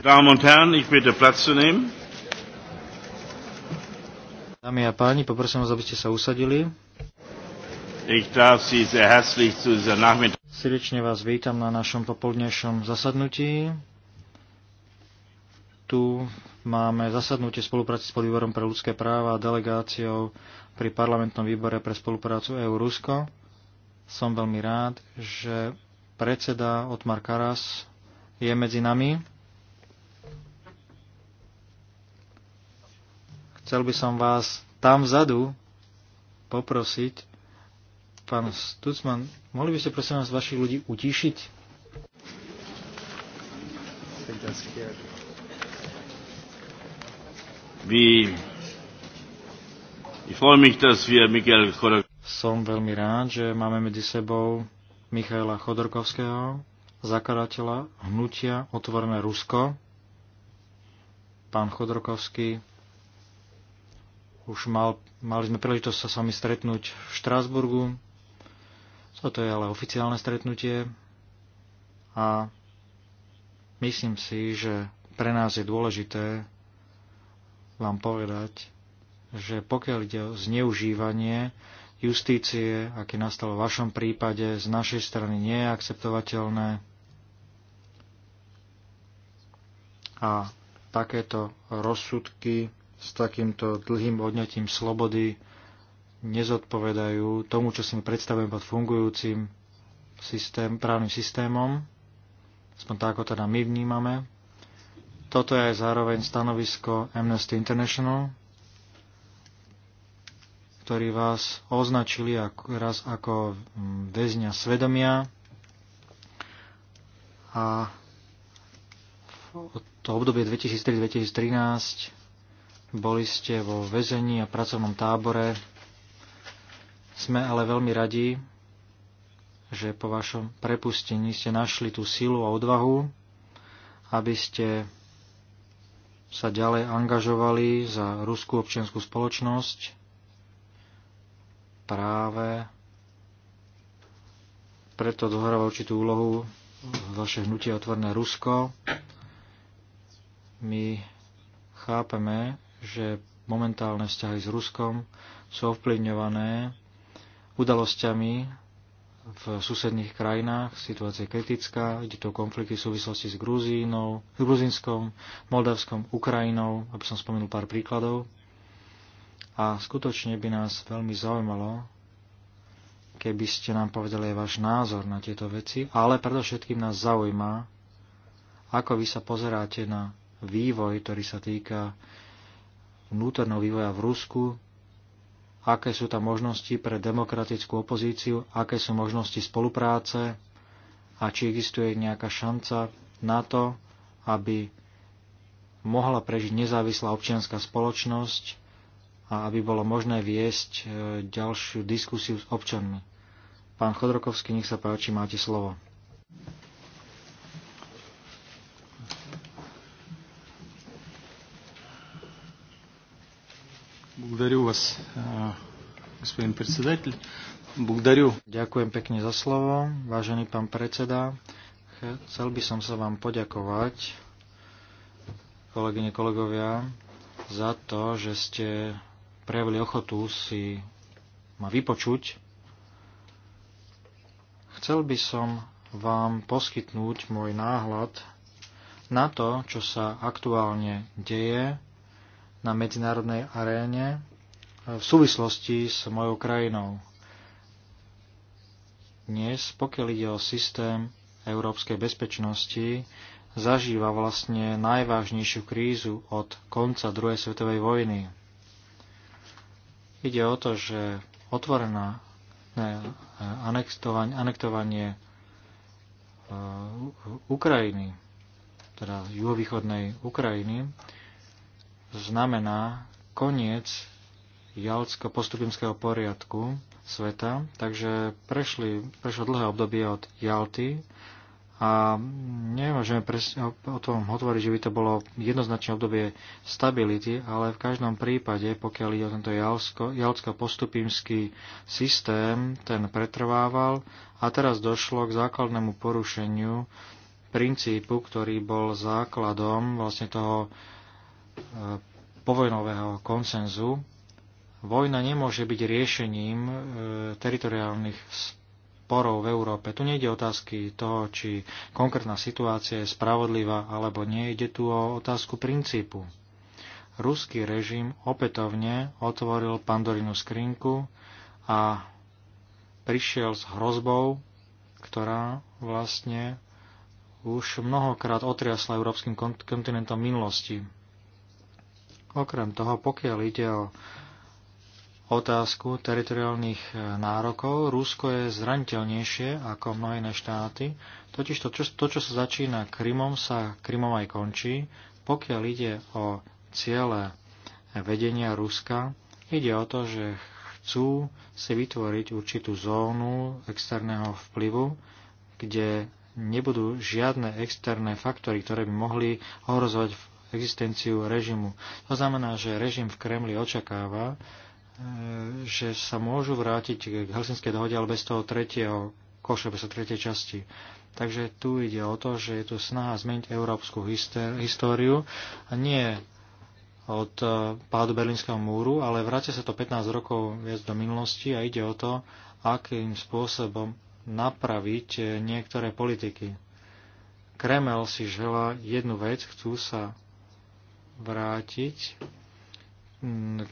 Damen und Herren, ich bitte Platz zu nehmen. Dámy a páni, poprosím vás, aby ste sa usadili. Ich darf Sie sehr herzlich zu dieser Nachmittag... Srdečne vás vítam na našom popoludnejšom zasadnutí. Tu máme zasadnutie spolupráci s podvýborom pre ľudské práva a delegáciou pri parlamentnom výbore pre spoluprácu EU-Rusko. Som veľmi rád, že predseda Otmar Karas je medzi nami. Chcel by som vás tam vzadu poprosiť, pán Stucman, mohli by ste prosím vás vašich ľudí utišiť? som veľmi rád, že máme medzi sebou Michaela Chodorkovského, zakladateľa hnutia Otvorené Rusko. Pán Chodorkovský už mal, mali sme príležitosť sa s vami stretnúť v Štrásburgu. Toto je ale oficiálne stretnutie a myslím si, že pre nás je dôležité vám povedať, že pokiaľ ide o zneužívanie justície, aké nastalo v vašom prípade, z našej strany nie je akceptovateľné. A takéto rozsudky s takýmto dlhým odňatím slobody nezodpovedajú tomu, čo si my predstavujem pod fungujúcim systém, právnym systémom, aspoň tak, ako teda my vnímame. Toto je aj zároveň stanovisko Amnesty International, ktorí vás označili raz ako mm, väzňa svedomia a to obdobie 2003-2013 boli ste vo väzení a pracovnom tábore. Sme ale veľmi radi, že po vašom prepustení ste našli tú silu a odvahu, aby ste sa ďalej angažovali za ruskú občianskú spoločnosť práve preto dohráva určitú úlohu vaše hnutie Otvorné Rusko. My chápeme, že momentálne vzťahy s Ruskom sú ovplyvňované udalosťami v susedných krajinách. Situácia je kritická, ide tu o konflikty v súvislosti s Gruzínou, Gruzinskom, Moldavskom, Ukrajinou, aby som spomenul pár príkladov. A skutočne by nás veľmi zaujímalo, keby ste nám povedali aj váš názor na tieto veci, ale predovšetkým nás zaujíma, ako vy sa pozeráte na vývoj, ktorý sa týka vnútorného vývoja v Rusku, aké sú tam možnosti pre demokratickú opozíciu, aké sú možnosti spolupráce a či existuje nejaká šanca na to, aby mohla prežiť nezávislá občianská spoločnosť a aby bolo možné viesť e, ďalšiu diskusiu s občanmi. Pán Chodrokovský, nech sa páči, máte slovo. Благодарю вас, э, господин председатель. Благодарю. Ďakujem pekne za slovo, vážený pán predseda. Chcel by som sa vám poďakovať, kolegyne, kolegovia, za to, že ste prejavili ochotu si ma vypočuť. Chcel by som vám poskytnúť môj náhľad na to, čo sa aktuálne deje na medzinárodnej aréne v súvislosti s mojou krajinou. Dnes, pokiaľ ide o systém európskej bezpečnosti, zažíva vlastne najvážnejšiu krízu od konca druhej svetovej vojny. Ide o to, že otvorená ne, anektovanie, anektovanie e, Ukrajiny, teda juhovýchodnej Ukrajiny, znamená koniec jalsko postupimského poriadku sveta, takže prešli, prešlo dlhé obdobie od Jalty a nemôžeme presne o tom hovoriť, že by to bolo jednoznačné obdobie stability, ale v každom prípade, pokiaľ ide o tento jalsko-postupímsky systém, ten pretrvával a teraz došlo k základnému porušeniu princípu, ktorý bol základom vlastne toho E, povojnového konsenzu. Vojna nemôže byť riešením e, teritoriálnych sporov v Európe. Tu nejde otázky toho, či konkrétna situácia je spravodlivá alebo nie. Ide tu o otázku princípu. Ruský režim opätovne otvoril pandorinu skrinku a prišiel s hrozbou, ktorá vlastne už mnohokrát otriasla európskym kontinentom minulosti. Okrem toho, pokiaľ ide o otázku teritoriálnych e, nárokov, Rusko je zraniteľnejšie ako mnohé iné štáty, totiž to, čo, to, čo sa začína Krymom, sa Krymom aj končí. Pokiaľ ide o ciele vedenia Ruska, ide o to, že chcú si vytvoriť určitú zónu externého vplyvu, kde nebudú žiadne externé faktory, ktoré by mohli ohrozovať existenciu režimu. To znamená, že režim v Kremli očakáva, e, že sa môžu vrátiť k Helsinskej dohode, ale bez toho tretieho koša, bez toho tretej časti. Takže tu ide o to, že je tu snaha zmeniť európsku históriu a nie od e, pádu Berlínskeho múru, ale vrátia sa to 15 rokov viac do minulosti a ide o to, akým spôsobom napraviť e, niektoré politiky. Kremel si žela jednu vec, chcú sa vrátiť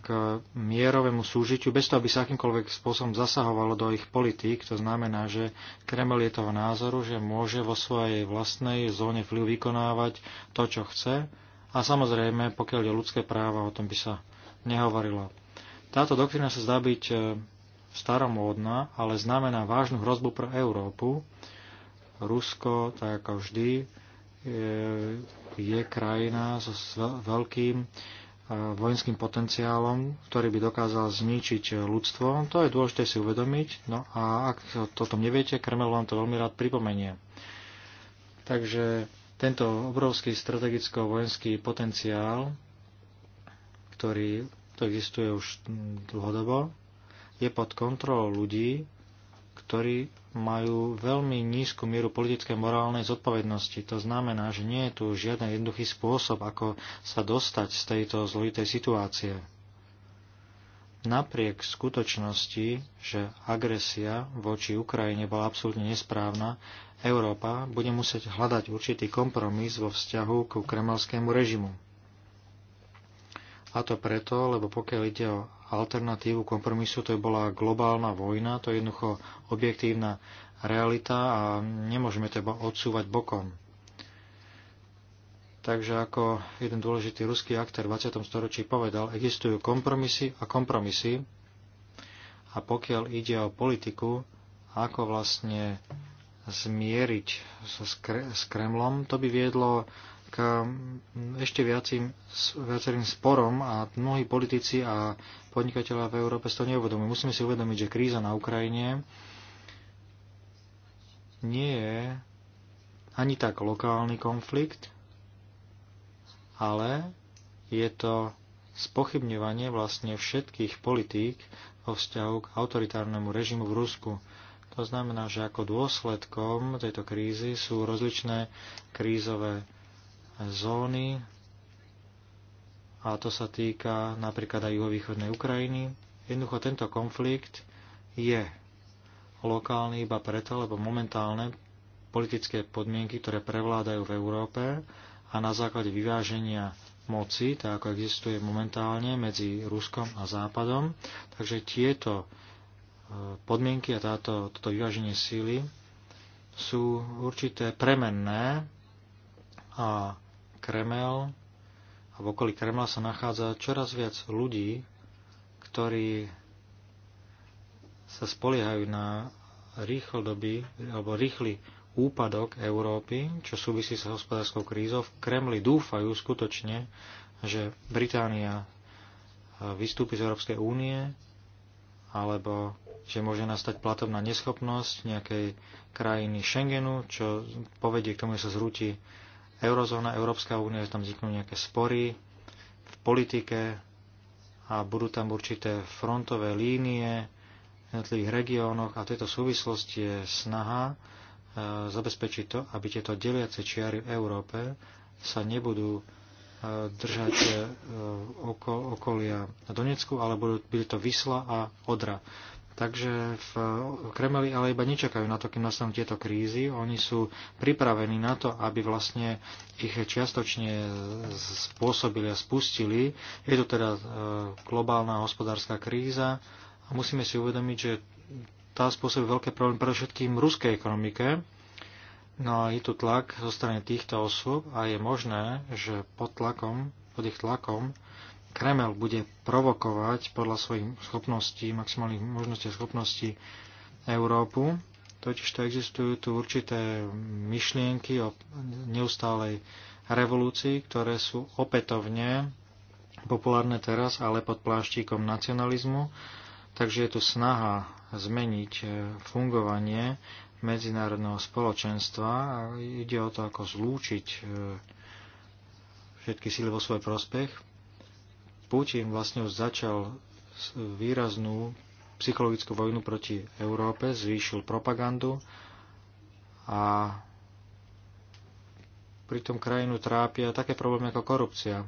k mierovému súžitiu, bez toho, aby sa akýmkoľvek spôsobom zasahovalo do ich politík. To znamená, že Kreml je toho názoru, že môže vo svojej vlastnej zóne vplyv vykonávať to, čo chce. A samozrejme, pokiaľ je ľudské práva, o tom by sa nehovorilo. Táto doktrína sa zdá byť e, staromódna, ale znamená vážnu hrozbu pre Európu. Rusko, tak ako vždy, je krajina so veľkým e, vojenským potenciálom, ktorý by dokázal zničiť e, ľudstvo. To je dôležité si uvedomiť. No a ak o tom neviete, Kreml vám to veľmi rád pripomenie. Takže tento obrovský strategicko-vojenský potenciál, ktorý to existuje už dlhodobo, je pod kontrolou ľudí, ktorí majú veľmi nízku mieru politickej morálnej zodpovednosti. To znamená, že nie je tu žiaden jednoduchý spôsob, ako sa dostať z tejto zložitej situácie. Napriek skutočnosti, že agresia voči Ukrajine bola absolútne nesprávna, Európa bude musieť hľadať určitý kompromis vo vzťahu k kremelskému režimu. A to preto, lebo pokiaľ ide o alternatívu kompromisu, to je bola globálna vojna, to je jednoducho objektívna realita a nemôžeme to iba odsúvať bokom. Takže ako jeden dôležitý ruský aktér v 20. storočí povedal, existujú kompromisy a kompromisy a pokiaľ ide o politiku, ako vlastne zmieriť sa s, Kremlom, to by viedlo k ešte viacim, viacerým sporom a mnohí politici a podnikateľa v Európe to neuvedomujú. Musíme si uvedomiť, že kríza na Ukrajine nie je ani tak lokálny konflikt, ale je to spochybňovanie vlastne všetkých politík vo vzťahu k autoritárnemu režimu v Rusku. To znamená, že ako dôsledkom tejto krízy sú rozličné krízové zóny a to sa týka napríklad aj juhovýchodnej Ukrajiny. Jednoducho tento konflikt je lokálny iba preto, lebo momentálne politické podmienky, ktoré prevládajú v Európe a na základe vyváženia moci, tak ako existuje momentálne medzi Ruskom a Západom. Takže tieto e, podmienky a táto, toto vyváženie síly sú určité premenné a Kremel a v okolí Kremla sa nachádza čoraz viac ľudí, ktorí sa spoliehajú na rýchlodoby alebo rýchly úpadok Európy, čo súvisí s hospodárskou krízou. V Kremli dúfajú skutočne, že Británia vystúpi z Európskej únie alebo že môže nastať platobná neschopnosť nejakej krajiny Schengenu, čo povedie k tomu, že sa zrúti eurozóna, Európska únia, že tam vzniknú nejaké spory v politike a budú tam určité frontové línie v jednotlivých regiónoch a tejto súvislosti je snaha e, zabezpečiť to, aby tieto deliace čiary v Európe sa nebudú e, držať e, oko, okolia Donecku, ale budú, bude to Vysla a Odra. Takže v Kremli ale iba nečakajú na to, kým nastanú tieto krízy. Oni sú pripravení na to, aby vlastne ich čiastočne spôsobili a spustili. Je to teda e, globálna hospodárska kríza a musíme si uvedomiť, že tá spôsobí veľké problémy všetkým ruskej ekonomike. No a je tu tlak zo strany týchto osôb a je možné, že pod tlakom, pod ich tlakom, Kreml bude provokovať podľa svojich schopností, maximálnych možností a schopností Európu. Totiž to existujú tu určité myšlienky o neustálej revolúcii, ktoré sú opätovne populárne teraz, ale pod pláštíkom nacionalizmu. Takže je tu snaha zmeniť e, fungovanie medzinárodného spoločenstva a ide o to, ako zlúčiť e, všetky síly vo svoj prospech. Putin vlastne už začal e, výraznú psychologickú vojnu proti Európe, zvýšil propagandu a pritom krajinu trápia také problémy ako korupcia.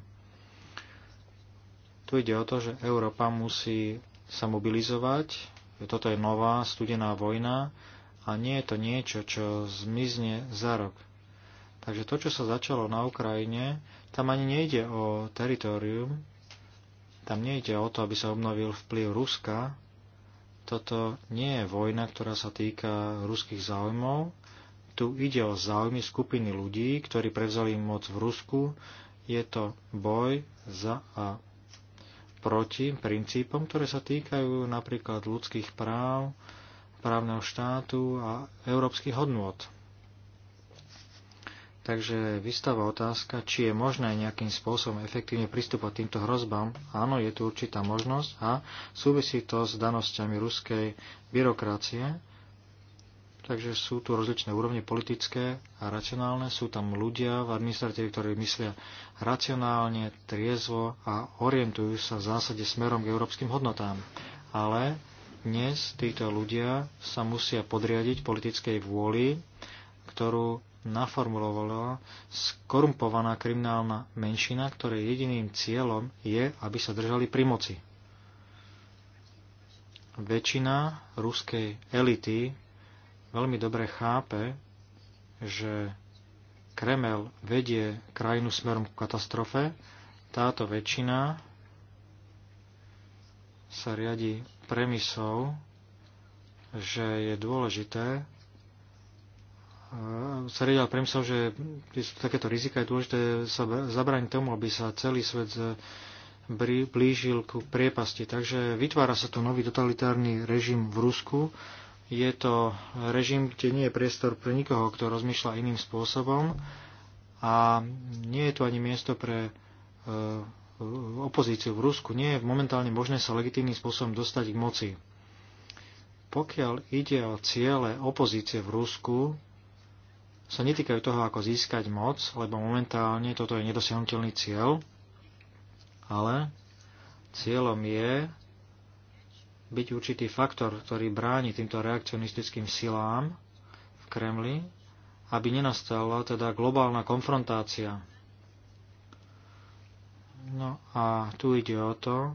Tu ide o to, že Európa musí sa mobilizovať, toto je nová studená vojna a nie je to niečo, čo zmizne za rok. Takže to, čo sa začalo na Ukrajine, tam ani nejde o teritorium, tam nejde o to, aby sa obnovil vplyv Ruska. Toto nie je vojna, ktorá sa týka ruských záujmov. Tu ide o záujmy skupiny ľudí, ktorí prevzali moc v Rusku. Je to boj za a proti princípom, ktoré sa týkajú napríklad ľudských práv, právneho štátu a európskych hodnôt. Takže vystáva otázka, či je možné nejakým spôsobom efektívne pristúpať týmto hrozbám. Áno, je tu určitá možnosť a súvisí to s danosťami ruskej byrokracie. Takže sú tu rozličné úrovne politické a racionálne. Sú tam ľudia v administratíve, ktorí myslia racionálne, triezvo a orientujú sa v zásade smerom k európskym hodnotám. Ale dnes títo ľudia sa musia podriadiť politickej vôli, ktorú naformulovala skorumpovaná kriminálna menšina, ktorej jediným cieľom je, aby sa držali pri moci. Väčšina ruskej elity veľmi dobre chápe, že Kremel vedie krajinu smerom k katastrofe. Táto väčšina sa riadi premisou, že je dôležité sa riadil premysel, že sú takéto rizika, je dôležité sa zabrániť tomu, aby sa celý svet blížil ku priepasti. Takže vytvára sa tu nový totalitárny režim v Rusku. Je to režim, kde nie je priestor pre nikoho, kto rozmýšľa iným spôsobom a nie je tu ani miesto pre e, opozíciu v Rusku. Nie je momentálne možné sa legitímnym spôsobom dostať k moci. Pokiaľ ide o ciele opozície v Rusku, sa netýkajú toho, ako získať moc, lebo momentálne toto je nedosiahnutelný cieľ, ale cieľom je byť určitý faktor, ktorý bráni týmto reakcionistickým silám v Kremli, aby nenastala teda globálna konfrontácia. No a tu ide o to,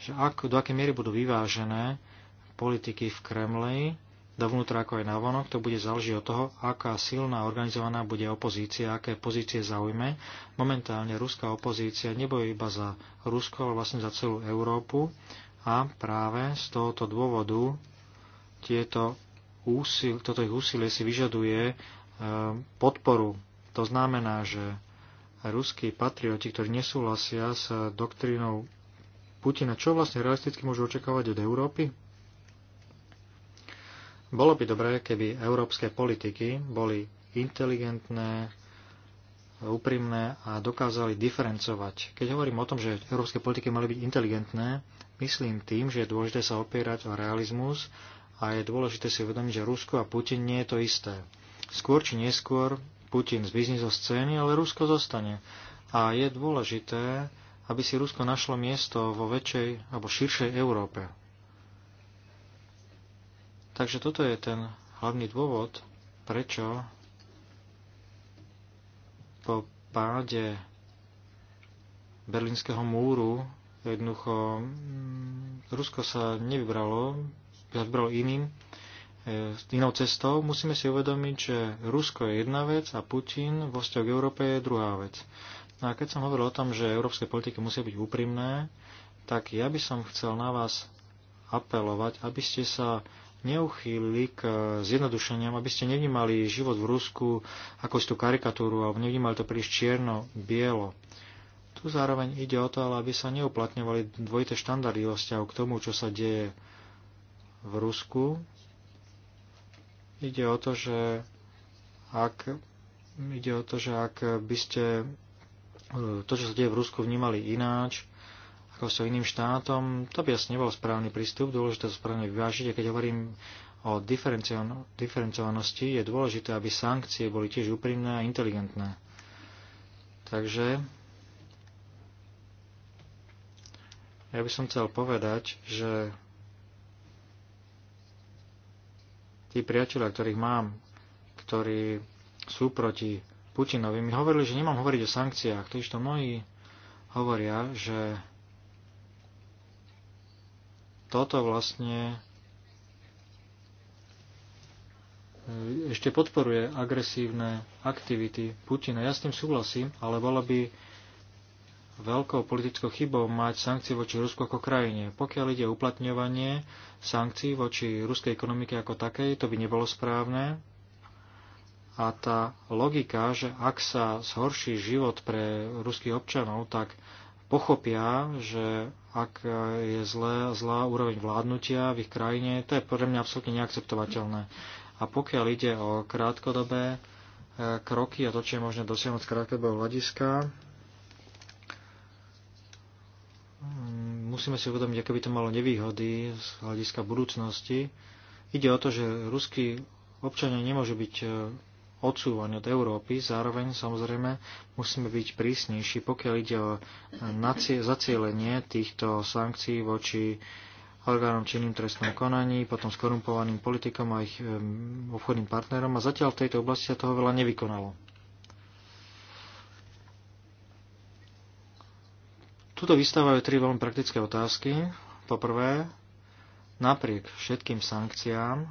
že ako, do aké miery budú vyvážené politiky v Kremli dovnútra ako aj na vonok, to bude záležiť od toho, aká silná organizovaná bude opozícia, aké pozície zaujme. Momentálne ruská opozícia neboje iba za Rusko, ale vlastne za celú Európu a práve z tohoto dôvodu tieto úsil, toto ich úsilie si vyžaduje e, podporu. To znamená, že ruskí patrioti, ktorí nesúhlasia s doktrínou Putina, čo vlastne realisticky môžu očakávať od Európy? Bolo by dobré, keby európske politiky boli inteligentné, úprimné a dokázali diferencovať. Keď hovorím o tom, že európske politiky mali byť inteligentné, myslím tým, že je dôležité sa opierať o realizmus a je dôležité si uvedomiť, že Rusko a Putin nie je to isté. Skôr či neskôr Putin zmizne zo scény, ale Rusko zostane. A je dôležité, aby si Rusko našlo miesto vo väčšej alebo širšej Európe. Takže toto je ten hlavný dôvod, prečo po páde berlínskeho múru jednoducho mm, Rusko sa nevybralo, vybralo iným, e, inou cestou. Musíme si uvedomiť, že Rusko je jedna vec a Putin vo vzťahu k Európe je druhá vec. No a keď som hovoril o tom, že európske politiky musia byť úprimné, tak ja by som chcel na vás apelovať, aby ste sa neuchýlili k eh, zjednodušeniam, aby ste nevnímali život v Rusku ako istú karikatúru alebo nevnímali to príliš čierno-bielo. Tu zároveň ide o to, ale aby sa neuplatňovali dvojité štandardy o vzťahu k tomu, čo sa deje v Rusku. Ide o to, že ak, ide o to, že ak by ste eh, to, čo sa deje v Rusku, vnímali ináč, so iným štátom, to by asi nebol správny prístup, dôležité to správne vyvážiť. A keď hovorím o diferencovanosti, je dôležité, aby sankcie boli tiež úprimné a inteligentné. Takže ja by som chcel povedať, že tí priatelia, ktorých mám, ktorí sú proti Putinovi, mi hovorili, že nemám hovoriť o sankciách. Totiž to mnohí hovoria, že toto vlastne e, ešte podporuje agresívne aktivity Putina. Ja s tým súhlasím, ale bolo by veľkou politickou chybou mať sankcie voči Rusku ako krajine. Pokiaľ ide o uplatňovanie sankcií voči ruskej ekonomike ako takej, to by nebolo správne. A tá logika, že ak sa zhorší život pre ruských občanov, tak pochopia, že ak e, je zlé, zlá úroveň vládnutia v ich krajine, to je podľa mňa absolútne neakceptovateľné. A pokiaľ ide o krátkodobé e, kroky a to, čo je možné dosiahnuť z krátkodobého hľadiska, mm, musíme si uvedomiť, aké by to malo nevýhody z hľadiska budúcnosti. Ide o to, že ruskí občania nemôžu byť e, odsúvaní od Európy. Zároveň samozrejme musíme byť prísnejší, pokiaľ ide o zacielenie týchto sankcií voči orgánom činným trestnom konaní, potom skorumpovaným politikom a ich obchodným partnerom a zatiaľ v tejto oblasti sa toho veľa nevykonalo. Tuto vystávajú tri veľmi praktické otázky. Poprvé, napriek všetkým sankciám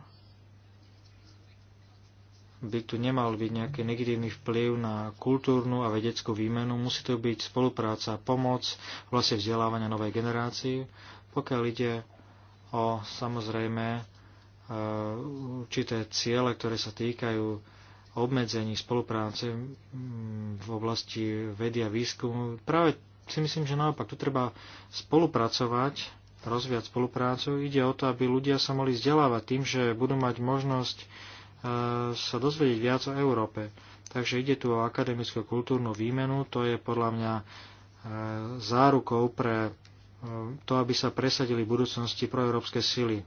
by tu nemal byť nejaký negatívny vplyv na kultúrnu a vedeckú výmenu. Musí to byť spolupráca, pomoc, vlastne vzdelávania novej generácii. Pokiaľ ide o samozrejme e, určité ciele, ktoré sa týkajú obmedzení spolupráce v oblasti vedia výskumu. Práve si myslím, že naopak tu treba spolupracovať, rozviať spoluprácu. Ide o to, aby ľudia sa mohli vzdelávať tým, že budú mať možnosť sa dozvedieť viac o Európe. Takže ide tu o akademickú kultúrnu výmenu, to je podľa mňa e, zárukou pre e, to, aby sa presadili v budúcnosti proeurópske sily.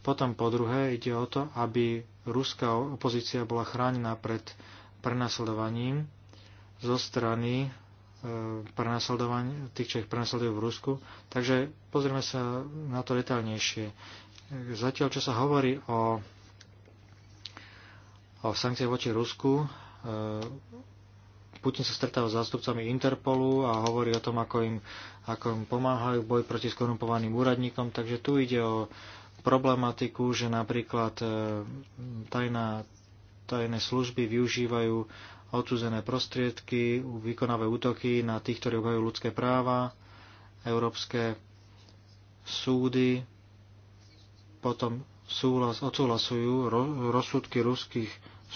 Potom po druhé ide o to, aby ruská opozícia bola chránená pred prenasledovaním zo strany e, prenasledovania, tých, čo ich prenasledujú v Rusku. Takže pozrieme sa na to detaľnejšie. Zatiaľ, čo sa hovorí o o sankciách voči Rusku. E, Putin sa stretáva s zástupcami Interpolu a hovorí o tom, ako im, ako im pomáhajú v boji proti skorumpovaným úradníkom. Takže tu ide o problematiku, že napríklad e, tajná, tajné služby využívajú odsúzené prostriedky, vykonávajú útoky na tých, ktorí obhajujú ľudské práva, európske súdy, potom súhlas, odsúhlasujú rozsudky ruských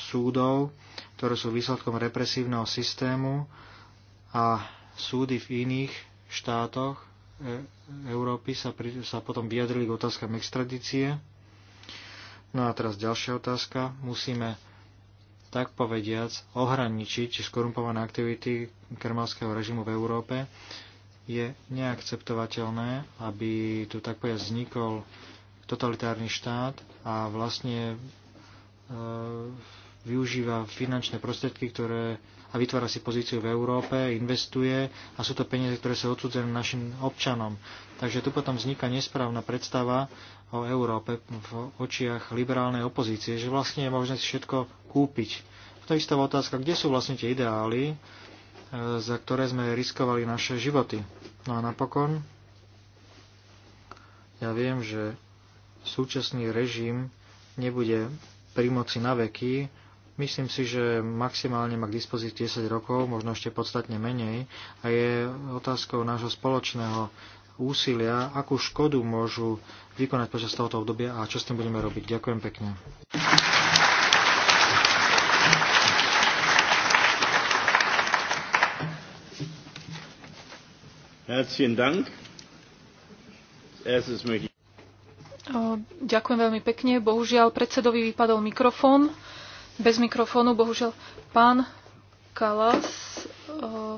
súdov, ktoré sú výsledkom represívneho systému a súdy v iných štátoch e- Európy sa, pri, sa potom vyjadrili k otázkam extradície. No a teraz ďalšia otázka. Musíme tak povediac ohraničiť či skorumpované aktivity krmalského režimu v Európe. Je neakceptovateľné, aby tu tak povediac vznikol totalitárny štát a vlastne e, využíva finančné prostriedky, ktoré a vytvára si pozíciu v Európe, investuje a sú to peniaze, ktoré sa odsudzujú našim občanom. Takže tu potom vzniká nesprávna predstava o Európe v očiach liberálnej opozície, že vlastne je možné si všetko kúpiť. To je istá otázka, kde sú vlastne tie ideály, e, za ktoré sme riskovali naše životy. No a napokon, ja viem, že súčasný režim nebude pri moci na veky, Myslím si, že maximálne má k dispozícii 10 rokov, možno ešte podstatne menej, a je otázkou nášho spoločného úsilia, akú škodu môžu vykonať počas tohoto obdobia a čo s tým budeme robiť. Ďakujem pekne. Ďakujem veľmi pekne. Bohužiaľ, predsedovi vypadol mikrofón bez mikrofónu, bohužiaľ. Pán Kalas, eh,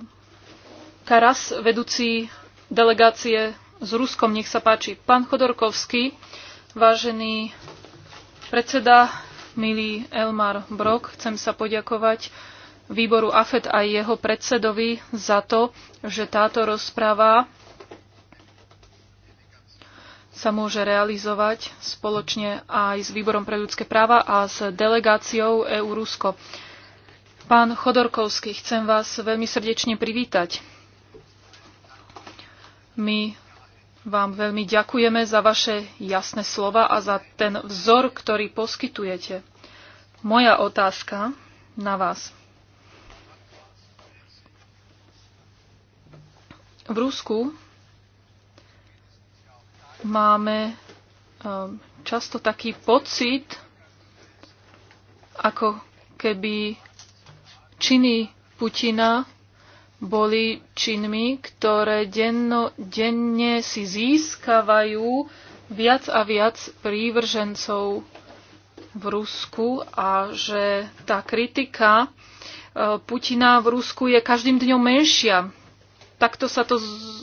Karas, vedúci delegácie s Ruskom, nech sa páči. Pán Chodorkovský, vážený predseda, milý Elmar Brok, chcem sa poďakovať výboru AFED a jeho predsedovi za to, že táto rozpráva sa môže realizovať spoločne aj s Výborom pre ľudské práva a s delegáciou EU-Rusko. Pán Chodorkovský, chcem vás veľmi srdečne privítať. My vám veľmi ďakujeme za vaše jasné slova a za ten vzor, ktorý poskytujete. Moja otázka na vás. V Rusku máme um, často taký pocit, ako keby činy Putina boli činmi, ktoré denno, denne si získavajú viac a viac prívržencov v Rusku a že tá kritika uh, Putina v Rusku je každým dňom menšia takto sa to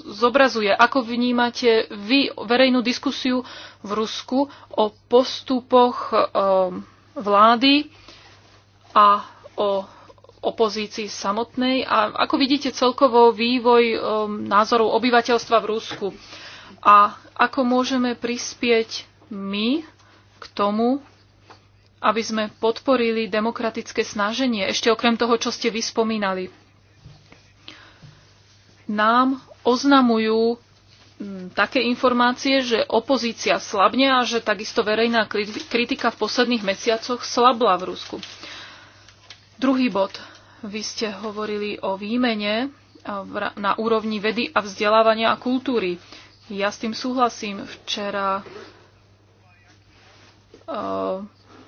zobrazuje. Ako vnímate vy verejnú diskusiu v Rusku o postupoch e, vlády a o opozícii samotnej a ako vidíte celkovo vývoj e, názorov obyvateľstva v Rusku a ako môžeme prispieť my k tomu, aby sme podporili demokratické snaženie, ešte okrem toho, čo ste vyspomínali nám oznamujú mm, také informácie, že opozícia slabne a že takisto verejná kritika v posledných mesiacoch slabla v Rusku. Druhý bod. Vy ste hovorili o výmene na úrovni vedy a vzdelávania a kultúry. Ja s tým súhlasím. Včera e,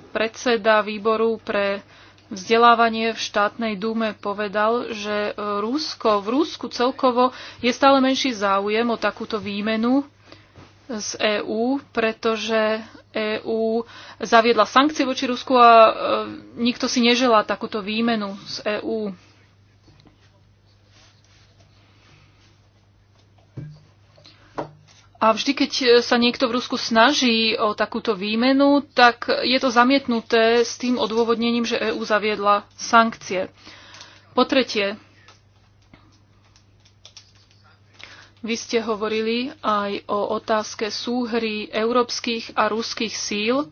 predseda výboru pre vzdelávanie v štátnej dúme povedal, že e, Rusko, v Rusku celkovo je stále menší záujem o takúto výmenu z EÚ, pretože EÚ zaviedla sankcie voči Rusku a e, nikto si neželá takúto výmenu z EÚ. A vždy, keď e, sa niekto v Rusku snaží o takúto výmenu, tak je to zamietnuté s tým odôvodnením, že EÚ zaviedla sankcie. Po tretie, vy ste hovorili aj o otázke súhry európskych a ruských síl.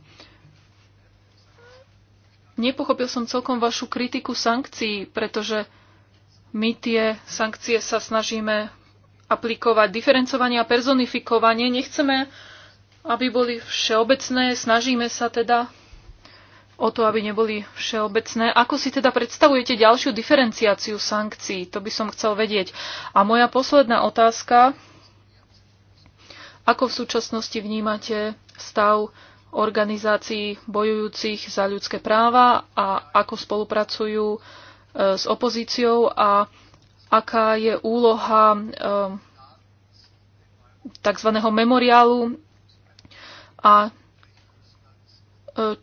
Nepochopil som celkom vašu kritiku sankcií, pretože my tie sankcie sa snažíme aplikovať diferencovanie a personifikovanie. Nechceme, aby boli všeobecné, snažíme sa teda o to, aby neboli všeobecné. Ako si teda predstavujete ďalšiu diferenciáciu sankcií? To by som chcel vedieť. A moja posledná otázka. Ako v súčasnosti vnímate stav organizácií bojujúcich za ľudské práva a ako spolupracujú e, s opozíciou a aká je úloha ehm, tzv. memoriálu a e,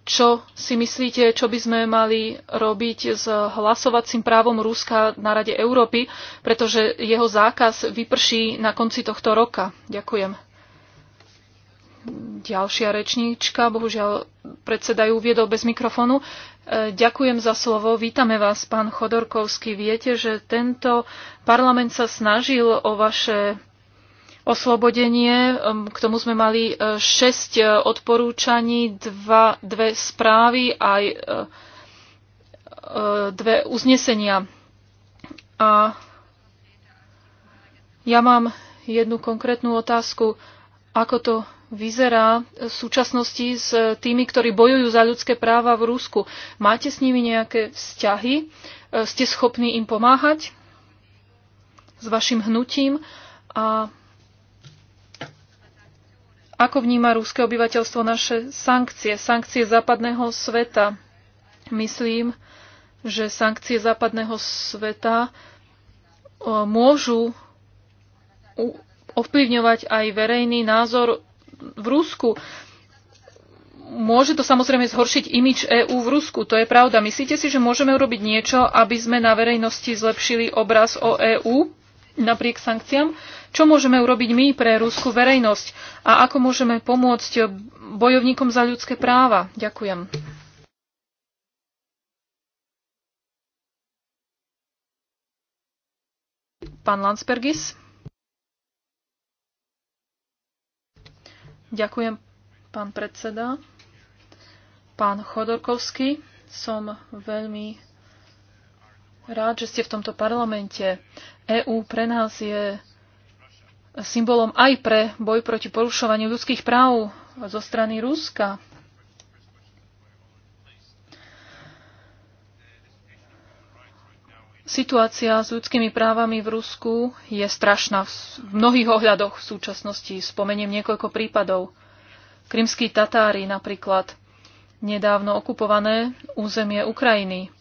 čo si myslíte, čo by sme mali robiť s hlasovacím právom Ruska na Rade Európy, pretože jeho zákaz vyprší na konci tohto roka. Ďakujem ďalšia rečníčka, bohužiaľ predsedajú viedol bez mikrofónu. E, ďakujem za slovo. Vítame vás, pán Chodorkovský. Viete, že tento parlament sa snažil o vaše oslobodenie. K tomu sme mali 6 e, e, odporúčaní, dva, dve správy aj dve uznesenia. A ja mám jednu konkrétnu otázku. Ako to vyzerá v súčasnosti s tými, ktorí bojujú za ľudské práva v Rusku? Máte s nimi nejaké vzťahy? E, ste schopní im pomáhať s vašim hnutím? A ako vníma rúske obyvateľstvo naše sankcie, sankcie západného sveta? Myslím, že sankcie západného sveta e, môžu ovplyvňovať aj verejný názor v Rusku. Môže to samozrejme zhoršiť imič EÚ v Rusku, to je pravda. Myslíte si, že môžeme urobiť niečo, aby sme na verejnosti zlepšili obraz o EÚ napriek sankciám? Čo môžeme urobiť my pre ruskú verejnosť a ako môžeme pomôcť bojovníkom za ľudské práva? Ďakujem. Pán Landsbergis. Ďakujem, pán predseda. Pán Chodorkovský, som veľmi rád, že ste v tomto parlamente. EÚ pre nás je symbolom aj pre boj proti porušovaniu ľudských práv zo strany Ruska. Situácia s ľudskými právami v Rusku je strašná v mnohých ohľadoch v súčasnosti. Spomeniem niekoľko prípadov. Krymskí Tatári napríklad, nedávno okupované územie Ukrajiny.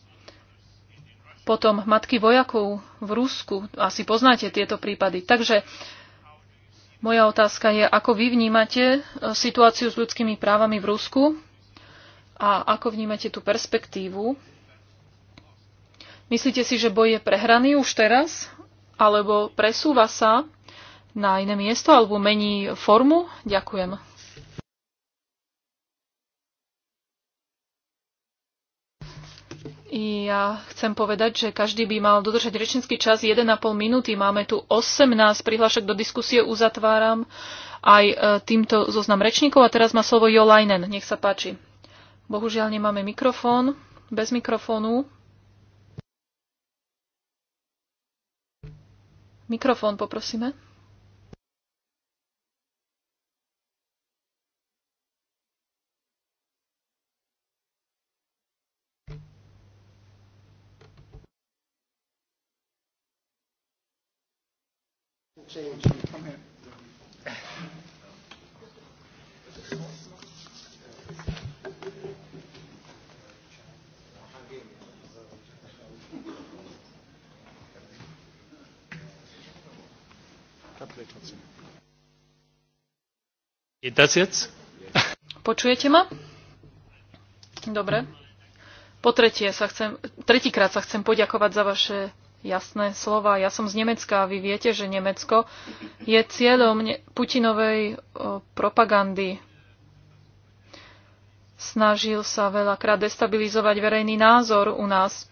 Potom matky vojakov v Rusku, asi poznáte tieto prípady. Takže moja otázka je, ako vy vnímate e, situáciu s ľudskými právami v Rusku a ako vnímate tú perspektívu Myslíte si, že boj je prehraný už teraz? Alebo presúva sa na iné miesto? Alebo mení formu? Ďakujem. Ja chcem povedať, že každý by mal dodržať rečnický čas 1,5 minúty. Máme tu 18 prihlášok do diskusie. Uzatváram aj e, týmto zoznam rečníkov. A teraz má slovo Jolajnen. Nech sa páči. Bohužiaľ nemáme mikrofón. Bez mikrofónu. Mikrofón poprosíme. change. Come here. Počujete ma? Dobre. Po tretie sa chcem, tretíkrát sa chcem poďakovať za vaše jasné slova. Ja som z Nemecka a vy viete, že Nemecko je cieľom Putinovej propagandy. Snažil sa veľakrát destabilizovať verejný názor u nás.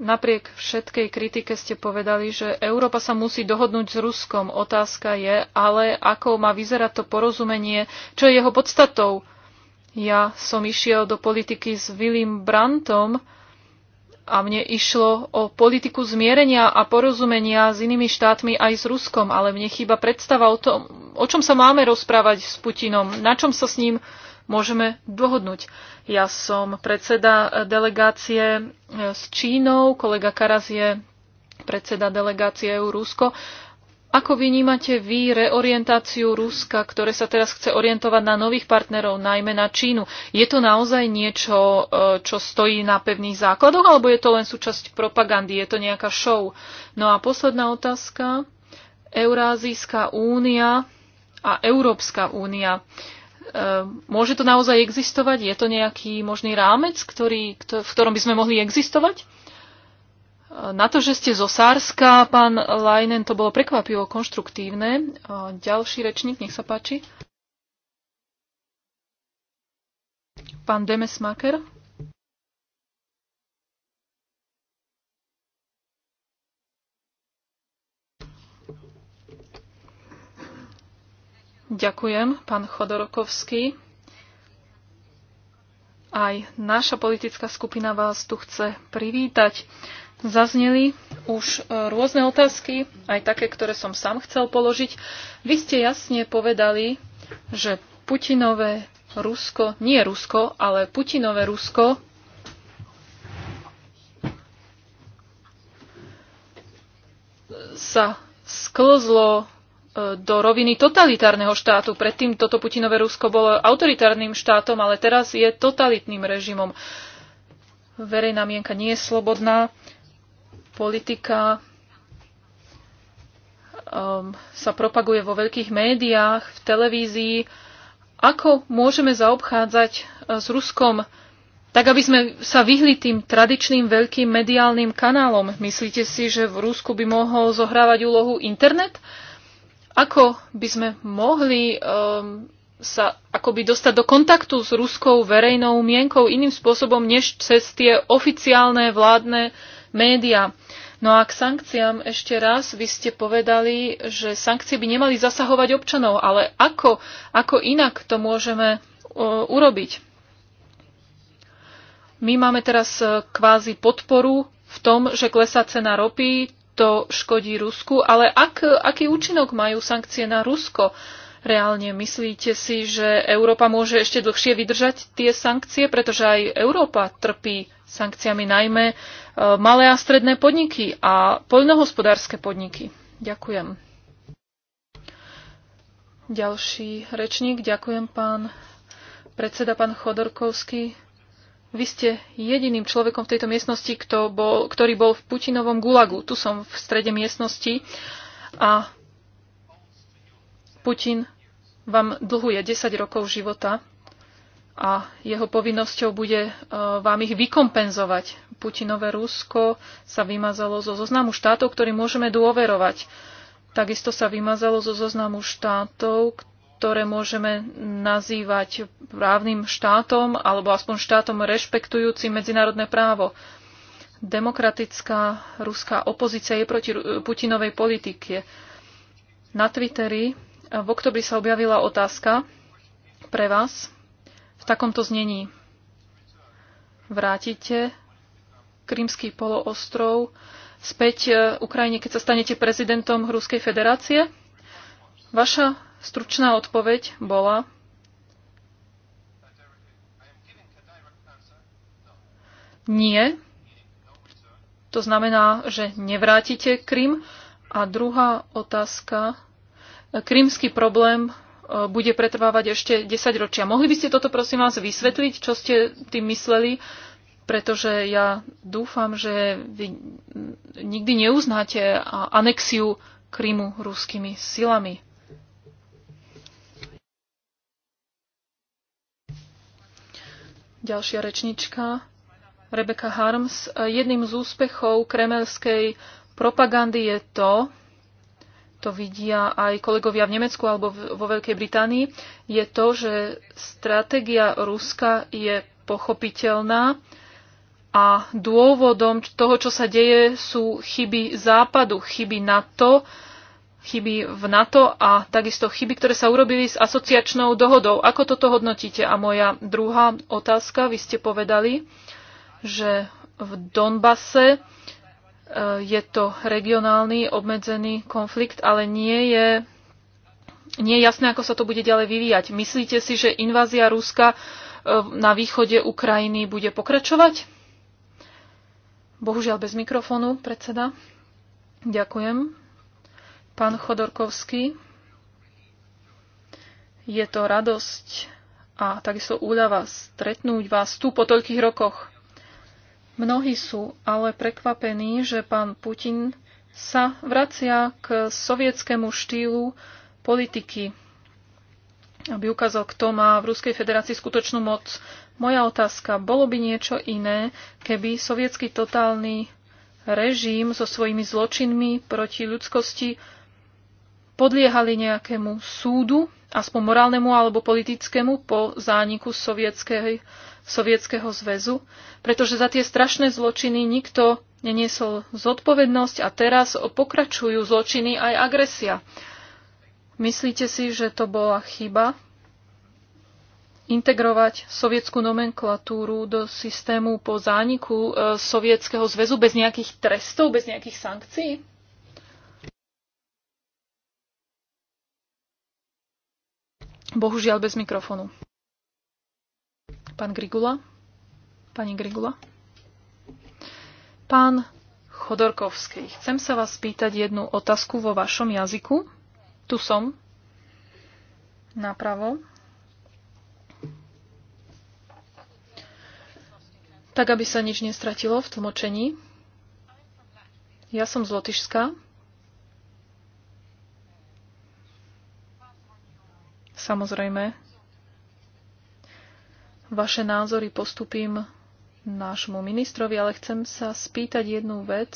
Napriek všetkej kritike ste povedali, že Európa sa musí dohodnúť s Ruskom. Otázka je, ale ako má vyzerať to porozumenie, čo je jeho podstatou. Ja som išiel do politiky s Willim Brantom a mne išlo o politiku zmierenia a porozumenia s inými štátmi aj s Ruskom, ale mne chýba predstava o tom, o čom sa máme rozprávať s Putinom, na čom sa s ním môžeme dohodnúť. Ja som predseda eh, delegácie eh, s Čínou, kolega Karaz je predseda delegácie EU-Rusko. Ako vnímate vy reorientáciu Ruska, ktoré sa teraz chce orientovať na nových partnerov, najmä na Čínu? Je to naozaj niečo, eh, čo stojí na pevných základoch, alebo je to len súčasť propagandy, je to nejaká show? No a posledná otázka. Eurázijská únia a Európska únia. Ehm, môže to naozaj existovať? Je to nejaký možný rámec, ktorý, v ktorom by sme mohli existovať? Ehm, na to, že ste zo Sárska, pán Lajnen, to bolo prekvapivo konštruktívne. Ehm, ďalší rečník, nech sa páči. Pán Demesmaker. Ďakujem, pán Chodorokovský. Aj naša politická skupina vás tu chce privítať. Zazneli už e, rôzne otázky, aj také, ktoré som sám chcel položiť. Vy ste jasne povedali, že Putinové Rusko, nie Rusko, ale Putinové Rusko sa sklzlo do roviny totalitárneho štátu. Predtým toto Putinové Rusko bolo autoritárnym štátom, ale teraz je totalitným režimom. Verejná mienka nie je slobodná, politika um, sa propaguje vo veľkých médiách, v televízii. Ako môžeme zaobchádzať uh, s Ruskom tak, aby sme sa vyhli tým tradičným veľkým mediálnym kanálom? Myslíte si, že v Rusku by mohol zohrávať úlohu internet? Uh, ako by sme mohli um, sa akoby dostať do kontaktu s ruskou verejnou mienkou iným spôsobom, než cez tie oficiálne vládne médiá. No a k sankciám ešte raz, vy ste povedali, že sankcie by nemali zasahovať občanov, ale ako, ako inak to môžeme uh, urobiť? My máme teraz uh, kvázi podporu v tom, že klesá cena ropy, to škodí Rusku, ale ak, aký účinok majú sankcie na Rusko? Reálne myslíte si, že Európa môže ešte dlhšie vydržať tie sankcie, pretože aj Európa trpí sankciami najmä e, malé a stredné podniky a poľnohospodárske podniky. Ďakujem. Ďalší rečník. Ďakujem pán predseda, pán Chodorkovský. Vy ste jediným človekom v tejto miestnosti, kto bol, ktorý bol v Putinovom gulagu. Tu som v strede miestnosti a Putin vám dlhuje 10 rokov života a jeho povinnosťou bude e, vám ich vykompenzovať. Putinové Rusko sa vymazalo zo zoznamu štátov, ktorým môžeme dôverovať. Takisto sa vymazalo zo zoznamu štátov, ktoré môžeme nazývať právnym štátom alebo aspoň štátom rešpektujúcim medzinárodné právo. Demokratická ruská opozícia je proti Putinovej politike. Na Twitteri v oktobri sa objavila otázka pre vás v takomto znení. Vrátite Krymský poloostrov späť Ukrajine, keď sa stanete prezidentom Ruskej federácie? Vaša Stručná odpoveď bola, nie. To znamená, že nevrátite Krym. A druhá otázka. Krymský problém e, bude pretrvávať ešte 10 ročia. Mohli by ste toto prosím vás vysvetliť, čo ste tým mysleli? Pretože ja dúfam, že vy nikdy neuznáte anexiu Krymu ruskými silami. Ďalšia rečnička, Rebecca Harms. Jedným z úspechov kremelskej propagandy je to, to vidia aj kolegovia v Nemecku alebo vo Veľkej Británii, je to, že stratégia Ruska je pochopiteľná a dôvodom toho, čo sa deje, sú chyby Západu, chyby NATO, chyby v NATO a takisto chyby, ktoré sa urobili s asociačnou dohodou. Ako toto hodnotíte? A moja druhá otázka, vy ste povedali, že v Donbase e, je to regionálny obmedzený konflikt, ale nie je, nie je jasné, ako sa to bude ďalej vyvíjať. Myslíte si, že invázia Ruska e, na východe Ukrajiny bude pokračovať? Bohužiaľ bez mikrofónu, predseda. Ďakujem pán Chodorkovský. Je to radosť a takisto úľava stretnúť vás tu po toľkých rokoch. Mnohí sú ale prekvapení, že pán Putin sa vracia k sovietskému štýlu politiky, aby ukázal, kto má v Ruskej federácii skutočnú moc. Moja otázka, bolo by niečo iné, keby sovietský totálny režim so svojimi zločinmi proti ľudskosti podliehali nejakému súdu, aspoň morálnemu alebo politickému, po zániku Sovietskeho zväzu, pretože za tie strašné zločiny nikto neniesol zodpovednosť a teraz pokračujú zločiny aj agresia. Myslíte si, že to bola chyba? Integrovať sovietskú nomenklatúru do systému po zániku e, Sovietskeho zväzu bez nejakých trestov, bez nejakých sankcií? Bohužiaľ bez mikrofonu. Pán Grigula? Pani Grigula? Pán Chodorkovský, chcem sa vás spýtať jednu otázku vo vašom jazyku. Tu som. Napravo. Tak, aby sa nič nestratilo v tlmočení. Ja som z Lotyšska. Samozrejme, vaše názory postupím nášmu ministrovi, ale chcem sa spýtať jednu vec.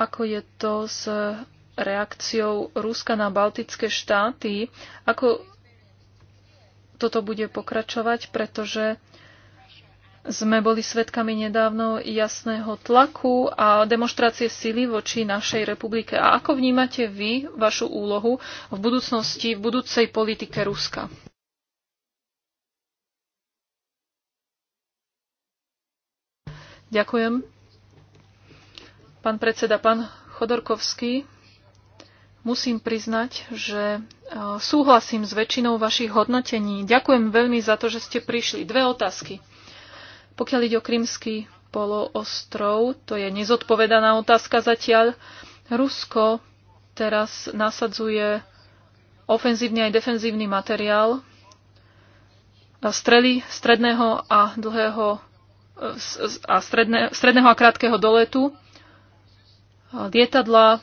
Ako je to s reakciou Ruska na baltické štáty? Ako toto bude pokračovať, pretože sme boli svedkami nedávno jasného tlaku a demonstrácie sily voči našej republike. A ako vnímate vy vašu úlohu v budúcnosti, v budúcej politike Ruska? Ďakujem. Pán predseda, pán Chodorkovský, musím priznať, že e, súhlasím s väčšinou vašich hodnotení. Ďakujem veľmi za to, že ste prišli. Dve otázky. Pokiaľ ide o Krymský poloostrov, to je nezodpovedaná otázka zatiaľ. Rusko teraz nasadzuje ofenzívny aj defenzívny materiál strely stredného a dlhého a stredne, stredného a krátkeho doletu, lietadla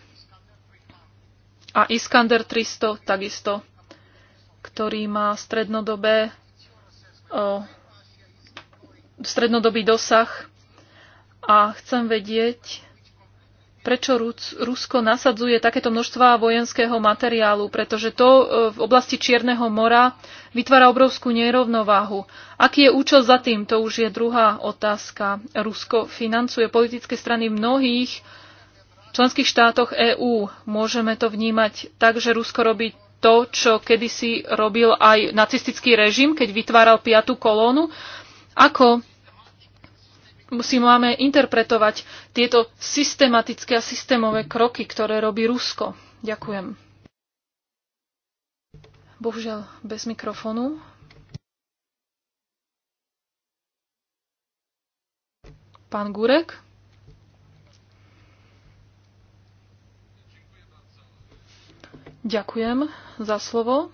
a Iskander 300 takisto, ktorý má strednodobé strednodobý dosah a chcem vedieť, prečo Rusko nasadzuje takéto množstva vojenského materiálu, pretože to e, v oblasti Čierneho mora vytvára obrovskú nerovnováhu. Aký je účel za tým? To už je druhá otázka. Rusko financuje politické strany v mnohých členských štátoch EÚ. Môžeme to vnímať tak, že Rusko robí to, čo kedysi robil aj nacistický režim, keď vytváral piatu kolónu ako si máme interpretovať tieto systematické a systémové kroky, ktoré robí Rusko? Ďakujem. Bohužiaľ, bez mikrofónu. Pán Gurek? Ďakujem za slovo.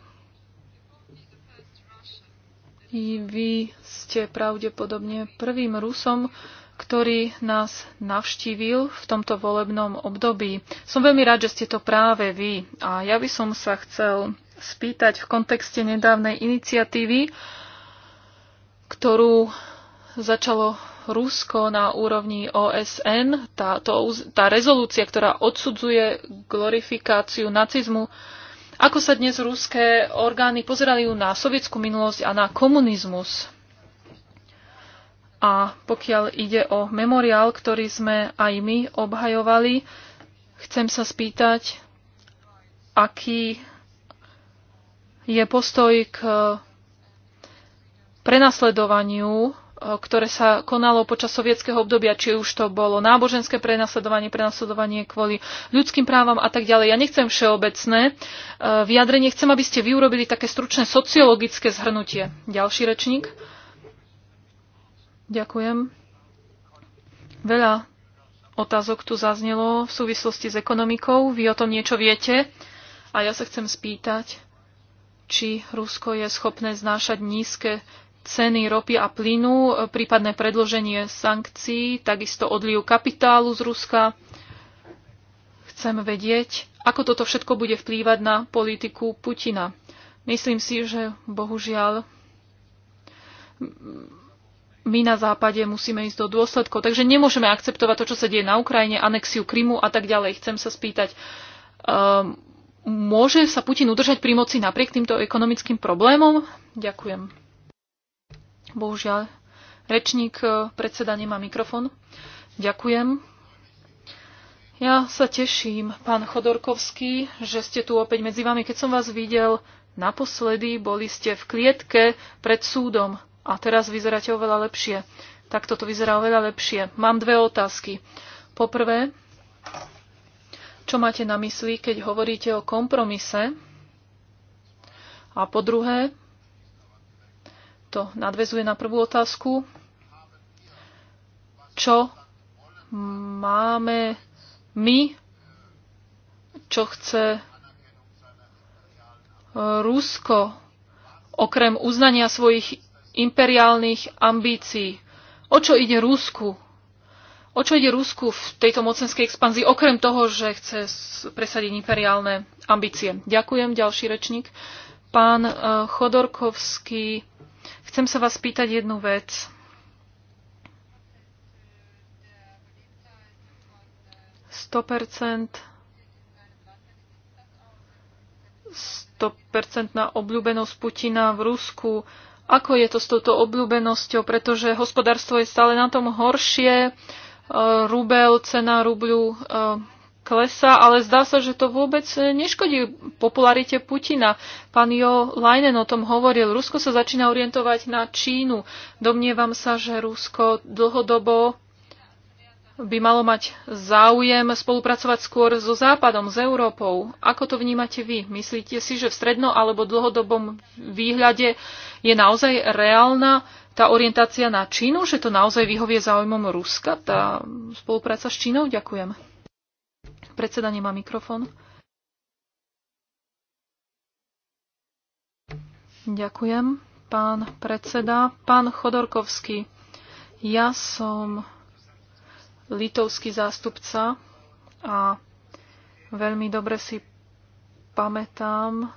Vy ste pravdepodobne prvým Rusom, ktorý nás navštívil v tomto volebnom období. Som veľmi rád, že ste to práve vy. A ja by som sa chcel spýtať v kontexte nedávnej iniciatívy, ktorú začalo Rusko na úrovni OSN, tá, to, tá rezolúcia, ktorá odsudzuje glorifikáciu nacizmu, ako sa dnes ruské orgány pozerajú na sovietskú minulosť a na komunizmus? A pokiaľ ide o memoriál, ktorý sme aj my obhajovali, chcem sa spýtať, aký je postoj k prenasledovaniu E, ktoré sa konalo počas sovietského obdobia, či už to bolo náboženské prenasledovanie, prenasledovanie kvôli ľudským právam a tak ďalej. Ja nechcem všeobecné e, vyjadrenie, chcem, aby ste vyurobili také stručné sociologické zhrnutie. Ďalší rečník. Ďakujem. Veľa otázok tu zaznelo v súvislosti s ekonomikou. Vy o tom niečo viete. A ja sa chcem spýtať, či Rusko je schopné znášať nízke ceny ropy a plynu, e, prípadné predloženie sankcií, takisto odliv kapitálu z Ruska. Chcem vedieť, ako toto všetko bude vplývať na politiku Putina. Myslím si, že bohužiaľ my na západe musíme ísť do dôsledkov. Takže nemôžeme akceptovať to, čo sa deje na Ukrajine, anexiu Krymu a tak ďalej. Chcem sa spýtať, um, môže sa Putin udržať pri moci napriek týmto ekonomickým problémom? Ďakujem. Bohužiaľ, rečník e, predseda nemá mikrofón. Ďakujem. Ja sa teším, pán Chodorkovský, že ste tu opäť medzi vami. Keď som vás videl naposledy, boli ste v klietke pred súdom a teraz vyzeráte oveľa lepšie. Tak toto vyzerá oveľa lepšie. Mám dve otázky. Poprvé, čo máte na mysli, keď hovoríte o kompromise? A po druhé, to nadvezuje na prvú otázku. Čo máme my, čo chce e, Rusko, okrem uznania svojich imperiálnych ambícií. O čo ide Rusku? O čo ide Rusku v tejto mocenskej expanzii, okrem toho, že chce presadiť imperiálne ambície? Ďakujem, ďalší rečník. Pán e, Chodorkovský Chcem sa vás spýtať jednu vec. stopercentná obľúbenosť Putina v Rusku. Ako je to s touto obľúbenosťou? Pretože hospodárstvo je stále na tom horšie. Eh, rubel, cena rubľu eh, klesa, ale zdá sa, že to vôbec e, neškodí popularite Putina. Pán Jo Leinen o tom hovoril. Rusko sa začína orientovať na Čínu. Domnievam sa, že Rusko dlhodobo by malo mať záujem spolupracovať skôr so Západom, s Európou. Ako to vnímate vy? Myslíte si, že v stredno alebo dlhodobom výhľade je naozaj reálna tá orientácia na Čínu, že to naozaj vyhovie záujmom Ruska, tá spolupráca s Čínou? Ďakujem. Predseda nemá mikrofón. Ďakujem, pán predseda. Pán Chodorkovský, ja som litovský zástupca a veľmi dobre si pamätám,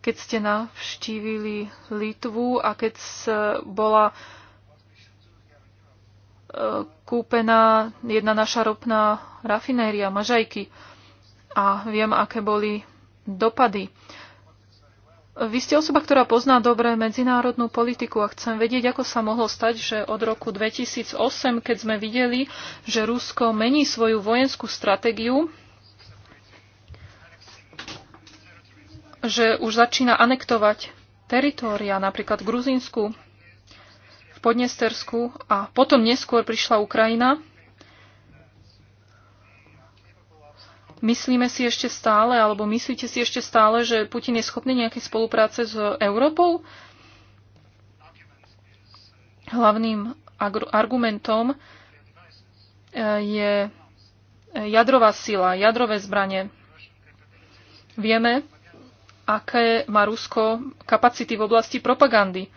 keď ste navštívili Litvu a keď bola kúpená jedna naša ropná rafinéria Mažajky a viem, aké boli dopady. Vy ste osoba, ktorá pozná dobre medzinárodnú politiku a chcem vedieť, ako sa mohlo stať, že od roku 2008, keď sme videli, že Rusko mení svoju vojenskú stratégiu, že už začína anektovať teritória, napríklad Gruzínsku, v Podnestersku a potom neskôr prišla Ukrajina. Myslíme si ešte stále, alebo myslíte si ešte stále, že Putin je schopný nejakej spolupráce s Európou? Hlavným argumentom e, je jadrová sila, jadrové zbranie. Vieme, aké má Rusko kapacity v oblasti propagandy.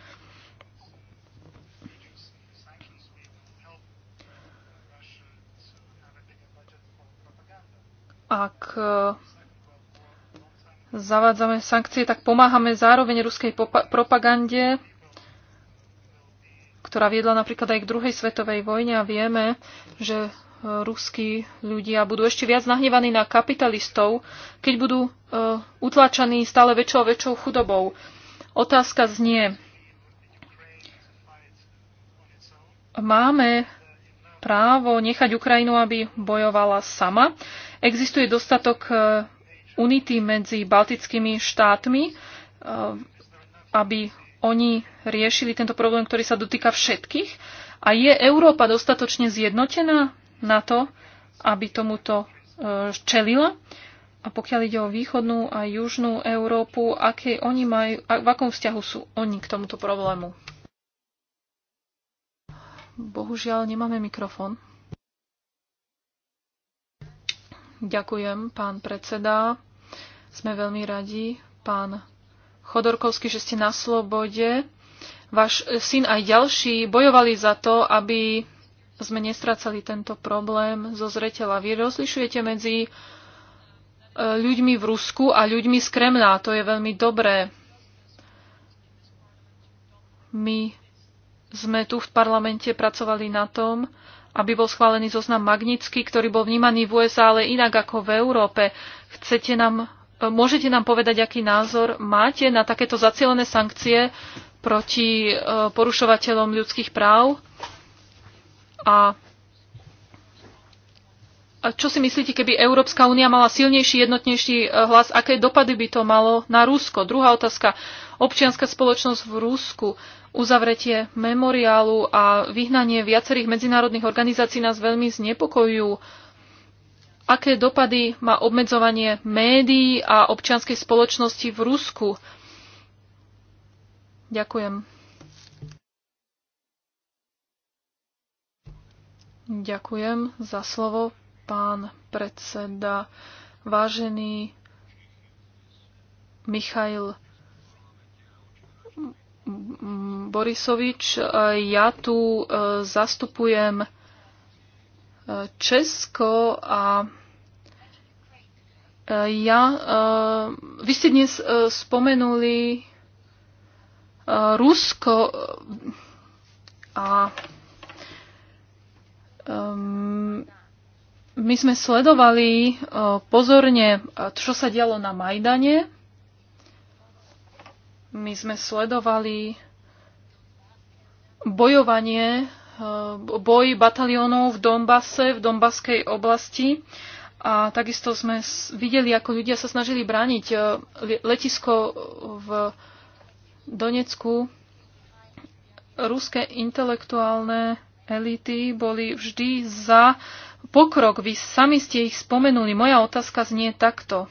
ak e, zavádzame sankcie, tak pomáhame zároveň ruskej propagande, ktorá viedla napríklad aj k druhej svetovej vojne a vieme, že e, ruskí ľudia budú ešte viac nahnevaní na kapitalistov, keď budú e, utláčaní stále väčšou a väčšou chudobou. Otázka znie, máme právo nechať Ukrajinu, aby bojovala sama. Existuje dostatok e, unity medzi baltickými štátmi, e, aby oni riešili tento problém, ktorý sa dotýka všetkých. A je Európa dostatočne zjednotená na to, aby tomuto e, čelila? A pokiaľ ide o východnú a južnú Európu, aké oni majú, v akom vzťahu sú oni k tomuto problému? Bohužiaľ, nemáme mikrofón. Ďakujem, pán predseda. Sme veľmi radi, pán Chodorkovský, že ste na slobode. Váš syn aj ďalší bojovali za to, aby sme nestracali tento problém zo zretela. Vy rozlišujete medzi e, ľuďmi v Rusku a ľuďmi z Kremľa. To je veľmi dobré. My sme tu v parlamente pracovali na tom, aby bol schválený zoznam Magnitsky, ktorý bol vnímaný v USA, ale inak ako v Európe. Chcete nám, môžete nám povedať, aký názor máte na takéto zacielené sankcie proti e, porušovateľom ľudských práv? A čo si myslíte, keby Európska únia mala silnejší, jednotnejší e, hlas, aké dopady by to malo na Rusko? Druhá otázka. Občianská spoločnosť v Rusku. Uh, Uzavretie memoriálu a vyhnanie viacerých medzinárodných organizácií nás veľmi znepokojujú. Aké dopady má obmedzovanie médií a občianskej spoločnosti v Rusku? Ďakujem. Ďakujem za slovo, pán predseda. Vážený Michail Borisovič. Ja tu e, zastupujem e, Česko a e, ja, vy ste dnes spomenuli Rusko a my sme sledovali pozorne, čo sa dialo na Majdane my sme sledovali bojovanie, eh, boj bataliónov v Dombase, v Dombaskej oblasti a takisto sme videli, ako ľudia sa snažili brániť eh, letisko v Donecku. Ruské intelektuálne elity boli vždy za pokrok. Vy sami ste ich spomenuli. Moja otázka znie takto.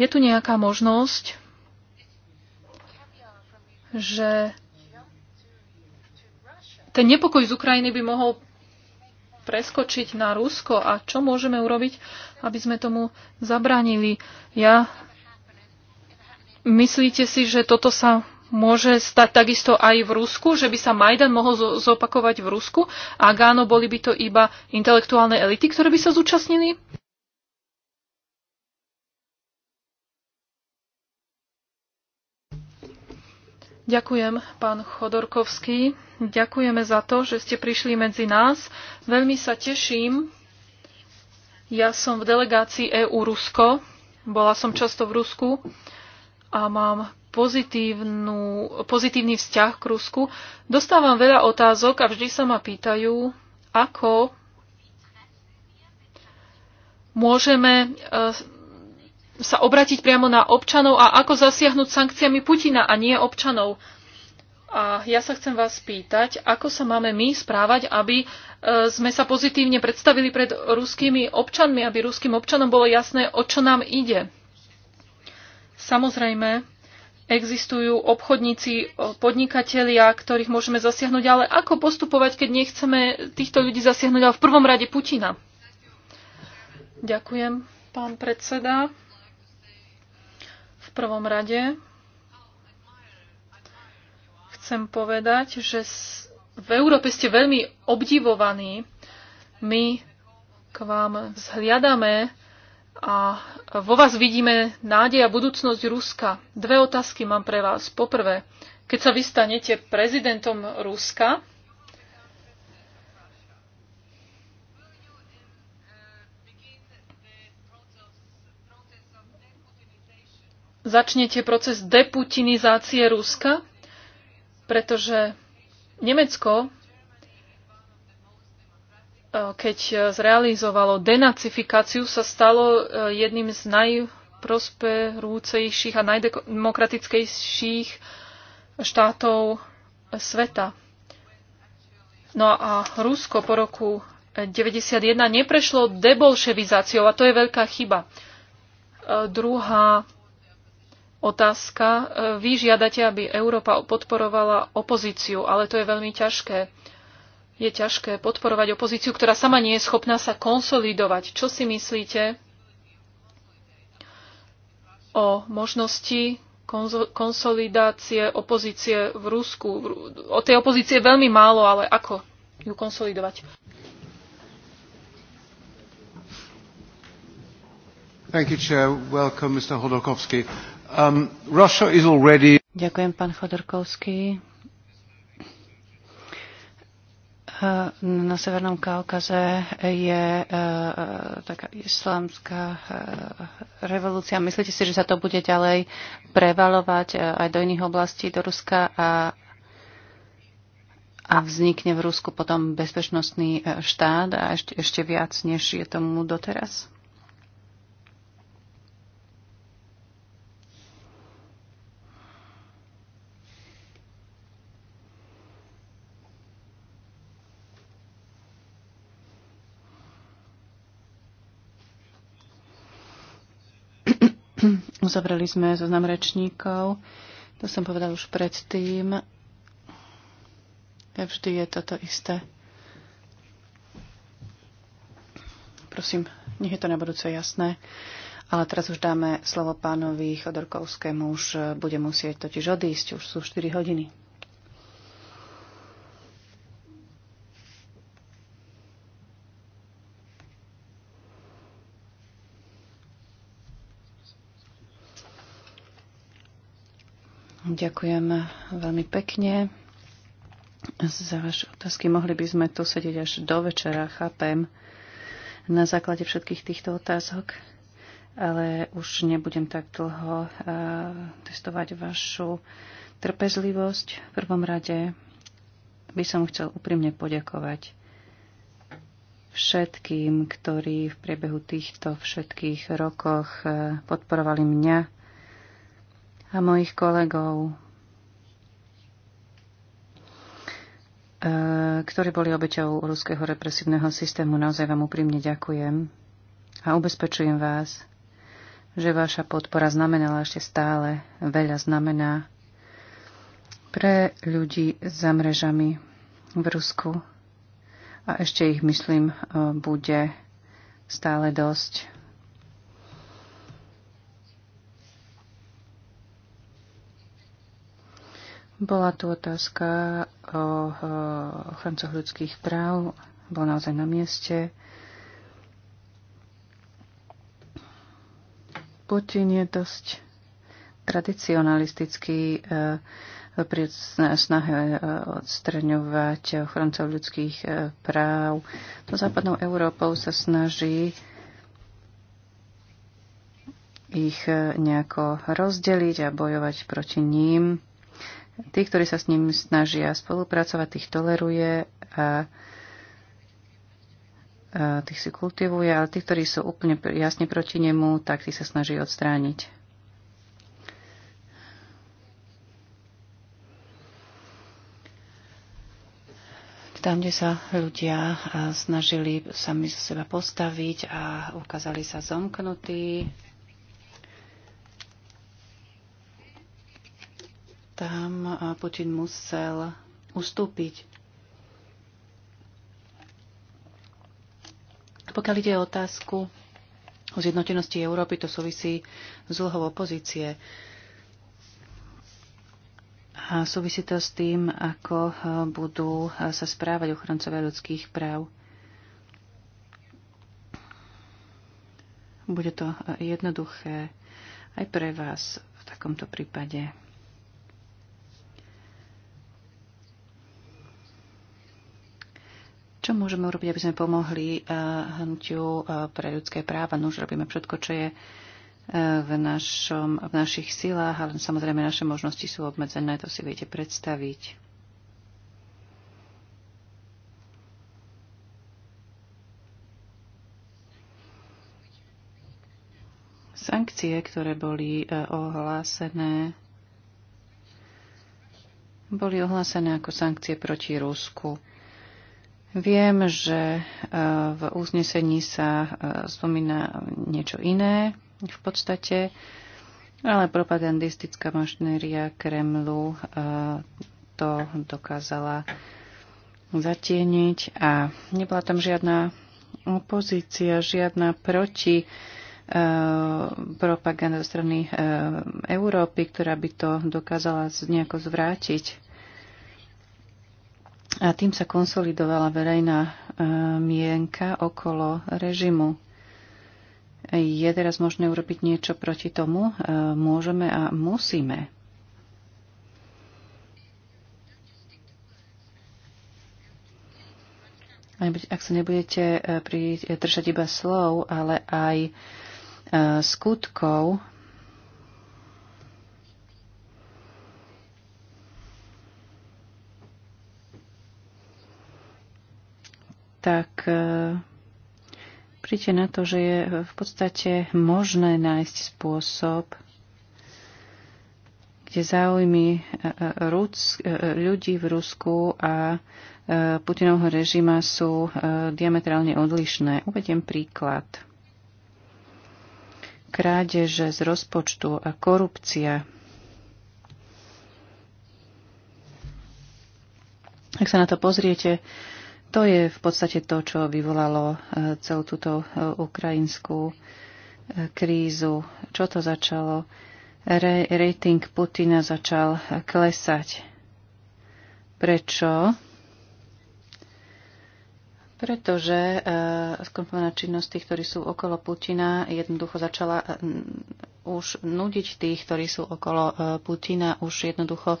Je tu nejaká možnosť, že ten nepokoj z Ukrajiny by mohol preskočiť na Rusko a čo môžeme urobiť, aby sme tomu zabránili. Ja myslíte si, že toto sa môže stať takisto aj v Rusku, že by sa Majdan mohol zopakovať v Rusku? Ak áno, boli by to iba intelektuálne elity, ktoré by sa zúčastnili? Ďakujem, pán Chodorkovský. Ďakujeme za to, že ste prišli medzi nás. Veľmi sa teším. Ja som v delegácii EU Rusko. Bola som často v Rusku a mám pozitívny vzťah k Rusku. Dostávam veľa otázok a vždy sa ma pýtajú, ako môžeme e, sa obratiť priamo na občanov a ako zasiahnuť sankciami Putina a nie občanov. A ja sa chcem vás spýtať, ako sa máme my správať, aby e, sme sa pozitívne predstavili pred ruskými občanmi, aby ruským občanom bolo jasné, o čo nám ide. Samozrejme, existujú obchodníci, e, podnikatelia, ktorých môžeme zasiahnuť, ale ako postupovať, keď nechceme týchto ľudí zasiahnuť, ale v prvom rade Putina? Ďakujem, pán predseda. V prvom rade chcem povedať, že v Európe ste veľmi obdivovaní. My k vám vzhliadame a vo vás vidíme nádej a budúcnosť Ruska. Dve otázky mám pre vás. Poprvé, keď sa vy stanete prezidentom Ruska, začnete proces deputinizácie Ruska, pretože Nemecko, e, keď zrealizovalo denacifikáciu, sa stalo e, jedným z najprosperúcejších a najdemokratickejších štátov sveta. No a Rusko po roku 91 neprešlo debolševizáciou a to je veľká chyba. E, druhá otázka. E, vy žiadate, aby Európa podporovala opozíciu, ale to je veľmi ťažké. Je ťažké podporovať opozíciu, ktorá sama nie je schopná sa konsolidovať. Čo si myslíte o možnosti konsolidácie opozície v Rusku? O tej opozície je veľmi málo, ale ako ju konsolidovať? Thank you, Chair. Welcome, Mr. Hodorkovsky. Um, Ďakujem, pán Chodorkovský. Uh, na Severnom Kaukaze je uh, taká islamská uh, revolúcia. Myslíte si, že sa to bude ďalej prevalovať aj do iných oblastí, do Ruska a, a vznikne v Rusku potom bezpečnostný štát a ešte, ešte viac, než je tomu doteraz? Uzavreli sme zoznam rečníkov. To som povedal už predtým. Ja vždy je toto isté. Prosím, nech je to na budúce jasné. Ale teraz už dáme slovo pánovi Chodorkovskému. Už bude musieť totiž odísť. Už sú 4 hodiny. Ďakujem veľmi pekne za vaše otázky. Mohli by sme tu sedieť až do večera, chápem, na základe všetkých týchto otázok, ale už nebudem tak dlho eh, testovať vašu trpezlivosť. V prvom rade by som chcel úprimne poďakovať všetkým, ktorí v priebehu týchto všetkých rokoch eh, podporovali mňa a mojich kolegov, eh, ktorí boli obeťou ruského represívneho systému. Naozaj vám úprimne ďakujem a ubezpečujem vás, že vaša podpora znamenala ešte stále veľa znamená pre ľudí za mrežami v Rusku. A ešte ich, myslím, eh, bude stále dosť. Bola tu otázka o ochrancoch ľudských práv. Bol naozaj na mieste. Putin je dosť tradicionalistický e, pri snahe e, odstraňovať ochrancov ľudských e, práv. To západnou Európou sa snaží ich nejako rozdeliť a bojovať proti ním. Tí, ktorí sa s ním snažia spolupracovať, tých toleruje a tých si kultivuje, ale tí, ktorí sú úplne jasne proti nemu, tak tí sa snaží odstrániť. Tam, kde sa ľudia snažili sami za seba postaviť a ukázali sa zomknutí, tam Putin musel ustúpiť. Pokiaľ ide o otázku o zjednotenosti Európy, to súvisí s úlohou opozície. A súvisí to s tým, ako e, budú e, sa správať ochrancovia ľudských práv. Bude to e, jednoduché aj pre vás v takomto prípade. Čo môžeme urobiť, aby sme pomohli eh, hnutiu eh, pre ľudské práva? No už robíme všetko, čo je eh, v, našom, v našich silách, ale samozrejme naše možnosti sú obmedzené, to si viete predstaviť. Sankcie, ktoré boli ohlásené, boli ohlásené ako sankcie proti Rusku. Viem, že e, v uznesení sa e, spomína niečo iné v podstate, ale propagandistická mašinéria Kremlu e, to dokázala zatieniť a nebola tam žiadna opozícia, žiadna proti propaganda zo strany Európy, ktorá by to dokázala nejako zvrátiť. A tým sa konsolidovala verejná e, mienka okolo režimu. Je teraz možné urobiť niečo proti tomu? E, môžeme a musíme. Ak sa nebudete e, držať iba slov, ale aj skutkov, tak e, príďte na to, že je v podstate možné nájsť spôsob, kde záujmy e, e, ľudí v Rusku a Putinovho režima sú diametrálne odlišné. Uvediem príklad. Krádeže z rozpočtu a korupcia. Ak sa na to pozriete to je v podstate to, čo vyvolalo e, celú túto e, ukrajinskú e, krízu. Čo to začalo? Re- rating Putina začal klesať. Prečo? Pretože uh, skomplikovaná činnosť tých, ktorí sú okolo Putina, jednoducho začala uh, už nudiť tých, ktorí sú okolo uh, Putina, už jednoducho uh,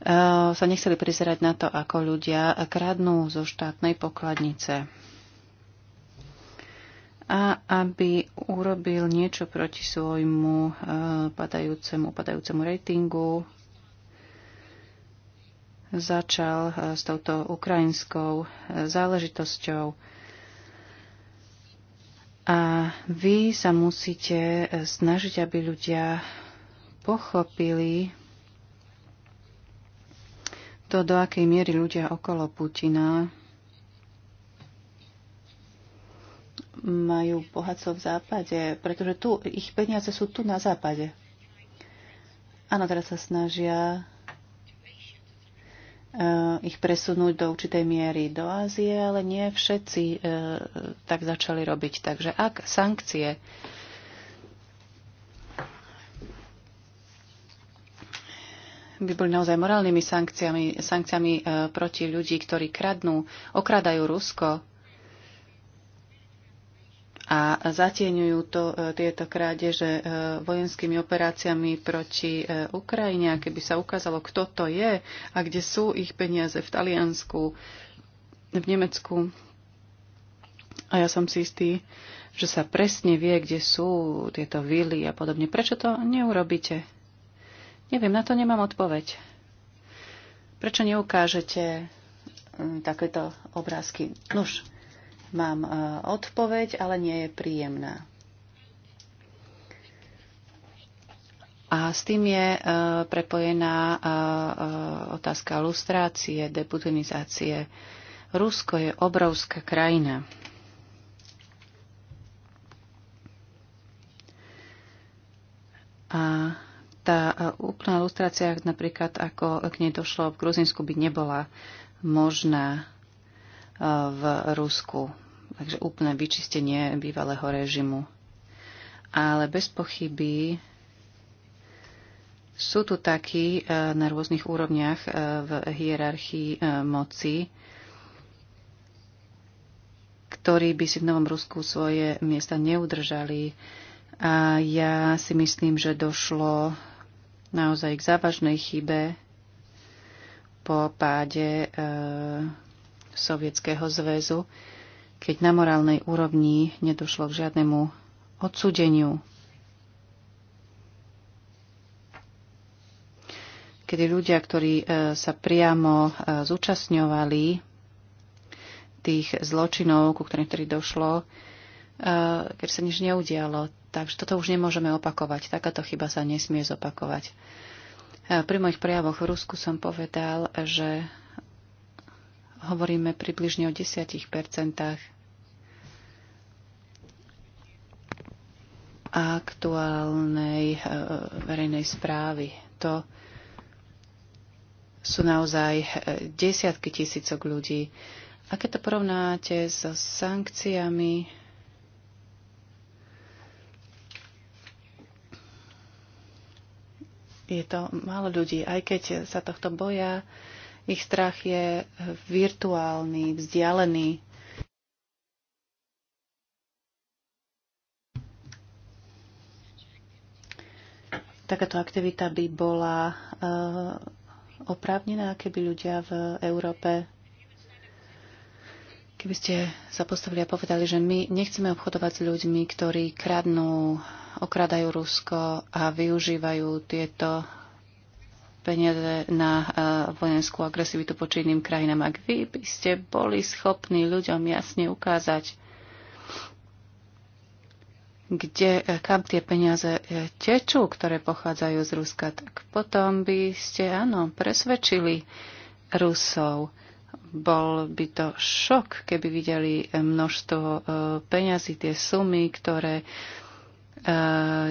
Eh, sa nechceli prizerať na to, ako ľudia kradnú zo štátnej pokladnice. A aby urobil niečo proti svojmu eh, padajúcemu, padajúcemu ratingu, začal eh, s touto ukrajinskou záležitosťou. A vy sa musíte snažiť, aby ľudia pochopili, to, do akej miery ľudia okolo Putina majú bohatstvo v západe, pretože tu, ich peniaze sú tu na západe. Áno, teraz sa snažia uh, ich presunúť do určitej miery do Ázie, ale nie všetci uh, tak začali robiť. Takže ak sankcie uh, by boli naozaj morálnymi sankciami, sankciami e, proti ľudí, ktorí kradnú, okradajú Rusko a zatieňujú to, e, tieto krádeže e, vojenskými operáciami proti Ukrajine. A keby sa ukázalo, kto to je a kde sú ich peniaze v Taliansku, v Nemecku. A ja som si istý, že sa presne vie, kde sú tieto vily a podobne. Prečo to neurobíte? Neviem, na to nemám odpoveď. Prečo neukážete mm, takéto obrázky? Nuž, mám e, odpoveď, ale nie je príjemná. A s tým je e, prepojená e, otázka lustrácie, deputinizácie. Rusko je obrovská krajina. A tá e, úplná ilustrácia, napríklad ako k nej došlo v Gruzinsku, by nebola možná e, v Rusku. Takže úplné vyčistenie bývalého režimu. Ale bez pochyby sú tu takí e, na rôznych úrovniach v hierarchii moci, ktorí by si v Novom Rusku svoje miesta neudržali. A ja si myslím, že došlo naozaj k závažnej chybe po páde e, Sovietskeho zväzu, keď na morálnej úrovni nedošlo k žiadnemu odsudeniu. Kedy ľudia, ktorí e, sa priamo e, zúčastňovali tých zločinov, ku ktorým ktorý došlo, e, keď sa nič neudialo, Takže toto už nemôžeme opakovať. Takáto chyba sa nesmie zopakovať. E, pri mojich prejavoch v Rusku som povedal, že hovoríme približne o 10 aktuálnej e, verejnej správy. To sú naozaj e, desiatky tisícok ľudí. A keď to porovnáte so sankciami, je to málo ľudí. Aj keď sa tohto boja, ich strach je virtuálny, vzdialený. Takáto aktivita by bola eh, oprávnená, keby ľudia v Európe Keby ste sa postavili a povedali, že my nechceme obchodovať s ľuďmi, ktorí kradnú, okradajú Rusko a využívajú tieto peniaze na e, vojenskú agresivitu voči iným krajinám. Ak vy by ste boli schopní ľuďom jasne ukázať, kde, e, kam tie peniaze e, tečú, ktoré pochádzajú z Ruska, tak potom by ste, áno, presvedčili Rusov. Bol by to šok, keby videli množstvo e, peňazí, tie sumy, ktoré e,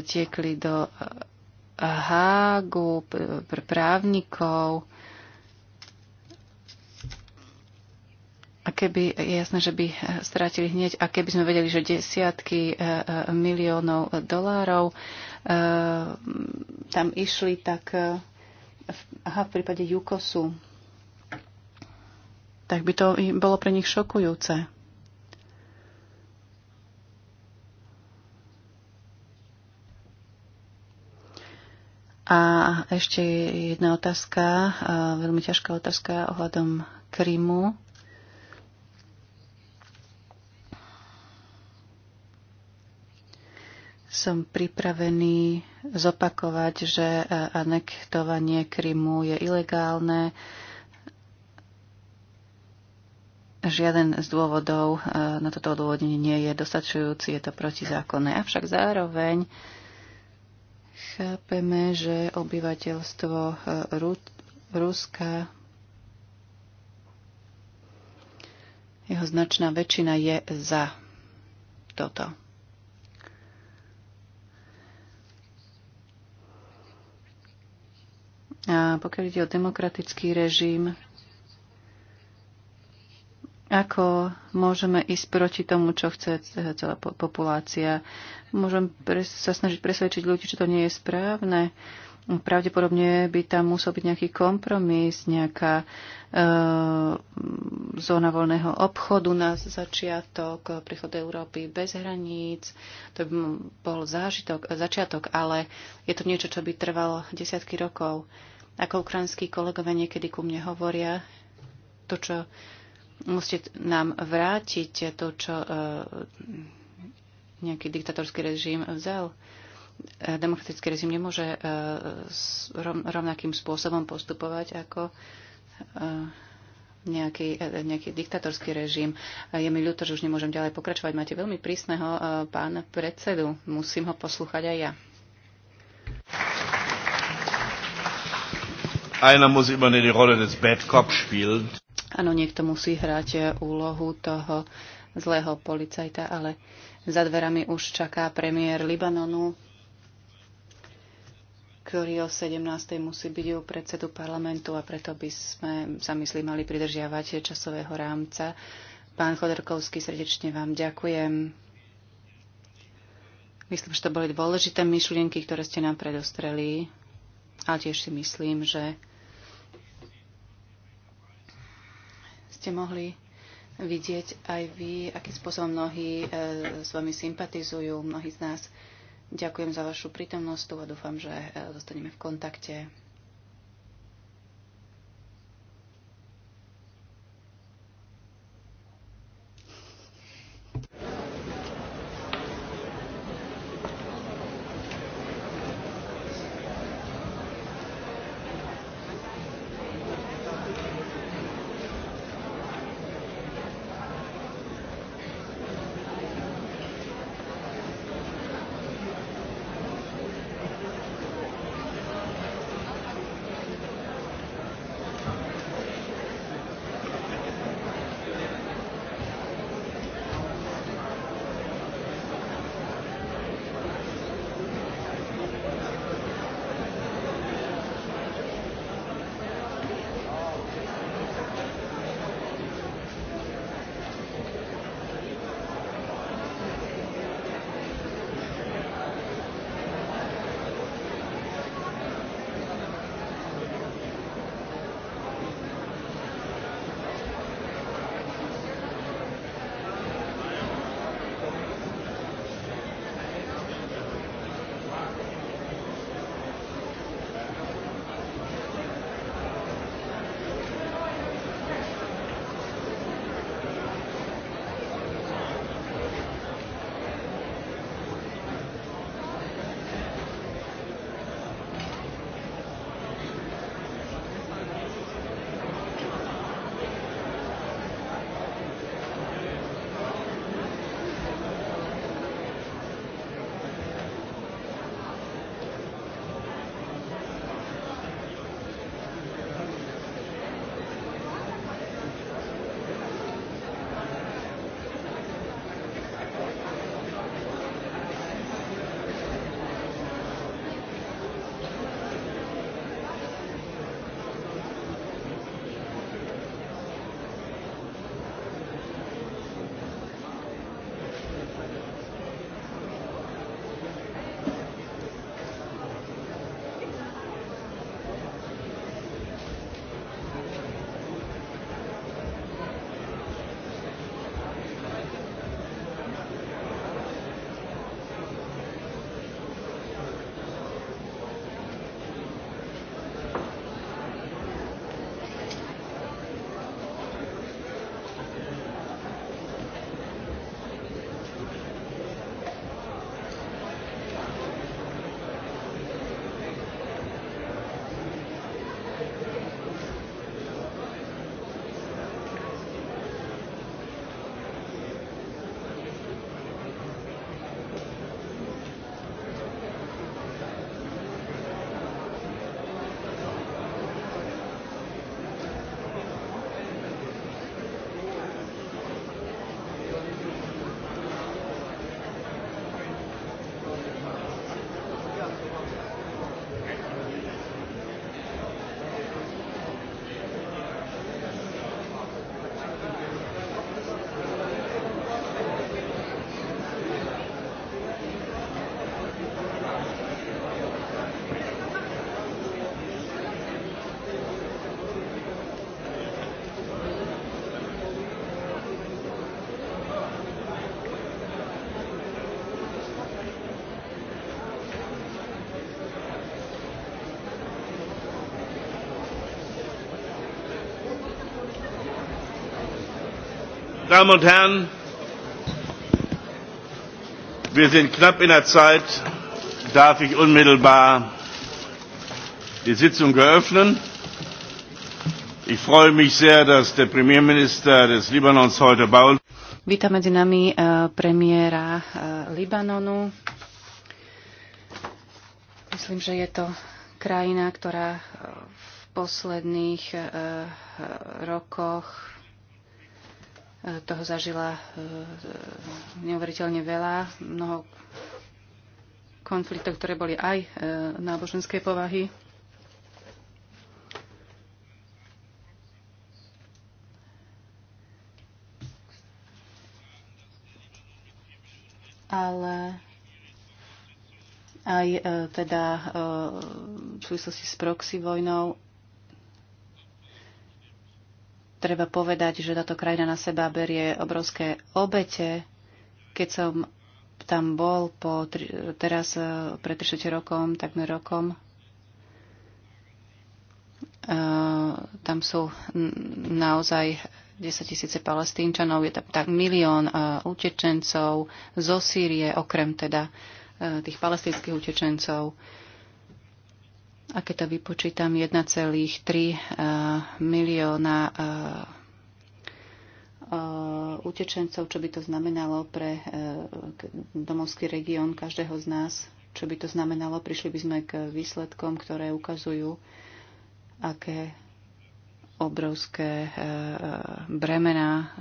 tiekli do e, Hágu, právnikov. A keby, je jasné, že by strátili hneď, a keby sme vedeli, že desiatky miliónov dolárov tam išli, tak aha, v prípade Jukosu tak by to bolo pre nich šokujúce. A ešte jedna otázka, veľmi ťažká otázka ohľadom Krymu. Som pripravený zopakovať, že e, anektovanie Krymu je ilegálne Žiaden z dôvodov e, na toto odôvodnenie nie je dostačujúci, je to protizákonné. Avšak zároveň chápeme, že obyvateľstvo e, Ruska, jeho značná väčšina je za toto. A pokiaľ ide o demokratický režim, ako môžeme ísť proti tomu, čo chce celá populácia? Môžem sa snažiť presvedčiť ľudí, že to nie je správne. Pravdepodobne by tam musel byť nejaký kompromis, nejaká e, zóna voľného obchodu na začiatok, príchod Európy bez hraníc. To by bol zážitok, začiatok, ale je to niečo, čo by trvalo desiatky rokov. Ako ukrajinskí kolegovia niekedy ku mne hovoria, to, čo Musíte nám vrátiť to, čo e, nejaký diktatorský režim vzal. E, demokratický režim nemôže e, rovnakým spôsobom postupovať ako nejaký, nejaký diktatorský režim. Je mi ľúto, že už nemôžem ďalej pokračovať. Máte veľmi prísneho pána predsedu. Musím ho poslúchať aj ja. Einer muss immer die Rolle des Bad Cop spielen. Áno, niekto musí hrať úlohu toho zlého policajta, ale za dverami už čaká premiér Libanonu, ktorý o 17. musí byť u predsedu parlamentu a preto by sme sa myslí, mali pridržiavať časového rámca. Pán Chodorkovský, srdečne vám ďakujem. Myslím, že to boli dôležité myšlienky, ktoré ste nám predostreli. A tiež si myslím, že ste mohli vidieť aj vy, akým spôsobom mnohí e, s vami sympatizujú, mnohí z nás. Ďakujem za vašu prítomnosť a dúfam, že e, zostaneme v kontakte. Damen und Herren, wir sind knapp in der Zeit. Darf ich unmittelbar die Sitzung eröffnen? Ich freue mich sehr, dass der Premierminister des Libanons heute bei uns Vítam medzi nami uh, premiéra uh, Libanonu. Myslím, že je to krajina, ktorá eh, v posledných uh, rokoch toho zažila e, e, neuveriteľne veľa, mnoho konfliktov, ktoré boli aj e, náboženskej povahy. Ale aj teda v súvislosti s proxy vojnou treba povedať, že táto krajina na seba berie obrovské obete. Keď som tam bol po, teraz e, pred 30 rokom, takmer rokom, e, tam sú naozaj 10 tisíce palestínčanov, je tam tak milión e, utečencov zo Sýrie, okrem teda tých palestínskych utečencov. Uh, a keď to vypočítam 1,3 eh, milióna eh, eh, utečencov, čo by to znamenalo pre domovský región každého z nás, čo by to znamenalo, prišli by sme k výsledkom, ktoré ukazujú, aké obrovské bremená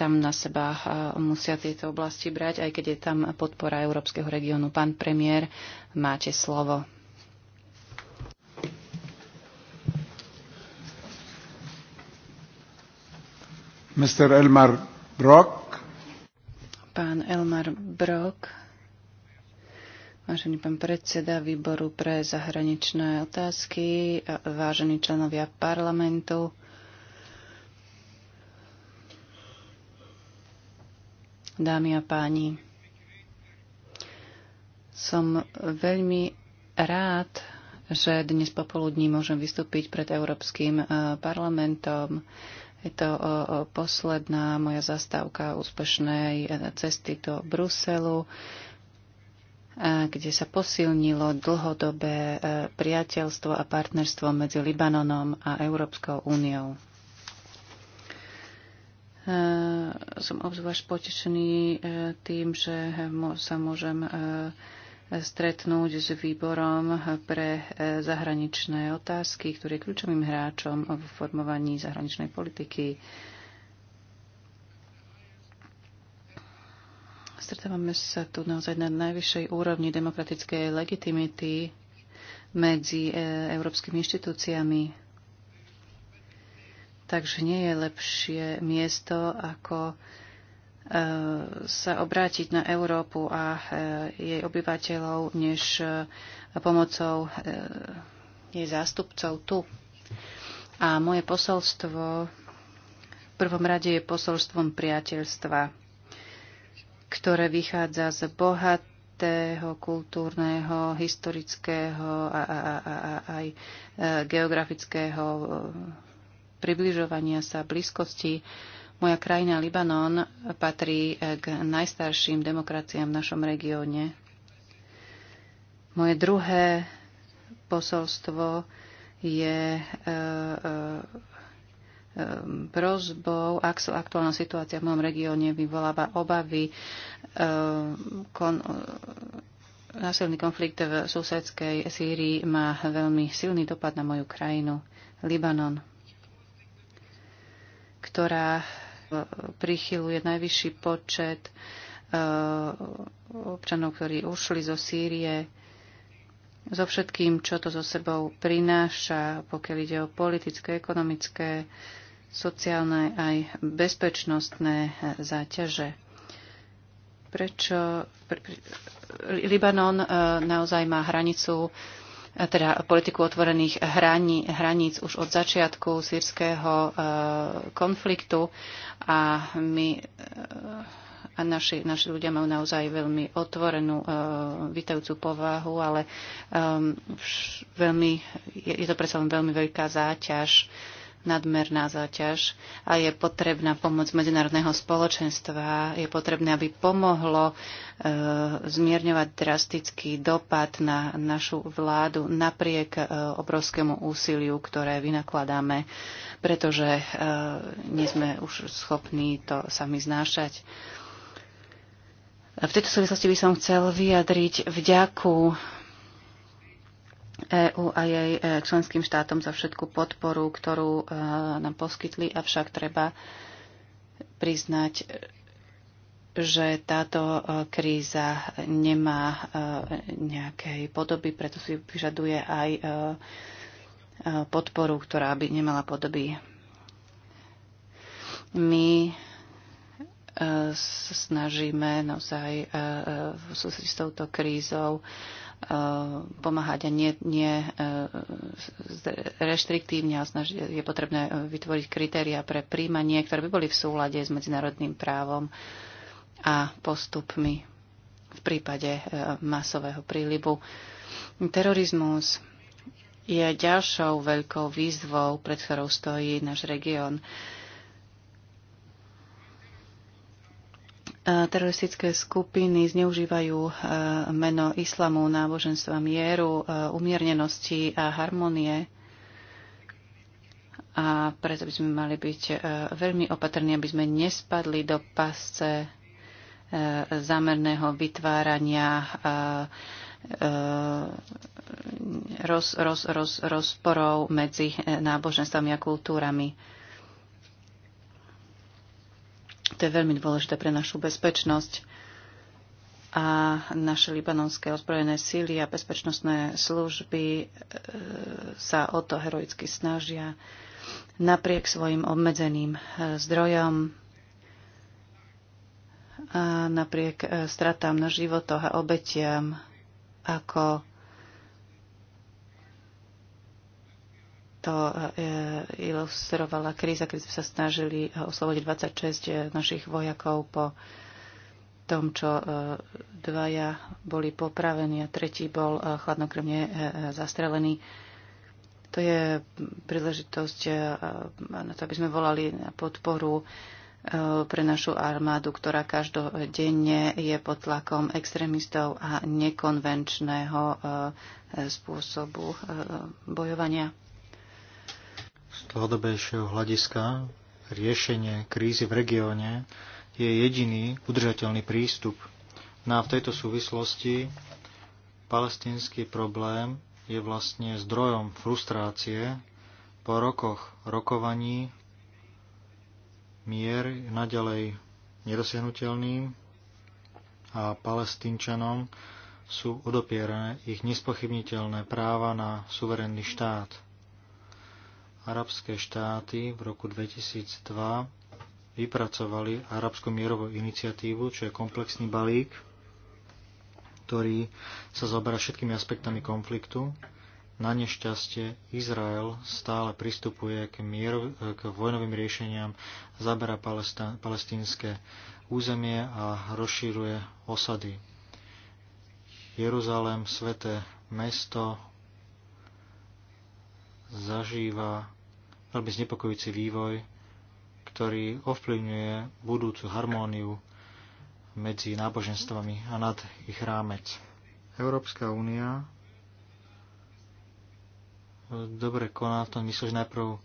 tam na seba eh, musia tieto oblasti brať, aj keď je tam podpora Európskeho regiónu. Pán premiér, máte slovo. Mr. Elmar Brock. Pán Elmar Brock. Vážený pán predseda výboru pre zahraničné otázky, vážení členovia parlamentu, dámy a páni. Som veľmi rád, že dnes popoludní môžem vystúpiť pred Európskym e, parlamentom. Je to e, e, posledná moja zastávka úspešnej cesty do Bruselu kde sa posilnilo dlhodobé priateľstvo a partnerstvo medzi Libanonom a Európskou úniou. Eh, som obzvlášť potešený eh, tým, že sa môžem eh, stretnúť s výborom pre zahraničné otázky, ktorý je kľúčovým hráčom v formovaní zahraničnej politiky. Stretávame sa tu naozaj na najvyššej úrovni demokratickej legitimity medzi európskymi inštitúciami. Takže nie je lepšie miesto, ako e, sa obrátiť na Európu a e, jej obyvateľov, než e, pomocou jej zástupcov tu. A moje posolstvo v prvom rade je posolstvom priateľstva, ktoré vychádza z bohatého, kultúrneho, historického a, a, a, a aj geografického približovania sa blízkosti. Moja krajina Libanon patrí k najstarším demokraciám v našom regióne. Moje druhé posolstvo je e, e, e, prozbou, ak aktuálna situácia v mojom regióne vyvoláva obavy, kon, násilný konflikt v susedskej Sýrii má veľmi silný dopad na moju krajinu, Libanon ktorá e, prichyluje najvyšší počet e, občanov, ktorí ušli zo Sýrie, so všetkým, čo to so sebou prináša, pokiaľ ide o politické, ekonomické, sociálne aj bezpečnostné e, záťaže. Prečo Libanon naozaj má hranicu teda politiku otvorených hraní, hraníc už od začiatku sírskeho e, konfliktu a my e, a naši, naši ľudia majú naozaj veľmi otvorenú, uh, e, vytajúcu povahu, ale veľmi, je, je to predsa len veľmi veľká záťaž nadmerná záťaž a je potrebná pomoc medzinárodného spoločenstva. Je potrebné, aby pomohlo e, zmierňovať drastický dopad na našu vládu napriek e, obrovskému úsiliu, ktoré vynakladáme, pretože e, nie sme už schopní to sami znášať. V tejto súvislosti by som chcel vyjadriť vďaku EÚ a jej e, členským štátom za všetku podporu, ktorú e, nám poskytli, avšak treba priznať, že táto e, kríza nemá nejakej podoby, preto si vyžaduje aj podporu, ktorá by nemala podoby. My snažíme naozaj v s touto krízou Eh, pomáhať a nie, nie eh, reštriktívne a snažiť, je potrebné eh, vytvoriť kritéria pre príjmanie, ktoré by boli v súlade s medzinárodným právom a postupmi v prípade masového prílibu. Terorizmus je ďalšou veľkou výzvou, pred ktorou stojí náš región. E, teroristické skupiny zneužívajú e, meno islamu, náboženstva, mieru, e, umiernenosti a harmonie. A preto by sme mali byť veľmi opatrní, aby sme nespadli do pasce zámerného vytvárania roz, roz, roz, rozporov medzi náboženstvami a kultúrami to je veľmi dôležité pre našu bezpečnosť. A naše libanonské ozbrojené síly a bezpečnostné služby e, sa o to heroicky snažia napriek svojim obmedzeným e, zdrojom, a napriek e, stratám na životoch a obetiam, ako to e, ilustrovala kríza, keď sme sa snažili e, oslobodiť 26 e, našich vojakov po tom, čo dvaja boli popravení a tretí bol chladnokrvne zastrelený. To je príležitosť na to, aby sme volali na podporu pre našu armádu, ktorá každodenne je pod tlakom extrémistov a nekonvenčného spôsobu bojovania dlhodobejšieho hľadiska riešenie krízy v regióne je jediný udržateľný prístup. No a v tejto súvislosti palestínsky problém je vlastne zdrojom frustrácie. Po rokoch rokovaní mier je naďalej nedosiahnutelným a palestínčanom sú odopierané ich nespochybniteľné práva na suverénny štát arabské štáty v roku 2002 vypracovali arabskú mierovú iniciatívu, čo je komplexný balík, ktorý sa zaoberá všetkými aspektami konfliktu. Na nešťastie Izrael stále pristupuje k, mieru, k vojnovým riešeniam, zabera palestínske územie a rozšíruje osady. Jeruzalém, sveté mesto, zažíva veľmi znepokojujúci vývoj, ktorý ovplyvňuje budúcu harmóniu medzi náboženstvami a nad ich rámec. Európska únia dobre koná v tom mysle, že najprv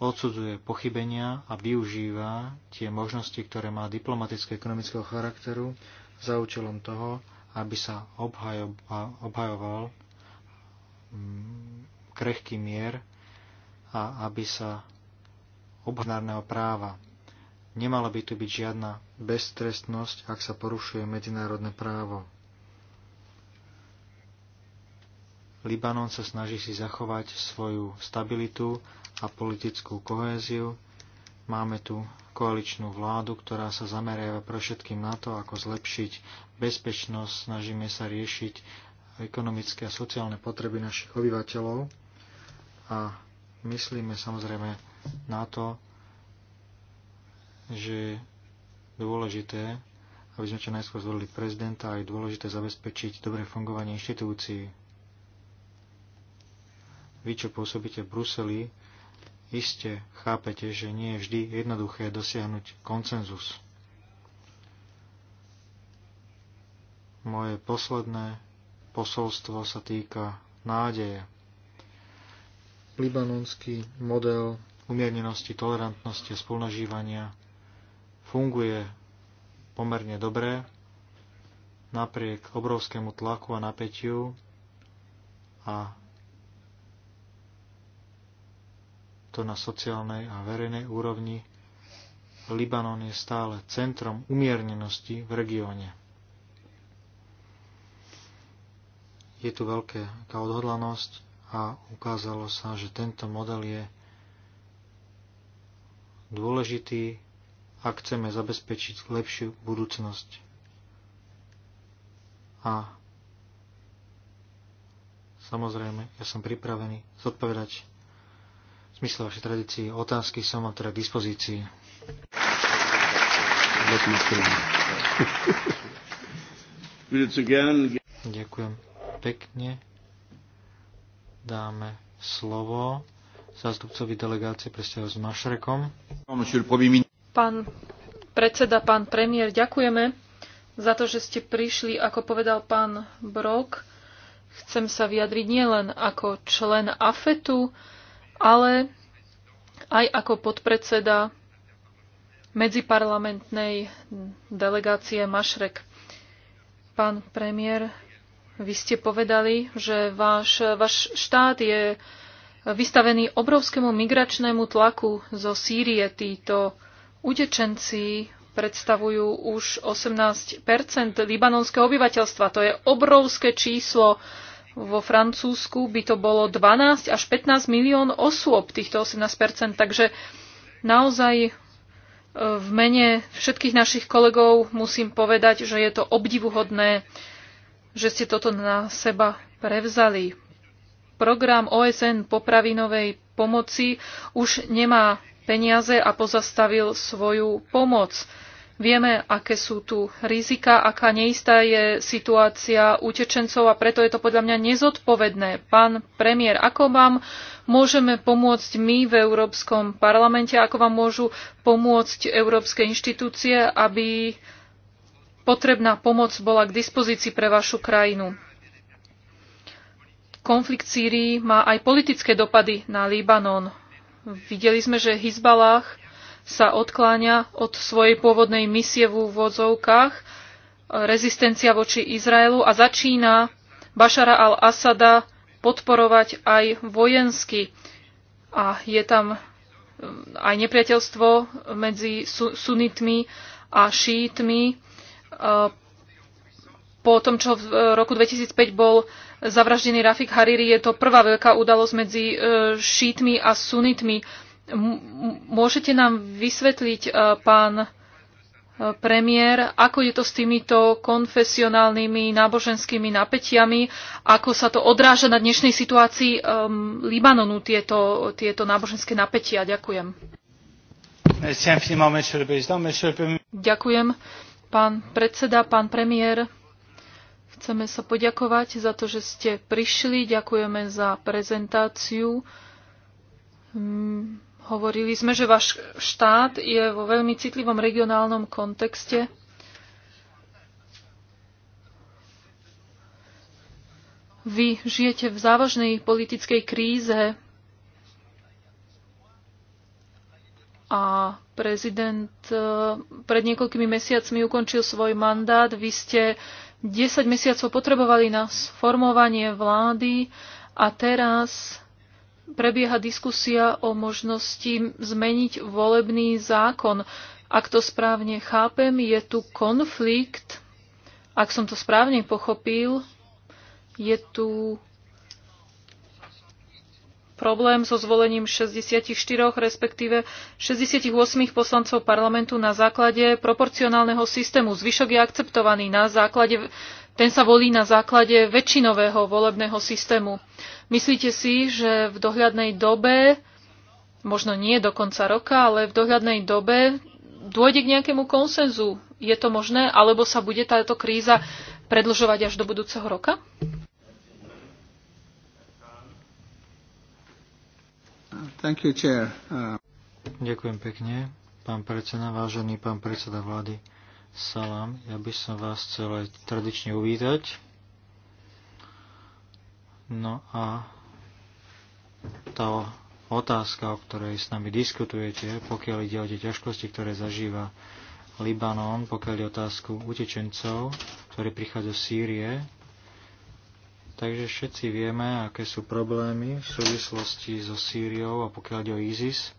odsudzuje pochybenia a využíva tie možnosti, ktoré má diplomaticko-ekonomického charakteru za účelom toho, aby sa obhajoval mm, krehký mier a aby sa obhnárneho práva. Nemala by tu byť žiadna beztrestnosť, ak sa porušuje medzinárodné právo. Libanon sa snaží si zachovať svoju stabilitu a politickú kohéziu. Máme tu koaličnú vládu, ktorá sa zameriava pre všetkým na to, ako zlepšiť bezpečnosť, snažíme sa riešiť ekonomické a sociálne potreby našich obyvateľov a myslíme samozrejme na to, že je dôležité, aby sme čo najskôr zvolili prezidenta a je dôležité zabezpečiť dobré fungovanie inštitúcií. Vy, čo pôsobíte v Bruseli, iste chápete, že nie je vždy jednoduché dosiahnuť koncenzus. Moje posledné posolstvo sa týka nádeje libanonský model umiernenosti, tolerantnosti a spolnažívania funguje pomerne dobre napriek obrovskému tlaku a napätiu a to na sociálnej a verejnej úrovni Libanon je stále centrom umiernenosti v regióne. Je tu veľká odhodlanosť a ukázalo sa, že tento model je dôležitý, ak chceme zabezpečiť lepšiu budúcnosť. A samozrejme, ja som pripravený zodpovedať v zmysle vašej tradície otázky, som vám teda k dispozícii. Ďakujem pekne dáme slovo zástupcovi delegácie pre s Mašrekom. Pán predseda, pán premiér, ďakujeme za to, že ste prišli, ako povedal pán Brok. Chcem sa vyjadriť nielen ako člen AFETu, ale aj ako podpredseda medziparlamentnej delegácie Mašrek. Pán premiér, vy ste povedali, že váš, váš štát je vystavený obrovskému migračnému tlaku zo Sýrie. Títo utečenci predstavujú už 18 libanonského obyvateľstva. To je obrovské číslo. Vo Francúzsku by to bolo 12 až 15 milión osôb, týchto 18 Takže naozaj e, v mene všetkých našich kolegov musím povedať, že je to obdivuhodné že ste toto na seba prevzali. Program OSN popravinovej pomoci už nemá peniaze a pozastavil svoju pomoc. Vieme, aké sú tu rizika, aká neistá je situácia utečencov a preto je to podľa mňa nezodpovedné. Pán premiér, ako vám môžeme pomôcť my v Európskom parlamente, ako vám môžu pomôcť európske inštitúcie, aby potrebná pomoc bola k dispozícii pre vašu krajinu. Konflikt Sýrii má aj politické dopady na Libanon. Videli sme, že Hizbalách sa odkláňa od svojej pôvodnej misie v úvodzovkách, rezistencia voči Izraelu a začína Bašara al-Asada podporovať aj vojensky. A je tam um, aj nepriateľstvo medzi sunitmi a šítmi E, po tom, čo v e, roku 2005 bol zavraždený Rafik Hariri, je to prvá veľká udalosť medzi e, šítmi a sunitmi. Môžete nám vysvetliť, pán premiér, ako je to s týmito konfesionálnymi náboženskými napätiami, ako sa to odráža na dnešnej situácii um, Libanonu, tieto, tieto náboženské napätia. Ďakujem. Ďakujem. Pán predseda, pán premiér, chceme sa poďakovať za to, že ste prišli. Ďakujeme za prezentáciu. Mm, hovorili sme, že váš štát je vo veľmi citlivom regionálnom kontexte. Vy žijete v závažnej politickej kríze a Prezident e, pred niekoľkými mesiacmi ukončil svoj mandát. Vy ste 10 mesiacov potrebovali na sformovanie vlády a teraz prebieha diskusia o možnosti zmeniť volebný zákon. Ak to správne chápem, je tu konflikt, ak som to správne pochopil, je tu problém so zvolením 64, respektíve 68 poslancov parlamentu na základe proporcionálneho systému. Zvyšok je akceptovaný na základe, ten sa volí na základe väčšinového volebného systému. Myslíte si, že v dohľadnej dobe, možno nie do konca roka, ale v dohľadnej dobe dôjde k nejakému konsenzu? Je to možné, alebo sa bude táto kríza predlžovať až do budúceho roka? Thank you, chair. Uh... Ďakujem pekne, pán predseda, vážený pán predseda vlády. Salam, ja by som vás chcel aj tradične uvítať. No a tá otázka, o ktorej s nami diskutujete, pokiaľ ide o tie ťažkosti, ktoré zažíva Libanon, pokiaľ ide otázku utečencov, ktorí prichádzajú z Sýrie, Takže všetci vieme, aké sú problémy v súvislosti so Sýriou a pokiaľ ide o ISIS.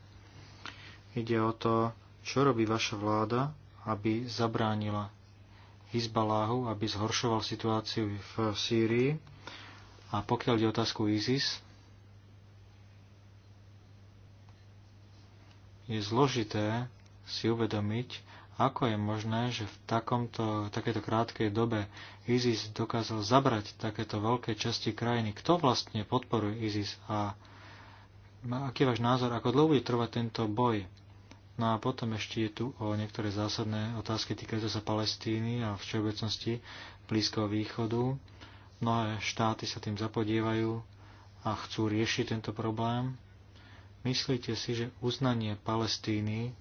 Ide o to, čo robí vaša vláda, aby zabránila izbaláhu, aby zhoršoval situáciu v Sýrii. A pokiaľ ide o otázku ISIS, je zložité si uvedomiť, ako je možné, že v takomto, takéto krátkej dobe ISIS dokázal zabrať takéto veľké časti krajiny? Kto vlastne podporuje ISIS a aký je váš názor, ako dlho bude trvať tento boj? No a potom ešte je tu o niektoré zásadné otázky týkajúce sa Palestíny a v všeobecnosti Blízkoho východu. Mnohé štáty sa tým zapodievajú a chcú riešiť tento problém. Myslíte si, že uznanie Palestíny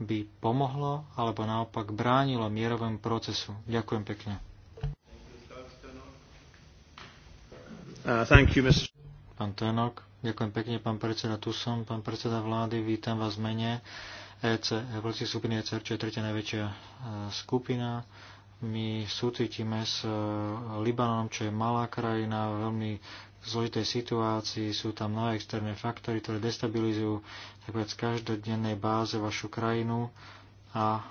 by pomohlo alebo naopak bránilo mierovému procesu. Ďakujem pekne. Uh, pán Tenok, ďakujem pekne, pán predseda, tu som, pán predseda vlády, vítam vás v mene EC, Európskej skupiny ECR, čo je tretia najväčšia uh, skupina. My súcitíme s uh, Libanom, čo je malá krajina, veľmi zložitej situácii, sú tam mnohé externé faktory, ktoré destabilizujú tak každodennej báze vašu krajinu a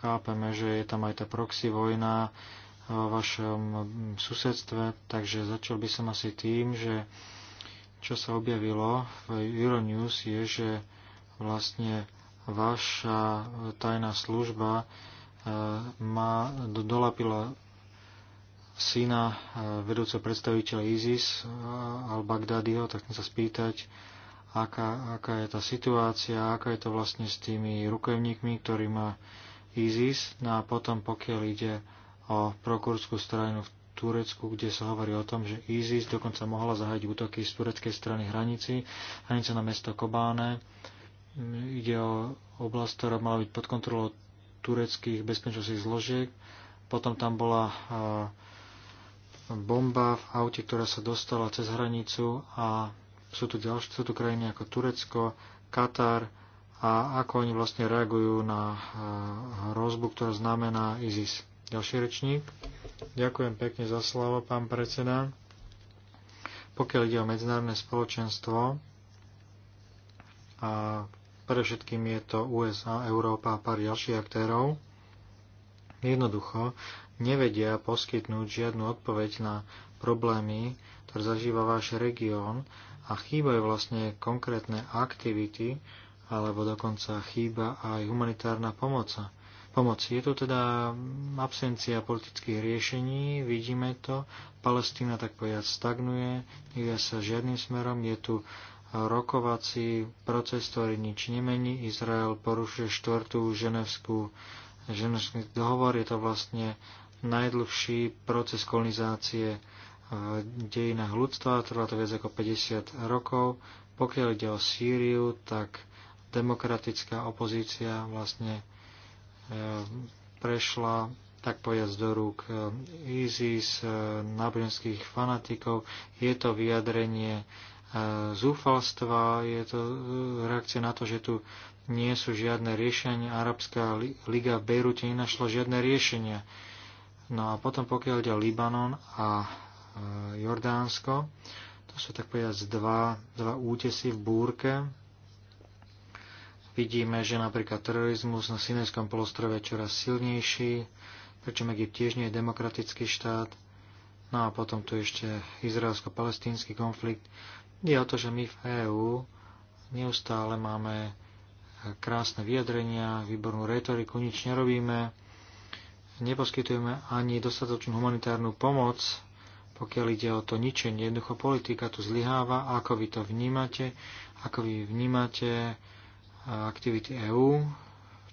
chápeme, že je tam aj tá proxy vojna vo vašom susedstve, takže začal by som asi tým, že čo sa objavilo v Euronews je, že vlastne vaša tajná služba eh, má dolapila syna eh, vedúceho predstaviteľa ISIS eh, al-Baghdadiho, tak chcem sa spýtať, aká, aká je tá situácia, aká je to vlastne s tými rukojemníkmi, ktorý má ISIS. No a potom, pokiaľ ide o prokurskú stranu v Turecku, kde sa hovorí o tom, že ISIS dokonca mohla zahájiť útoky z tureckej strany hranici, hranice na mesto Kobáne. Mm, ide o oblasť, ktorá mala byť pod kontrolou tureckých bezpečnostných zložiek. Potom tam bola uh, bomba v aute, ktorá sa dostala cez hranicu a sú tu, ďalšie, sú tu krajiny ako Turecko, Katar a ako oni vlastne reagujú na eh, hrozbu, ktorá znamená ISIS. Ďalší rečník. Ďakujem pekne za slovo, pán predseda. Pokiaľ ide o medzinárodné spoločenstvo, a pre všetkým je to USA, Európa a pár ďalších aktérov, jednoducho nevedia poskytnúť žiadnu odpoveď na problémy, ktoré zažíva váš región a chýbajú vlastne konkrétne aktivity alebo dokonca chýba aj humanitárna pomoca. Pomoc. Je tu teda absencia politických riešení, vidíme to, Palestína tak povedať stagnuje, nevia sa žiadnym smerom, je tu rokovací proces, ktorý nič nemení. Izrael porušuje štvrtú ženevskú, ženevský dohovor, je to vlastne najdlhší proces kolonizácie v e, dejinách ľudstva, trvá to viac ako 50 rokov. Pokiaľ ide o Sýriu, tak demokratická opozícia vlastne e, prešla tak povedať do rúk e, ISIS, náboženských fanatikov. Je to vyjadrenie zúfalstva, je to reakcia na to, že tu nie sú žiadne riešenia. Arabská liga v Bejrute nenašla žiadne riešenia. No a potom pokiaľ ide o Libanon a e, Jordánsko, to sú tak povedať dva, dva útesy v búrke. Vidíme, že napríklad terorizmus na Sinajskom polostrove je čoraz silnejší, pričom Egypt tiež nie je demokratický štát. No a potom tu ešte izraelsko-palestínsky konflikt. Je o to, že my v EÚ neustále máme krásne vyjadrenia, výbornú retoriku, nič nerobíme neposkytujeme ani dostatočnú humanitárnu pomoc, pokiaľ ide o to ničenie. Jednoducho politika tu zlyháva, ako vy to vnímate, ako vy vnímate e, aktivity EÚ,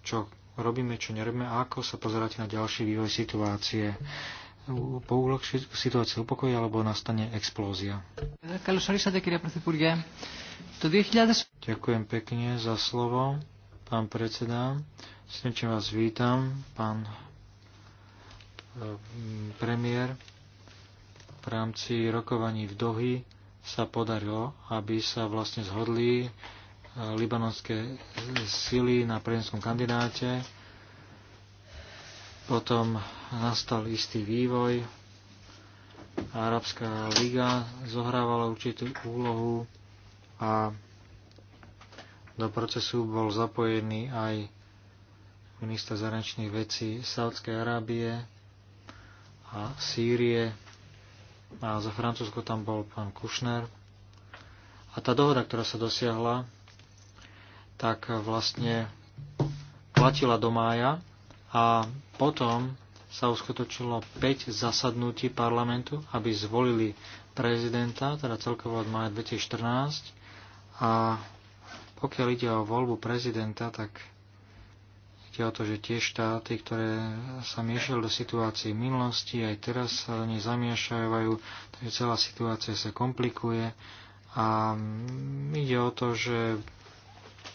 čo robíme, čo nerobíme ako sa pozeráte na ďalší vývoj situácie. Po uľahšiť situáciu upokoji alebo nastane explózia. Ďakujem pekne za slovo, pán predseda. Srdečne vás vítam, pán Ehm, premiér v rámci rokovaní v Dohy sa podarilo, aby sa vlastne zhodli e, libanonské sily na prezidentskom kandidáte. Potom nastal istý vývoj. Arabská liga zohrávala určitú úlohu a do procesu bol zapojený aj minister zahraničných vecí Saudskej Arábie, a Sýrie a za Francúzsko tam bol pán Kušner. A tá dohoda, ktorá sa dosiahla, tak vlastne platila do mája a potom sa uskutočilo 5 zasadnutí parlamentu, aby zvolili prezidenta, teda celkovo od maja 2014. A pokiaľ ide o voľbu prezidenta, tak o to, že tie štáty, ktoré sa miešali do situácií minulosti, aj teraz sa do nej zamiešajú, takže celá situácia sa komplikuje a mm, ide o to, že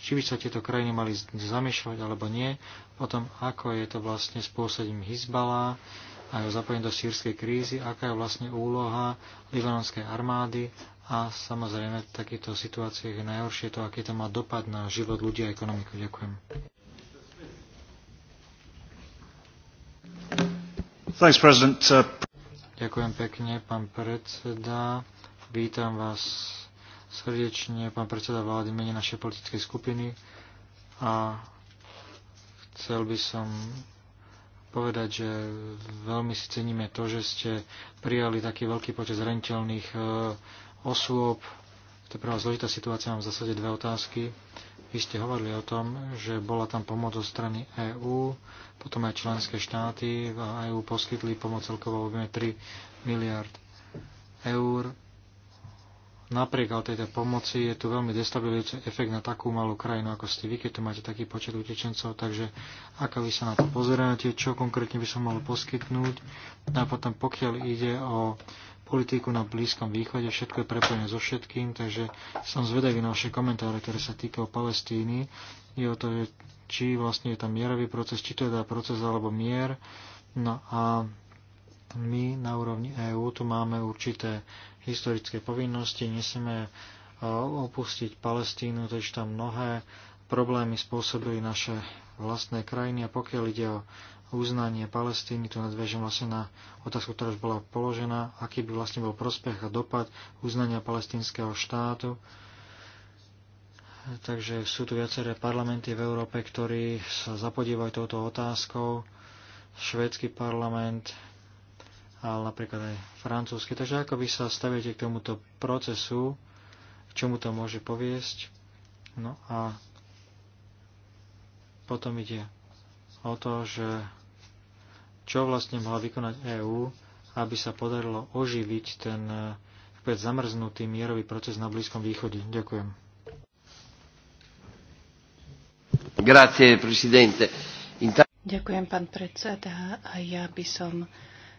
či by sa tieto krajiny mali zamiešľať alebo nie, o tom, ako je to vlastne s pôsobením Hizbala a jeho zapojenie do sírskej krízy, aká je vlastne úloha libanonskej armády a samozrejme v takýchto situáciách je najhoršie to, aký to má dopad na život ľudí a ekonomiku. Ďakujem. Uh, Ďakujem pekne, pán predseda. Vítam vás srdečne, pán predseda vlády, mene našej politickej skupiny. A chcel by som povedať, že veľmi si ceníme to, že ste prijali taký veľký počet zraniteľných uh, osôb. To je pre vás zložitá situácia, mám v zásade dve otázky. Vy ste hovorili o tom, že bola tam pomoc zo strany EÚ, potom aj členské štáty a EÚ poskytli pomoc celkovo objeme 3 miliard eur. Napriek ale tejto pomoci je tu veľmi destabilizujúci efekt na takú malú krajinu, ako ste vy, keď tu máte taký počet utečencov, takže ako vy sa na to pozeráte, čo konkrétne by som mal poskytnúť. A potom pokiaľ ide o politiku na Blízkom východe, všetko je prepojené so všetkým, takže som zvedavý na vaše komentáre, ktoré sa týkajú Palestíny. Je o to, že či vlastne je tam mierový proces, či to je teda proces alebo mier. No a my na úrovni EÚ tu máme určité historické povinnosti, nesmieme e, opustiť Palestínu, takže tam mnohé problémy spôsobili naše vlastné krajiny a pokiaľ ide o uznanie Palestíny, tu nadviežem vlastne na otázku, ktorá už bola položená, aký by vlastne bol prospech a dopad uznania palestinského štátu. Takže sú tu viaceré parlamenty v Európe, ktorí sa zapodívajú touto otázkou. Švédsky parlament, ale napríklad aj francúzsky. Takže ako vy sa staviete k tomuto procesu, k čomu to môže poviesť? No a potom ide o to, že čo vlastne mala vykonať EÚ, aby sa podarilo oživiť ten eh, vpred zamrznutý mierový proces na Blízkom východe. Ďakujem. Grazie, presidente. Ďakujem, pán predseda. A ja by som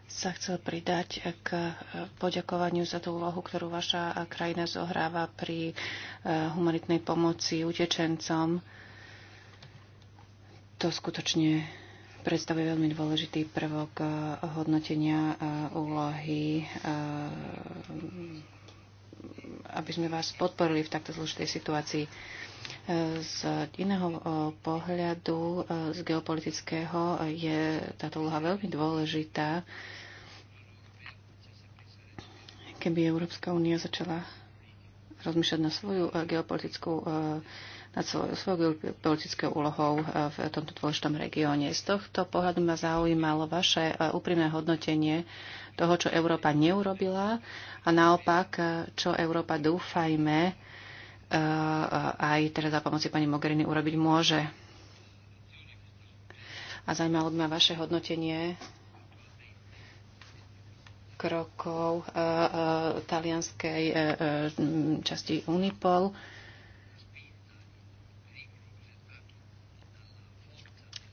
sa chcel pridať eh, k eh, poďakovaniu za tú úlohu, ktorú vaša krajina zohráva pri humanitnej pomoci utečencom. To skutočne predstavuje veľmi dôležitý prvok eh, hodnotenia eh, úlohy, eh, aby sme vás podporili v takto zložitej situácii. Z iného pohľadu, z geopolitického, je táto úloha veľmi dôležitá. Keby Európska únia začala rozmýšľať na svoju geopolitickú nad svojou politickou úlohou eh, v tomto dôležitom regióne. Z tohto pohľadu ma zaujímalo vaše eh, úprimné hodnotenie toho, čo Európa neurobila a naopak, eh, čo Európa dúfajme aj teraz za pomoci pani Mogherini urobiť môže. A zaujímalo by ma vaše hodnotenie krokov talianskej časti Unipol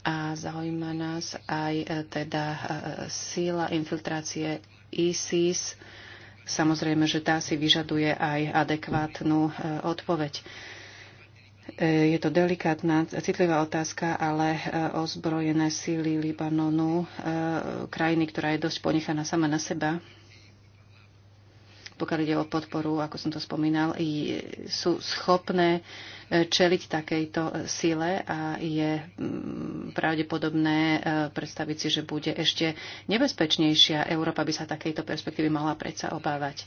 a zaujíma nás aj e, teda e, síla infiltrácie ISIS. Samozrejme, že tá si vyžaduje aj adekvátnu e, odpoveď. Je to delikátna, citlivá otázka, ale ozbrojené síly Libanonu, krajiny, ktorá je dosť ponechaná sama na seba, pokiaľ ide o podporu, ako som to spomínal, sú schopné e, čeliť takejto e, sile a je mm, pravdepodobné e, predstaviť si, že bude ešte nebezpečnejšia. Európa by sa takejto perspektívy mala predsa obávať.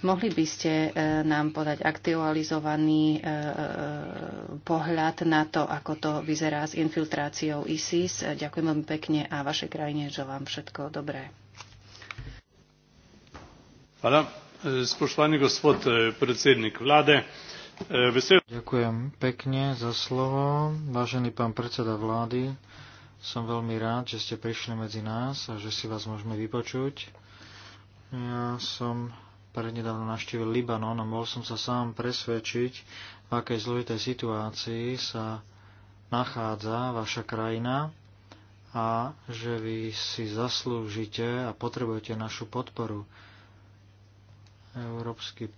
Mohli by ste nám podať aktualizovaný pohľad na to, ako to vyzerá s infiltráciou ISIS. Ďakujem veľmi pekne a vašej krajine želám všetko dobré. E, spoštovani gospod e, predsednik vlade, e, vesel... Ďakujem pekne za slovo. Vážený pán predseda vlády, som veľmi rád, že ste prišli medzi nás a že si vás môžeme vypočuť. Ja som prednedávno navštívil Libanon a mohol som sa sám presvedčiť, v akej zložitej situácii sa nachádza vaša krajina a že vy si zaslúžite a potrebujete našu podporu. Európsky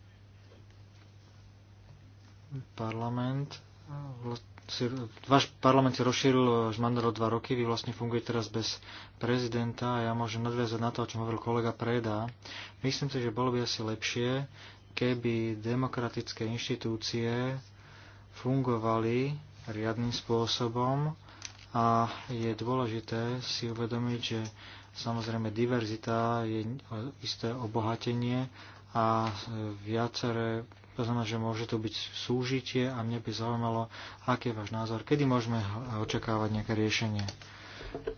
parlament váš parlament si rozšíril až mandát o dva roky, vy vlastne fungujete teraz bez prezidenta a ja môžem nadviazať na to, o čom hovoril kolega Preda. Myslím si, že bolo by asi lepšie, keby demokratické inštitúcie fungovali riadným spôsobom a je dôležité si uvedomiť, že samozrejme diverzita je isté obohatenie a e, viaceré, to znamená, že môže tu byť súžitie a mne by zaujímalo, aký je váš názor, kedy môžeme očakávať nejaké riešenie.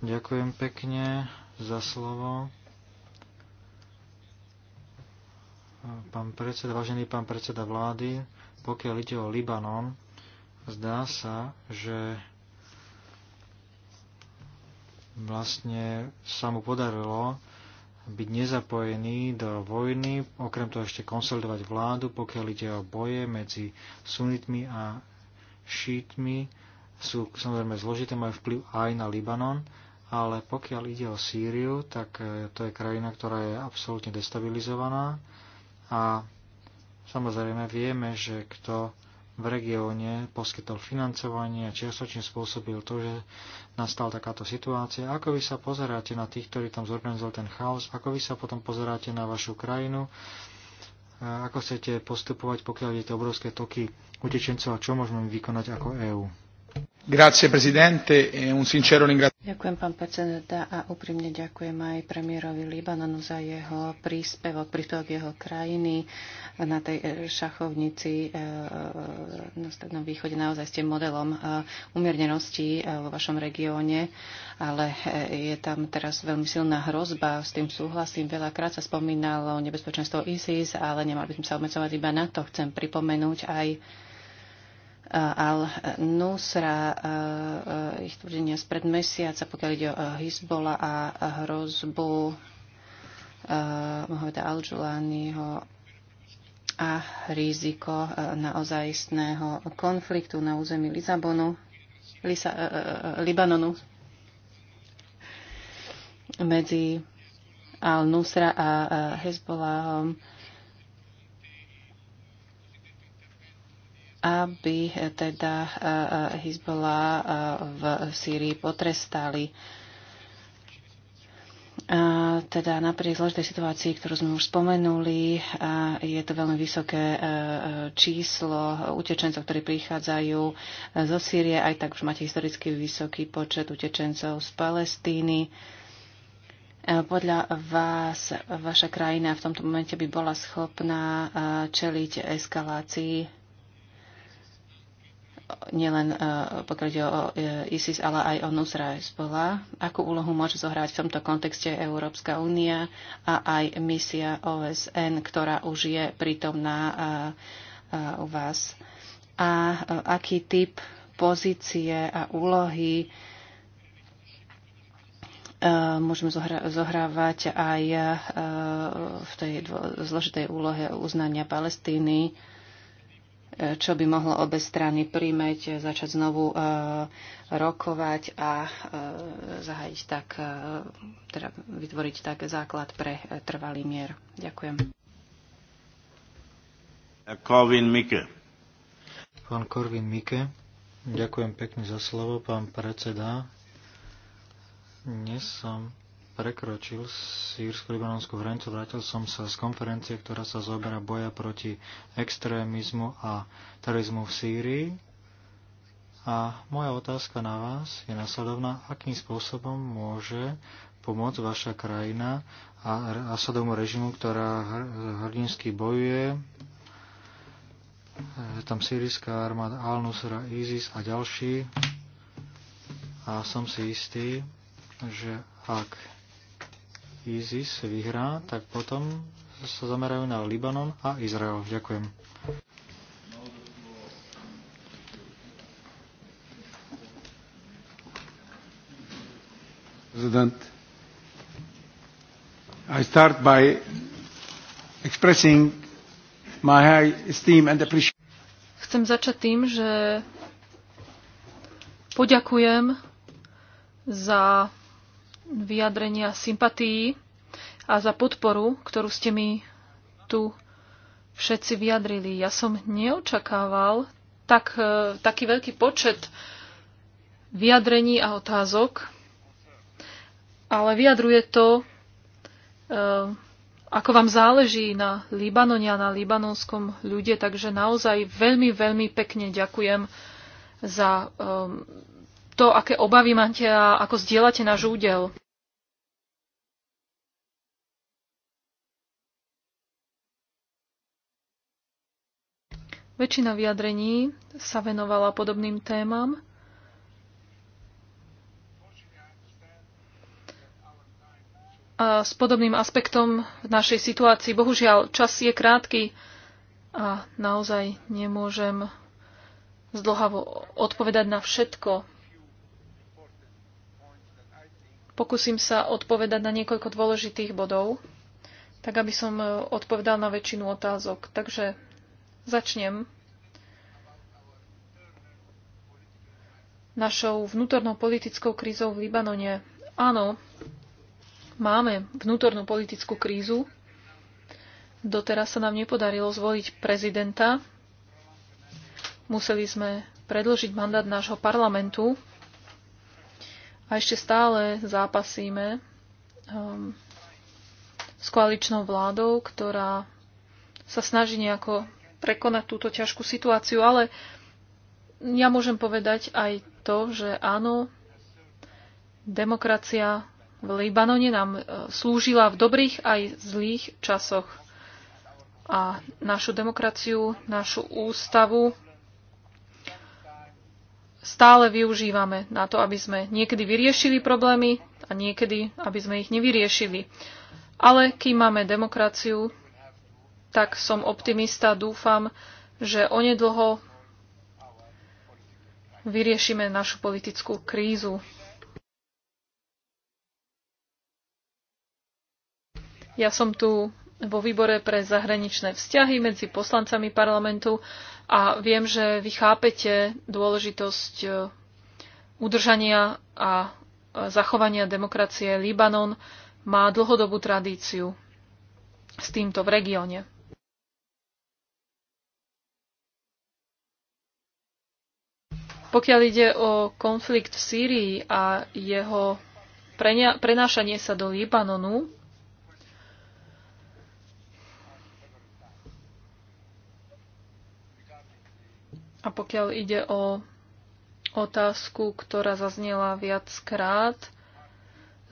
Ďakujem pekne za slovo. Pán predseda, vážený pán predseda vlády, pokiaľ ide o Libanon, zdá sa, že vlastne sa mu podarilo byť nezapojený do vojny, okrem toho ešte konsolidovať vládu, pokiaľ ide o boje medzi sunitmi a šítmi. Sú samozrejme zložité, majú vplyv aj na Libanon, ale pokiaľ ide o Sýriu, tak e, to je krajina, ktorá je absolútne destabilizovaná a samozrejme vieme, že kto v regióne poskytol financovanie a čiastočne spôsobil to, že nastala takáto situácia. Ako vy sa pozeráte na tých, ktorí tam zorganizovali ten chaos? Ako vy sa potom pozeráte na vašu krajinu? Ako chcete postupovať, pokiaľ idete obrovské toky utečencov a čo môžeme vykonať ako EÚ? Grazie, presidente, e un sincero ringraziamento. Ďakujem, pán predseda, a úprimne ďakujem aj premiérovi Libanonu za jeho príspevok, príspevok jeho krajiny na tej e, šachovnici e, e, na Strednom východe. Naozaj ste modelom umiernenosti vo vašom regióne, ale je tam teraz veľmi silná hrozba, s tým súhlasím. Veľakrát sa spomínalo nebezpečenstvo ISIS, ale nemali by sme sa obmedzovať iba na to. Chcem pripomenúť aj al-Nusra, e, e, ich tvrdenia spred mesiaca, pokiaľ ide o e, Hizbola a hrozbu Mohameda al-Julaniho a riziko naozajstného konfliktu na území Lisabonu, Lisa, Libanonu medzi al-Nusra a Hezbollahom aby eh, teda Hezbollah eh, eh, v Sýrii potrestali. A teda napriek zložitej situácii, ktorú sme už spomenuli, a je to veľmi vysoké číslo utečencov, ktorí prichádzajú zo Sýrie, aj tak už máte historicky vysoký počet utečencov z Palestíny. Podľa vás, vaša krajina v tomto momente by bola schopná čeliť eskalácii nielen e, pokiaľ ide o e, ISIS, ale aj o Nusra Spola. Akú úlohu môže zohrávať v tomto kontexte Európska únia a aj misia OSN, ktorá už je prítomná e, u vás? A aký typ pozície a úlohy môžeme zohrávať aj v tej zložitej úlohe uznania Palestíny čo by mohlo obe strany príjmeť, začať znovu e, rokovať a e, zahájiť tak, e, teda vytvoriť tak základ pre trvalý mier. Ďakujem. Korvin Mike. Pán Korvin Mike, ďakujem pekne za slovo, pán predseda. Dnes som prekročil sírsko-libanonskú hranicu, vrátil som sa z konferencie, ktorá sa zoberá boja proti extrémizmu a terorizmu v Sýrii. A moja otázka na vás je nasledovná, akým spôsobom môže pomôcť vaša krajina a Asadovmu režimu, ktorá hrdinsky bojuje. Je tam sírijská armáda Al-Nusra, ISIS a ďalší. A som si istý, že ak ISIS vyhrá, tak potom sa zamerajú na Libanon a Izrael. Ďakujem. President, I start by expressing my high esteem and appreciation. Chcem začať tým, že poďakujem za vyjadrenia sympatií a za podporu, ktorú ste mi tu všetci vyjadrili. Ja som neočakával tak, e, taký veľký počet vyjadrení a otázok, ale vyjadruje to, e, ako vám záleží na Libanone a na libanonskom ľude, takže naozaj veľmi, veľmi pekne ďakujem za e, to, aké obavy máte a ako zdieľate náš údel. Väčšina vyjadrení sa venovala podobným témam. A s podobným aspektom v našej situácii. Bohužiaľ, čas je krátky a naozaj nemôžem zdlhavo odpovedať na všetko. Pokúsim sa odpovedať na niekoľko dôležitých bodov, tak aby som e, odpovedal na väčšinu otázok. Takže začnem našou vnútornou politickou krízou v Libanone. Áno, máme vnútornú politickú krízu. Doteraz sa nám nepodarilo zvoliť prezidenta. Museli sme predložiť mandát nášho parlamentu a ešte stále zápasíme um, s koaličnou vládou, ktorá sa snaží nejako prekonať túto ťažkú situáciu, ale ja môžem povedať aj to, že áno, demokracia v Libanone nám e, slúžila v dobrých aj zlých časoch. A našu demokraciu, našu ústavu stále využívame na to, aby sme niekedy vyriešili problémy a niekedy, aby sme ich nevyriešili. Ale kým máme demokraciu, tak som optimista, dúfam, že onedlho vyriešime našu politickú krízu. Ja som tu vo výbore pre zahraničné vzťahy medzi poslancami parlamentu a viem, že vy chápete dôležitosť e, udržania a e, zachovania demokracie. Libanon má dlhodobú tradíciu s týmto v regióne. Pokiaľ ide o konflikt v Sýrii a jeho prenášanie sa do Libanonu, A pokiaľ ide o otázku, ktorá zaznela viackrát,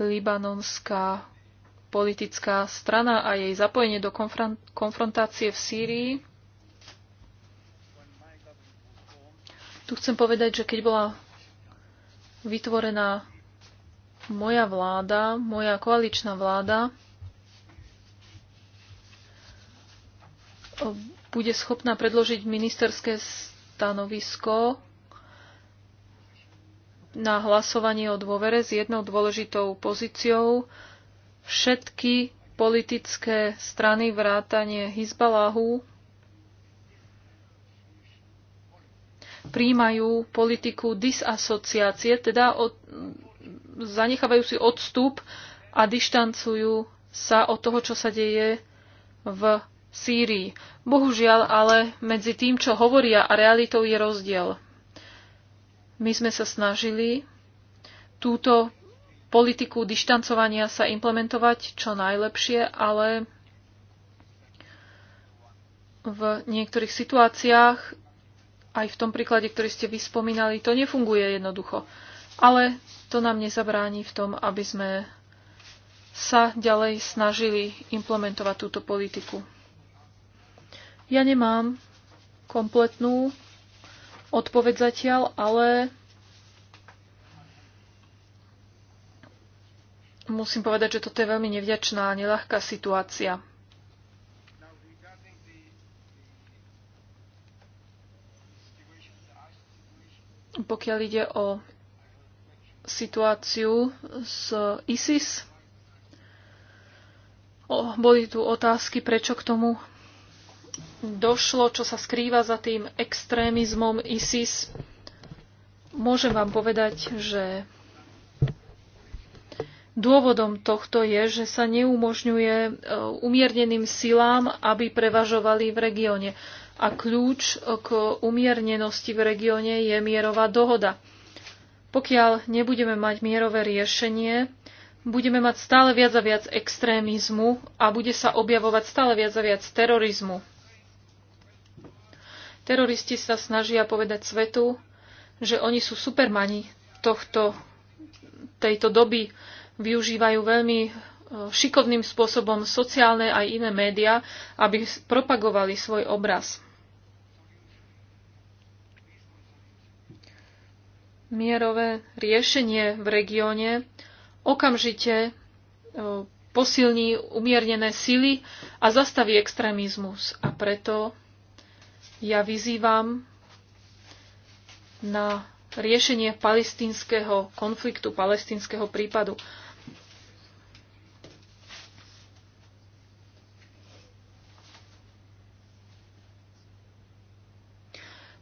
libanonská politická strana a jej zapojenie do konfrontácie v Sýrii. Tu chcem povedať, že keď bola vytvorená moja vláda, moja koaličná vláda, bude schopná predložiť ministerské stanovisko na hlasovanie o dôvere s jednou dôležitou pozíciou. Všetky politické strany vrátanie Hizbaláhu príjmajú politiku disasociácie, teda od, zanechávajú si odstup a dištancujú sa od toho, čo sa deje v Sýrii. Bohužiaľ, ale medzi tým, čo hovoria a realitou je rozdiel. My sme sa snažili túto politiku dištancovania sa implementovať čo najlepšie, ale v niektorých situáciách, aj v tom príklade, ktorý ste vyspomínali, to nefunguje jednoducho. Ale to nám nezabráni v tom, aby sme sa ďalej snažili implementovať túto politiku. Ja nemám kompletnú odpoveď zatiaľ, ale musím povedať, že toto je veľmi nevďačná a nelahká situácia. Pokiaľ ide o situáciu s ISIS, boli tu otázky, prečo k tomu došlo, čo sa skrýva za tým extrémizmom ISIS, môžem vám povedať, že dôvodom tohto je, že sa neumožňuje e, umierneným silám, aby prevažovali v regióne. A kľúč k umiernenosti v regióne je mierová dohoda. Pokiaľ nebudeme mať mierové riešenie, budeme mať stále viac a viac extrémizmu a bude sa objavovať stále viac a viac terorizmu. Teroristi sa snažia povedať svetu, že oni sú supermani tohto, tejto doby. Využívajú veľmi e, šikovným spôsobom sociálne aj iné médiá, aby propagovali svoj obraz. Mierové riešenie v regióne okamžite e, posilní umiernené sily a zastaví extrémizmus. A preto ja vyzývam na riešenie palestinského konfliktu, palestinského prípadu.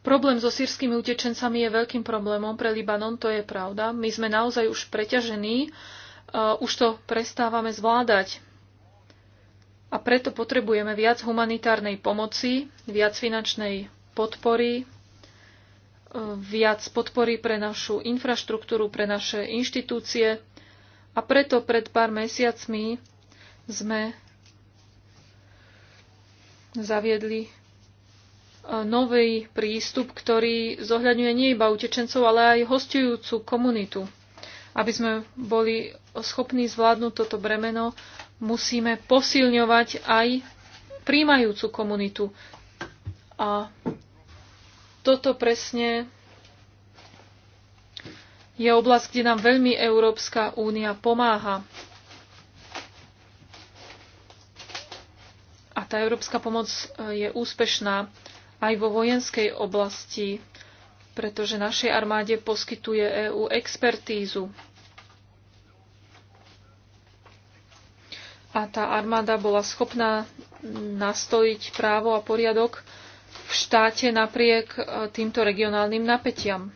Problém so sírskymi utečencami je veľkým problémom pre Libanon, to je pravda. My sme naozaj už preťažení, uh, už to prestávame zvládať. A preto potrebujeme viac humanitárnej pomoci, viac finančnej podpory, e, viac podpory pre našu infraštruktúru, pre naše inštitúcie. A preto pred pár mesiacmi sme zaviedli e, nový prístup, ktorý zohľadňuje nie iba utečencov, ale aj hostujúcu komunitu. Aby sme boli schopní zvládnuť toto bremeno, musíme posilňovať aj príjmajúcu komunitu. A toto presne je oblasť, kde nám veľmi Európska únia pomáha. A tá európska pomoc e, je úspešná aj vo vojenskej oblasti, pretože našej armáde poskytuje EÚ expertízu. a tá armáda bola schopná nastoliť právo a poriadok v štáte napriek e, týmto regionálnym napätiam.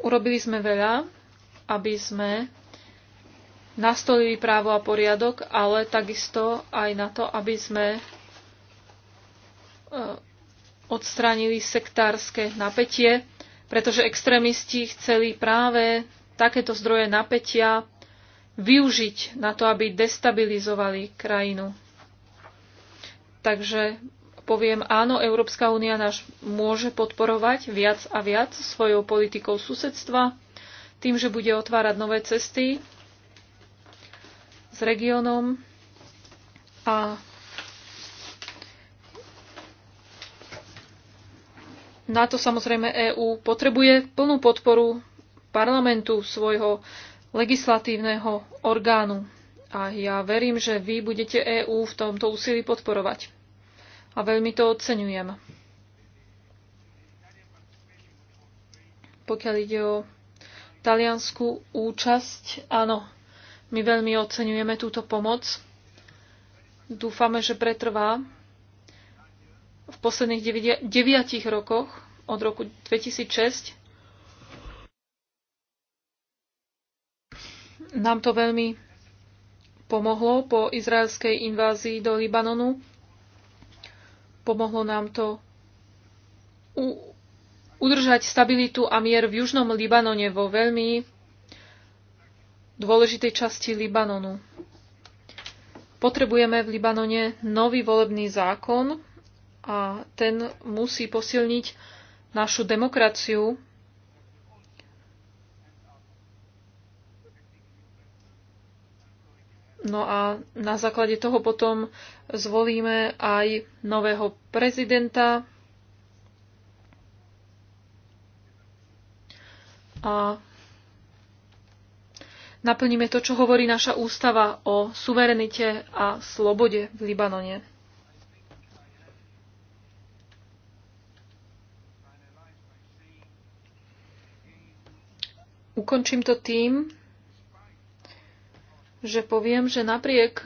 Urobili sme veľa, aby sme nastolili právo a poriadok, ale takisto aj na to, aby sme e, odstránili sektárske napätie, pretože extrémisti chceli práve takéto zdroje napätia využiť na to, aby destabilizovali krajinu. Takže poviem áno, Európska únia náš môže podporovať viac a viac svojou politikou susedstva, tým, že bude otvárať nové cesty s regiónom a na to samozrejme EÚ potrebuje plnú podporu parlamentu svojho legislatívneho orgánu. A ja verím, že vy budete EÚ v tomto úsilí podporovať. A veľmi to oceňujem. Pokiaľ ide o talianskú účasť, áno, my veľmi oceňujeme túto pomoc. Dúfame, že pretrvá v posledných 9 rokoch od roku 2006 Nám to veľmi pomohlo po izraelskej invázii do Libanonu. Pomohlo nám to udržať stabilitu a mier v južnom Libanone vo veľmi dôležitej časti Libanonu. Potrebujeme v Libanone nový volebný zákon a ten musí posilniť našu demokraciu No a na základe toho potom zvolíme aj nového prezidenta a naplníme to, čo hovorí naša ústava o suverenite a slobode v Libanone. Ukončím to tým, že poviem, že napriek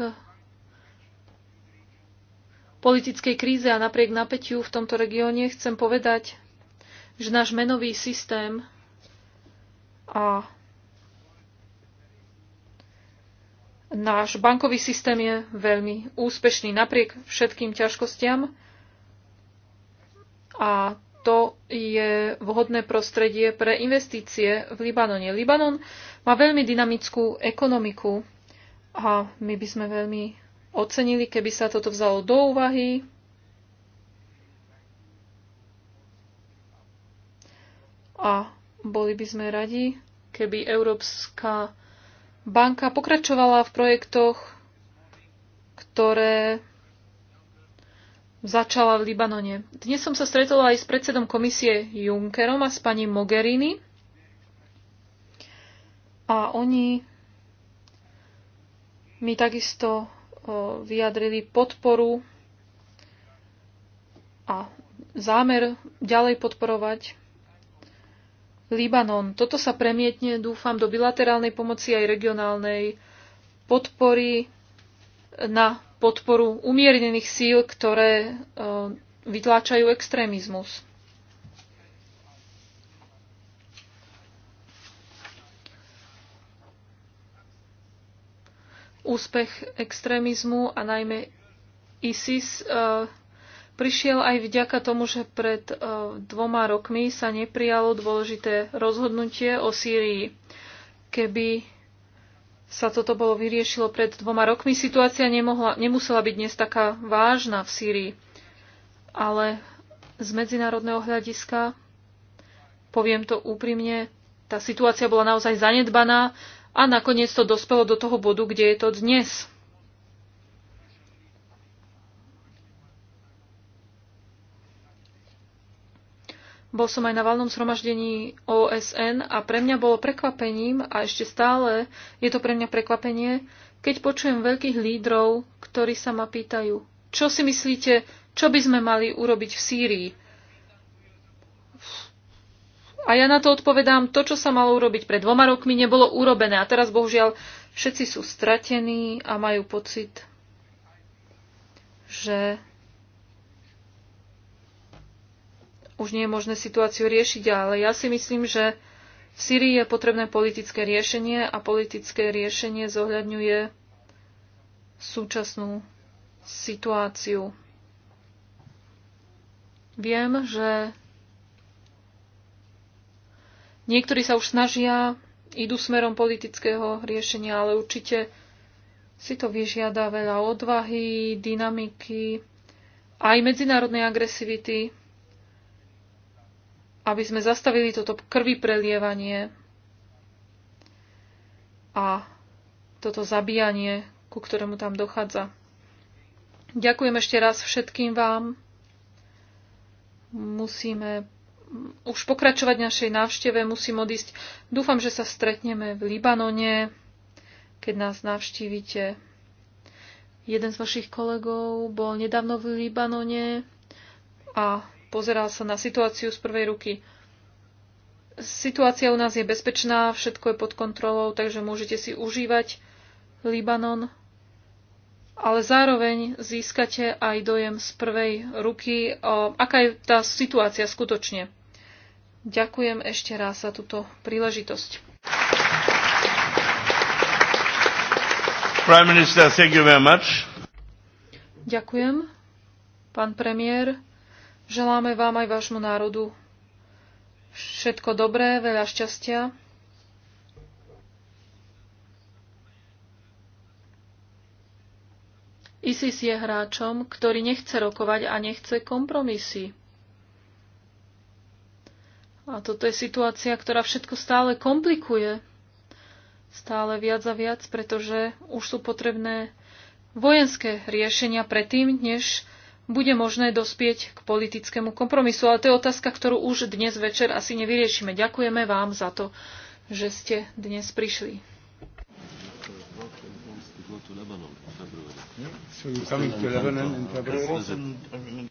politickej kríze a napriek napätiu v tomto regióne chcem povedať, že náš menový systém a náš bankový systém je veľmi úspešný napriek všetkým ťažkostiam a to je vhodné prostredie pre investície v Libanone. Libanon má veľmi dynamickú ekonomiku a my by sme veľmi ocenili, keby sa toto vzalo do úvahy. A boli by sme radi, keby Európska banka pokračovala v projektoch, ktoré začala v Libanone. Dnes som sa stretla aj s predsedom komisie Junckerom a s pani Mogherini. A oni mi takisto vyjadrili podporu a zámer ďalej podporovať Libanon. Toto sa premietne, dúfam, do bilaterálnej pomoci aj regionálnej podpory na podporu umiernených síl, ktoré vytláčajú extrémizmus. úspech extrémizmu a najmä ISIS eh, prišiel aj vďaka tomu, že pred eh, dvoma rokmi sa neprijalo dôležité rozhodnutie o Sýrii. Keby sa toto bolo vyriešilo pred dvoma rokmi, situácia nemohla, nemusela byť dnes taká vážna v Sýrii. Ale z medzinárodného hľadiska, poviem to úprimne, tá situácia bola naozaj zanedbaná a nakoniec to dospelo do toho bodu, kde je to dnes. Bol som aj na valnom zhromaždení OSN a pre mňa bolo prekvapením, a ešte stále je to pre mňa prekvapenie, keď počujem veľkých lídrov, ktorí sa ma pýtajú, čo si myslíte, čo by sme mali urobiť v Sýrii? A ja na to odpovedám, to, čo sa malo urobiť pred dvoma rokmi, nebolo urobené. A teraz bohužiaľ všetci sú stratení a majú pocit, že už nie je možné situáciu riešiť. Ale ja si myslím, že v Syrii je potrebné politické riešenie a politické riešenie zohľadňuje súčasnú situáciu. Viem, že Niektorí sa už snažia, idú smerom politického riešenia, ale určite si to vyžiada veľa odvahy, dynamiky, aj medzinárodnej agresivity, aby sme zastavili toto krvi prelievanie a toto zabíjanie, ku ktorému tam dochádza. Ďakujem ešte raz všetkým vám. Musíme už pokračovať našej návšteve, musím odísť. Dúfam, že sa stretneme v Libanone, keď nás navštívite. Jeden z vašich kolegov bol nedávno v Libanone a pozeral sa na situáciu z prvej ruky. Situácia u nás je bezpečná, všetko je pod kontrolou, takže môžete si užívať Libanon, ale zároveň získate aj dojem z prvej ruky, aká je tá situácia skutočne. Ďakujem ešte raz za túto príležitosť. Prime Minister, thank you very much. Ďakujem, pán premiér. Želáme vám aj vášmu národu všetko dobré, veľa šťastia. ISIS je hráčom, ktorý nechce rokovať a nechce kompromisy. A toto je situácia, ktorá všetko stále komplikuje. Stále viac a viac, pretože už sú potrebné vojenské riešenia predtým, než bude možné dospieť k politickému kompromisu. Ale to je otázka, ktorú už dnes večer asi nevyriešime. Ďakujeme vám za to, že ste dnes prišli. So you're coming to Lebanon in February?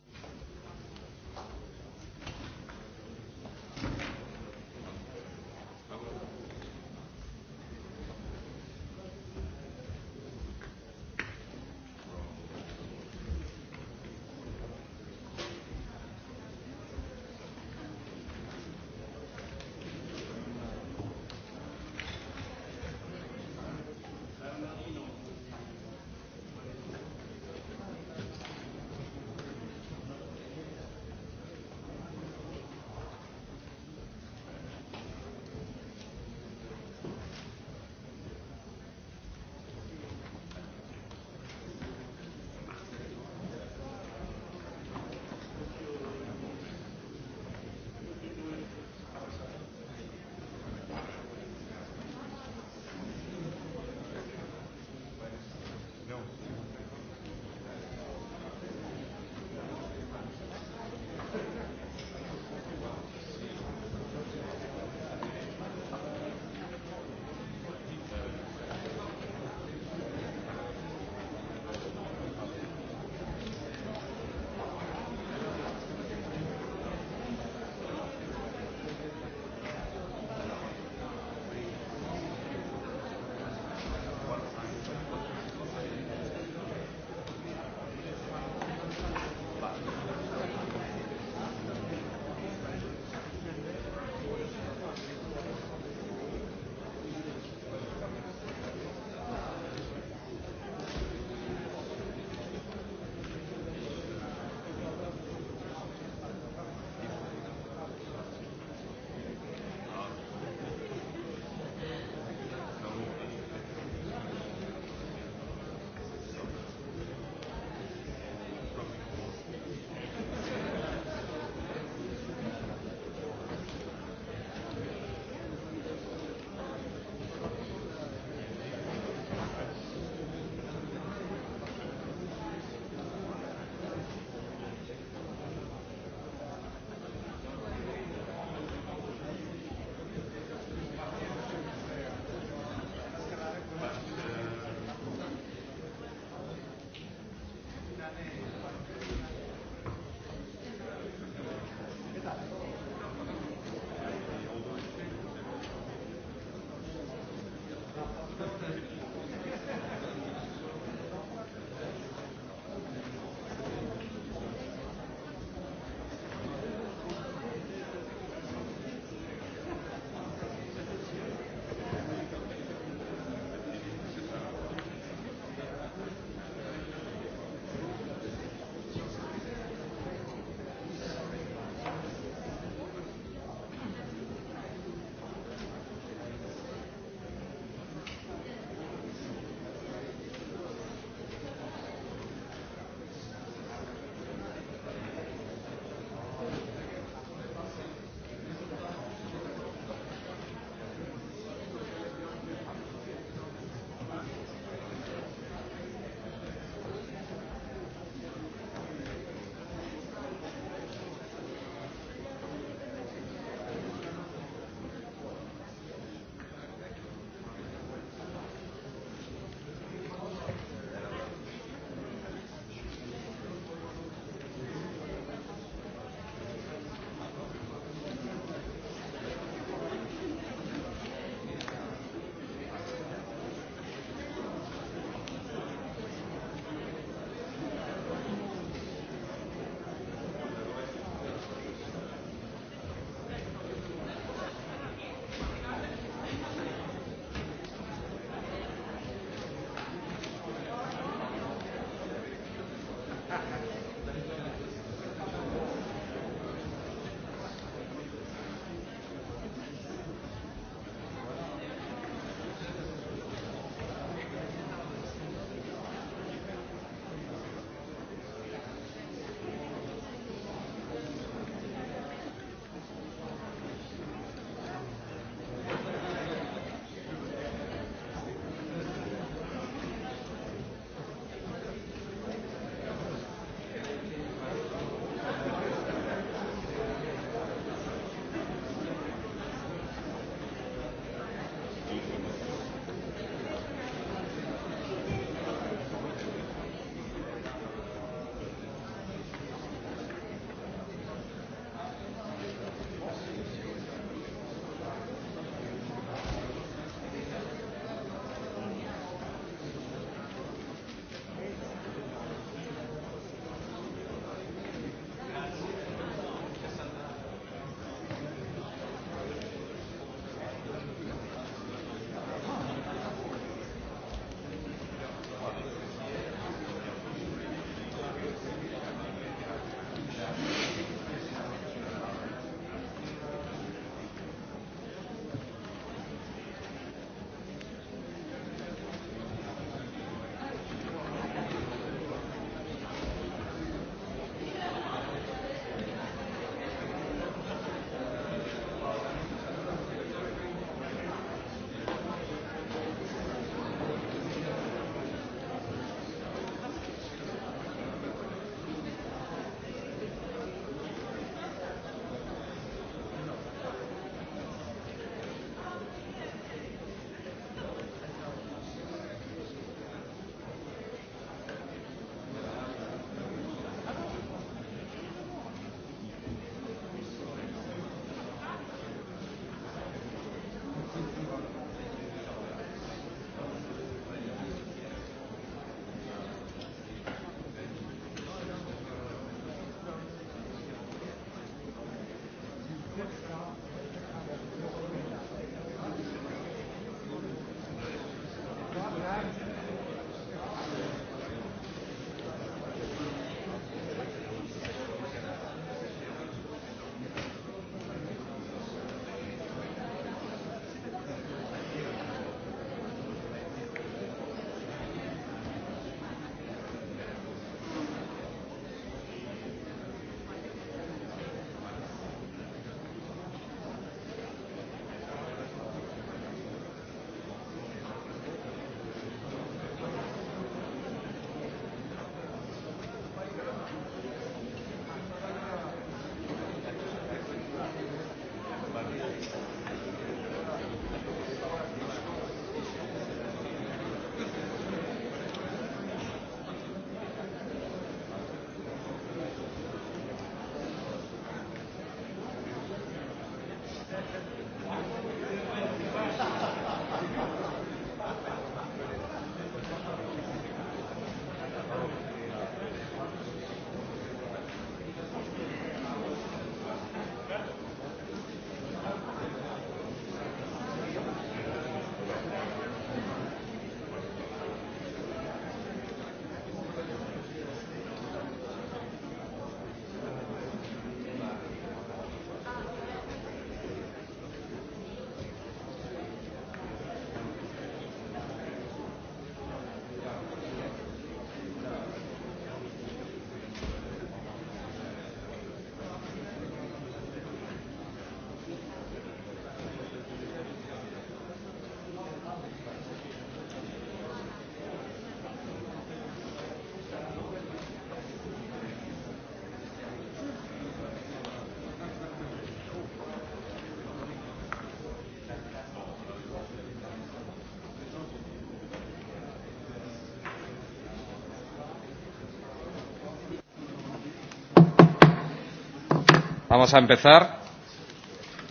Vamos a empezar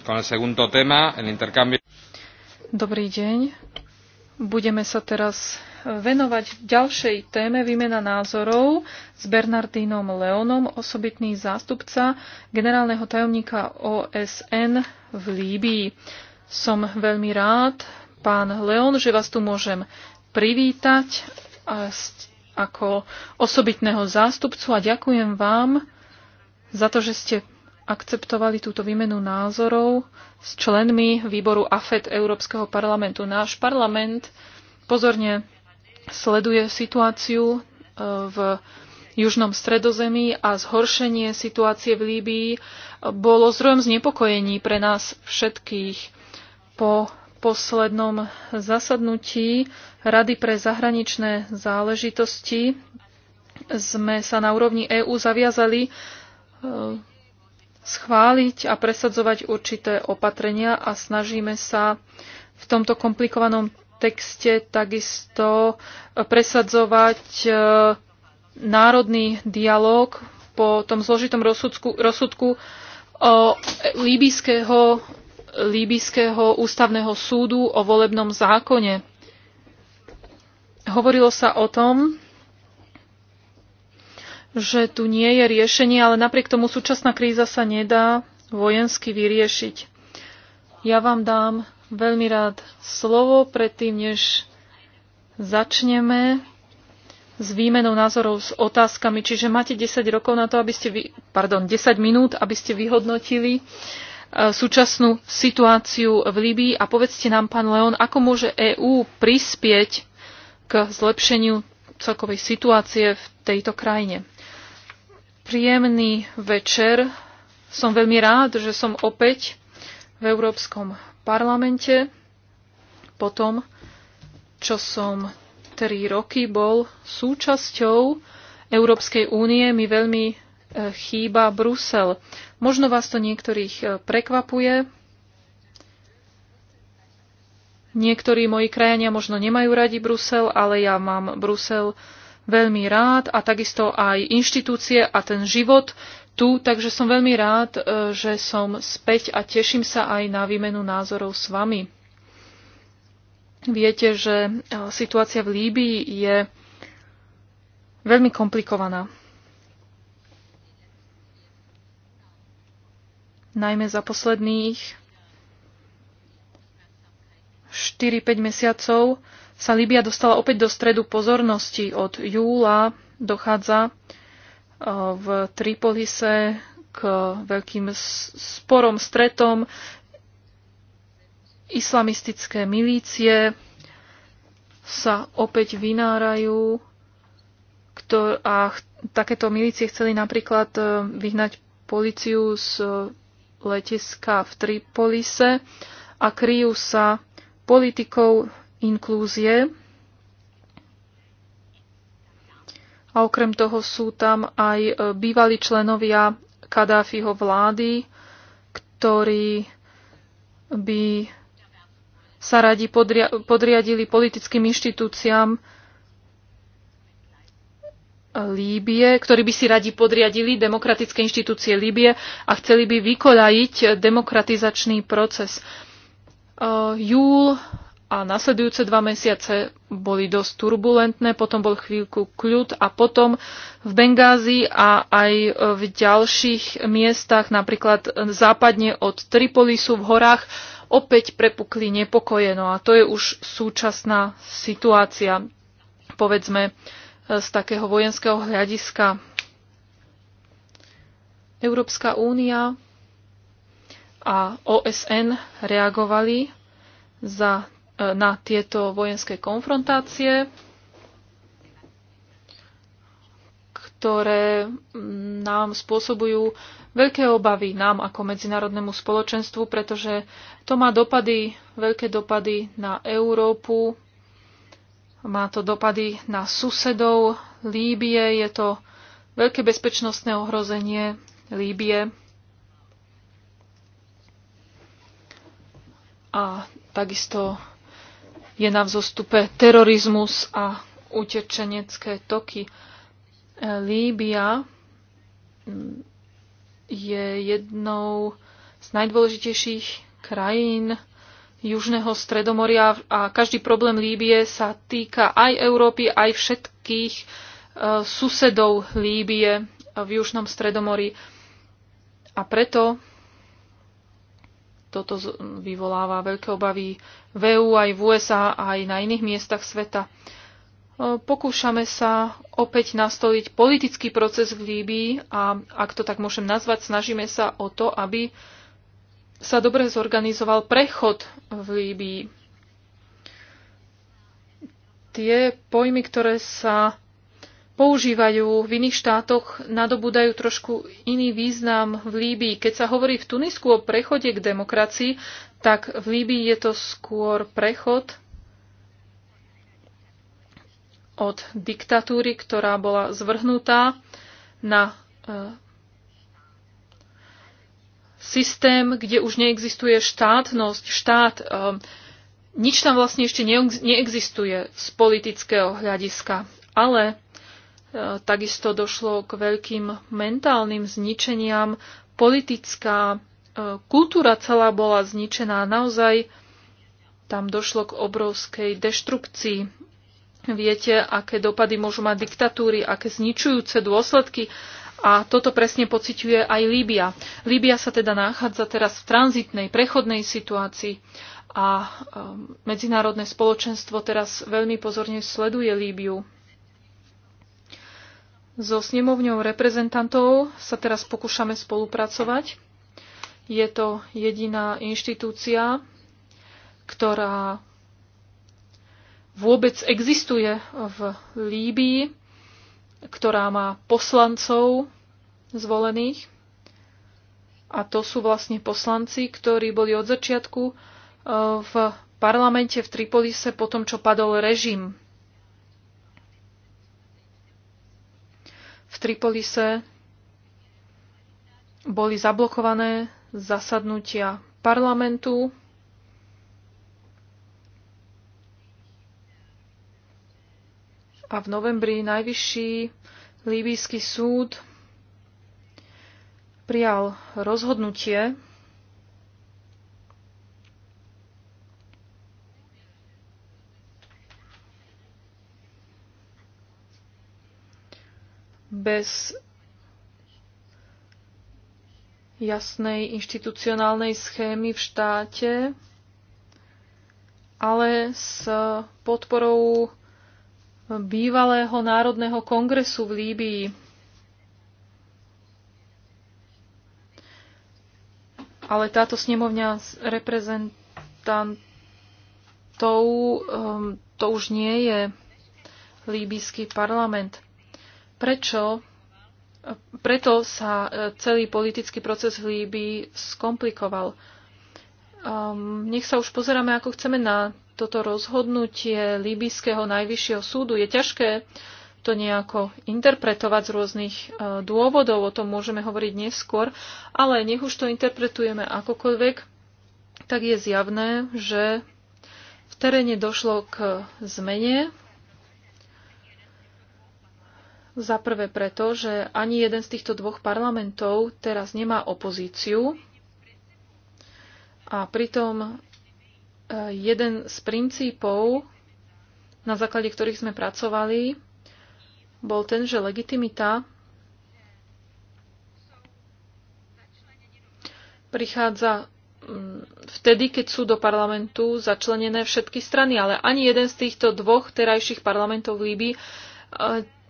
con el segundo tema, el intercambio. Dobrý deň. Budeme sa teraz venovať ďalšej téme výmena názorov s Bernardínom Leonom, osobitný zástupca generálneho tajomníka OSN v Líbii. Som veľmi rád, pán Leon, že vás tu môžem privítať ako osobitného zástupcu a ďakujem vám za to, že ste akceptovali túto výmenu názorov s členmi výboru AFET Európskeho parlamentu. Náš parlament pozorne sleduje situáciu e, v južnom stredozemí a zhoršenie situácie v Líbii bolo zdrojom znepokojení pre nás všetkých. Po poslednom zasadnutí Rady pre zahraničné záležitosti sme sa na úrovni EÚ zaviazali e, schváliť a presadzovať určité opatrenia a snažíme sa v tomto komplikovanom texte takisto eh, presadzovať eh, národný dialog po tom zložitom rozsudku, rozsudku eh, líbyského, líbyského ústavného súdu o volebnom zákone. Hovorilo sa o tom, že tu nie je riešenie, ale napriek tomu súčasná kríza sa nedá vojensky vyriešiť. Ja vám dám veľmi rád slovo predtým, než začneme s výmenou názorov s otázkami. Čiže máte 10 rokov na to, aby ste vy, pardon, 10 minút, aby ste vyhodnotili e, súčasnú situáciu v Líbii a povedzte nám, pán Leon, ako môže EÚ prispieť k zlepšeniu celkovej situácie v tejto krajine príjemný večer. Som veľmi rád, že som opäť v Európskom parlamente po tom, čo som tri roky bol súčasťou Európskej únie. Mi veľmi e, chýba Brusel. Možno vás to niektorých e, prekvapuje, Niektorí moji krajania možno nemajú radi Brusel, ale ja mám Brusel veľmi rád a takisto aj inštitúcie a ten život tu, takže som veľmi rád, e, že som späť a teším sa aj na výmenu názorov s vami. Viete, že e, situácia v Líbii je veľmi komplikovaná. Najmä za posledných 4-5 mesiacov sa Líbia dostala opäť do stredu pozornosti. Od júla dochádza e, v Tripolise k veľkým sporom, stretom. Islamistické milície sa opäť vynárajú a takéto milície chceli napríklad e, vyhnať policiu z letiska v Tripolise a kryjú sa politikou inklúzie. A okrem toho sú tam aj e, bývalí členovia Kadáfiho vlády, ktorí by sa radi podriadili politickým inštitúciám Líbie, ktorí by si radi podriadili demokratické inštitúcie Líbie a chceli by vykoľajiť demokratizačný proces. E, júl a nasledujúce dva mesiace boli dosť turbulentné, potom bol chvíľku kľud a potom v Bengázi a aj v ďalších miestach, napríklad západne od Tripolisu v horách, opäť prepukli nepokoje. No a to je už súčasná situácia, povedzme, z takého vojenského hľadiska. Európska únia a OSN reagovali za na tieto vojenské konfrontácie, ktoré mm, nám spôsobujú veľké obavy nám ako medzinárodnému spoločenstvu, pretože to má dopady, veľké dopady na Európu, má to dopady na susedov Líbie, je to veľké bezpečnostné ohrozenie Líbie. A takisto je na vzostupe terorizmus a utečenecké toky. E, Líbia mm, je jednou z najdôležitejších krajín Južného Stredomoria a každý problém Líbie sa týka aj Európy, aj všetkých e, susedov Líbie v Južnom Stredomori. A preto toto vyvoláva veľké obavy v EU aj v USA aj na iných miestach sveta. E, pokúšame sa opäť nastoliť politický proces v Líbii a ak to tak môžem nazvať, snažíme sa o to, aby sa dobre zorganizoval prechod v Líbii. Tie pojmy, ktoré sa používajú v iných štátoch, nadobúdajú trošku iný význam v Líbii. Keď sa hovorí v Tunisku o prechode k demokracii, tak v Líbii je to skôr prechod od diktatúry, ktorá bola zvrhnutá na e, systém, kde už neexistuje štátnosť, štát, e, nič tam vlastne ešte neexistuje z politického hľadiska. Ale Takisto došlo k veľkým mentálnym zničeniam. Politická e, kultúra celá bola zničená. Naozaj tam došlo k obrovskej deštrukcii. Viete, aké dopady môžu mať diktatúry, aké zničujúce dôsledky. A toto presne pociťuje aj Líbia. Líbia sa teda nachádza teraz v tranzitnej, prechodnej situácii a e, medzinárodné spoločenstvo teraz veľmi pozorne sleduje Líbiu. So snemovňou reprezentantov sa teraz pokúšame spolupracovať. Je to jediná inštitúcia, ktorá vôbec existuje v Líbii, ktorá má poslancov zvolených. A to sú vlastne poslanci, ktorí boli od začiatku eh, v parlamente v Tripolise po tom, čo padol režim v Tripolise boli zablokované zasadnutia parlamentu. A v novembri najvyšší líbyjský súd prijal rozhodnutie, bez jasnej inštitucionálnej schémy v štáte, ale s podporou bývalého národného kongresu v Líbii. Ale táto snemovňa reprezentantov ehm, to už nie je líbyský parlament. Prečo? Preto sa e, celý politický proces v Líbii skomplikoval. Um, nech sa už pozeráme, ako chceme na toto rozhodnutie Líbyského najvyššieho súdu. Je ťažké to nejako interpretovať z rôznych uh, dôvodov, o tom môžeme hovoriť neskôr, ale nech už to interpretujeme akokoľvek, tak je zjavné, že v teréne došlo k zmene za prvé preto, že ani jeden z týchto dvoch parlamentov teraz nemá opozíciu a pritom e, jeden z princípov, na základe ktorých sme pracovali, bol ten, že legitimita prichádza mm, vtedy, keď sú do parlamentu začlenené všetky strany, ale ani jeden z týchto dvoch terajších parlamentov v e,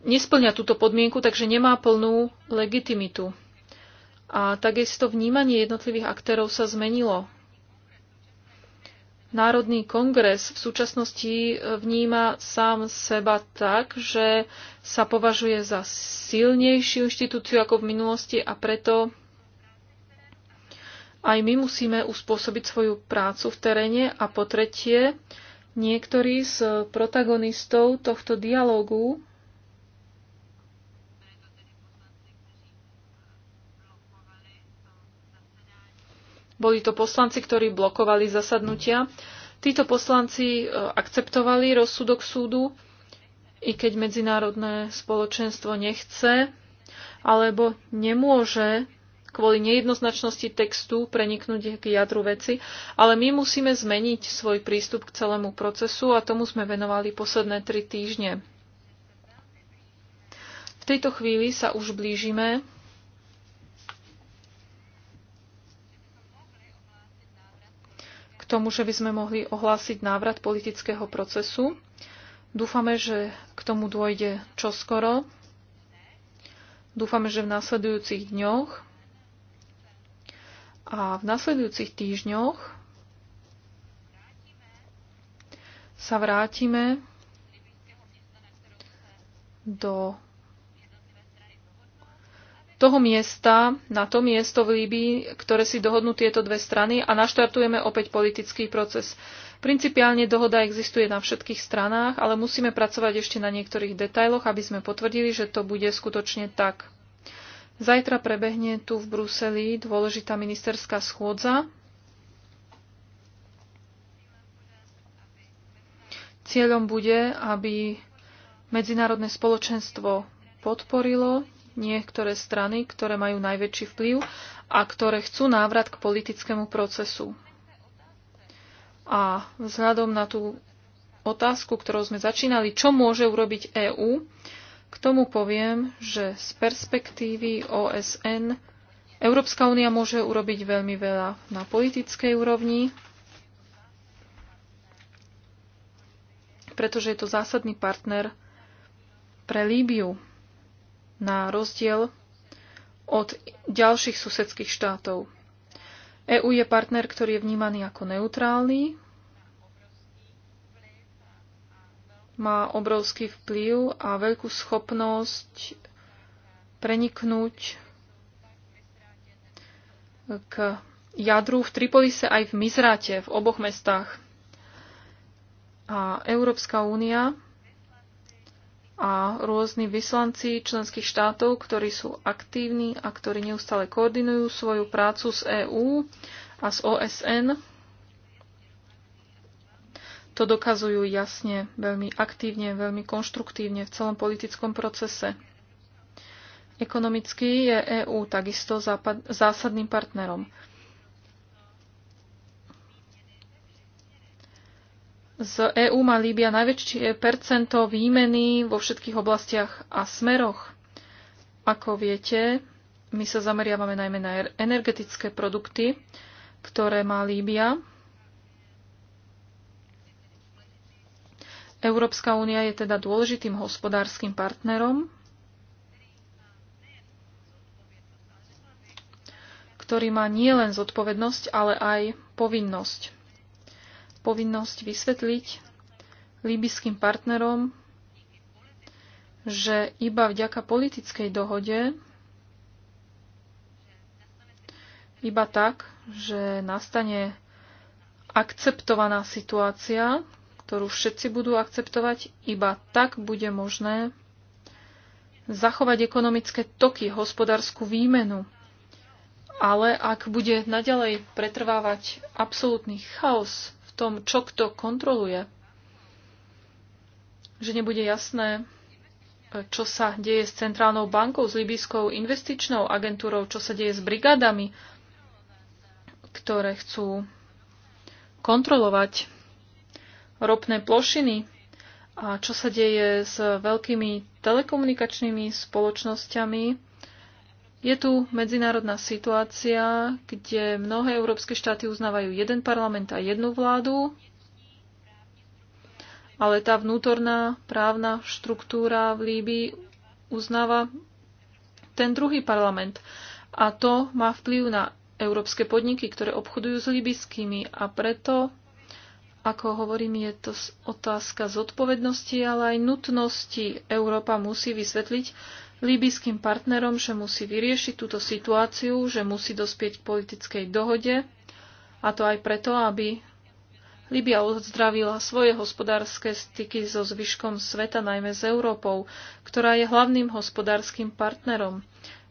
nesplňa túto podmienku, takže nemá plnú legitimitu. A takisto vnímanie jednotlivých aktérov sa zmenilo. Národný kongres v súčasnosti e, vníma sám seba tak, že sa považuje za silnejšiu inštitúciu ako v minulosti a preto aj my musíme uspôsobiť svoju prácu v teréne a po tretie, niektorí z protagonistov tohto dialógu Boli to poslanci, ktorí blokovali zasadnutia. Títo poslanci e, akceptovali rozsudok súdu, i keď medzinárodné spoločenstvo nechce alebo nemôže kvôli nejednoznačnosti textu preniknúť k jadru veci, ale my musíme zmeniť svoj prístup k celému procesu a tomu sme venovali posledné tri týždne. V tejto chvíli sa už blížime tomu, že by sme mohli ohlásiť návrat politického procesu. Dúfame, že k tomu dôjde čoskoro. Dúfame, že v následujúcich dňoch a v následujúcich týždňoch sa vrátime do toho miesta, na to miesto v Líbii, ktoré si dohodnú tieto dve strany a naštartujeme opäť politický proces. Principiálne dohoda existuje na všetkých stranách, ale musíme pracovať ešte na niektorých detailoch, aby sme potvrdili, že to bude skutočne tak. Zajtra prebehne tu v Bruseli dôležitá ministerská schôdza. Cieľom bude, aby medzinárodné spoločenstvo podporilo niektoré strany, ktoré majú najväčší vplyv a ktoré chcú návrat k politickému procesu. A vzhľadom na tú otázku, ktorou sme začínali, čo môže urobiť EÚ, k tomu poviem, že z perspektívy OSN Európska únia môže urobiť veľmi veľa na politickej úrovni, pretože je to zásadný partner pre Líbiu na rozdiel od ďalších susedských štátov. EÚ je partner, ktorý je vnímaný ako neutrálny, má obrovský vplyv a veľkú schopnosť preniknúť k jadru v Tripolise aj v Mizrate, v oboch mestách. A Európska únia a rôzni vyslanci členských štátov, ktorí sú aktívni a ktorí neustále koordinujú svoju prácu s EÚ a s OSN. To dokazujú jasne, veľmi aktívne, veľmi konštruktívne v celom politickom procese. Ekonomicky je EÚ takisto zásadným partnerom. Z EÚ má Líbia najväčšie percento výmeny vo všetkých oblastiach a smeroch. Ako viete, my sa zameriavame najmä na er- energetické produkty, ktoré má Líbia. Európska únia je teda dôležitým hospodárskym partnerom, ktorý má nielen zodpovednosť, ale aj povinnosť povinnosť vysvetliť líbyským partnerom, že iba vďaka politickej dohode, iba tak, že nastane akceptovaná situácia, ktorú všetci budú akceptovať, iba tak bude možné zachovať ekonomické toky, hospodárskú výmenu. Ale ak bude naďalej pretrvávať absolútny chaos tom, čo kto kontroluje. Že nebude jasné, čo sa deje s Centrálnou bankou, s Libijskou investičnou agentúrou, čo sa deje s brigádami, ktoré chcú kontrolovať ropné plošiny a čo sa deje s veľkými telekomunikačnými spoločnosťami, je tu medzinárodná situácia, kde mnohé európske štáty uznávajú jeden parlament a jednu vládu, ale tá vnútorná právna štruktúra v Líbii uznáva ten druhý parlament. A to má vplyv na európske podniky, ktoré obchodujú s líbyskými. A preto, ako hovorím, je to otázka zodpovednosti, ale aj nutnosti. Európa musí vysvetliť, líbyským partnerom, že musí vyriešiť túto situáciu, že musí dospieť k politickej dohode, a to aj preto, aby Libia odzdravila svoje hospodárske styky so zvyškom sveta, najmä s Európou, ktorá je hlavným hospodárskym partnerom.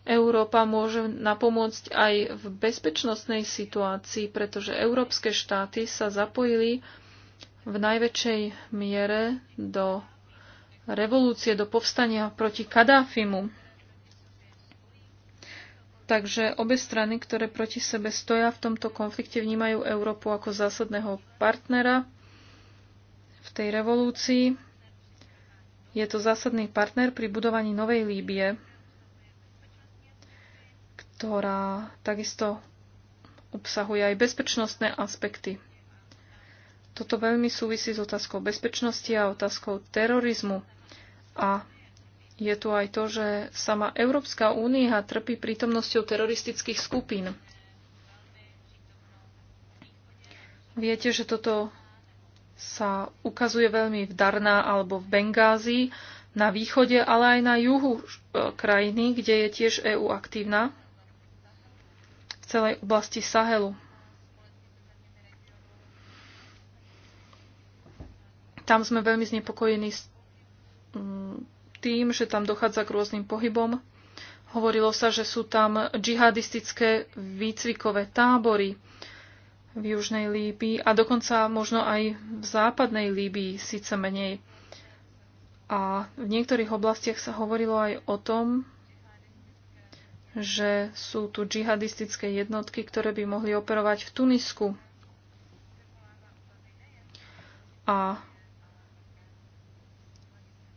Európa môže napomôcť aj v bezpečnostnej situácii, pretože európske štáty sa zapojili v najväčšej miere do revolúcie, do povstania proti Kadáfimu. Takže obe strany, ktoré proti sebe stoja v tomto konflikte, vnímajú Európu ako zásadného partnera v tej revolúcii. Je to zásadný partner pri budovaní novej Líbie, ktorá takisto obsahuje aj bezpečnostné aspekty. Toto veľmi súvisí s otázkou bezpečnosti a otázkou terorizmu. A je tu aj to, že sama Európska únia trpí prítomnosťou teroristických skupín. Viete, že toto sa ukazuje veľmi v Darná alebo v Bengázi, na východe, ale aj na juhu e, krajiny, kde je tiež EÚ aktívna, v celej oblasti Sahelu. Tam sme veľmi znepokojení s mm, tým, že tam dochádza k rôznym pohybom. Hovorilo sa, že sú tam džihadistické výcvikové tábory v južnej Líbii a dokonca možno aj v západnej Líbii, síce menej. A v niektorých oblastiach sa hovorilo aj o tom, že sú tu džihadistické jednotky, ktoré by mohli operovať v Tunisku. A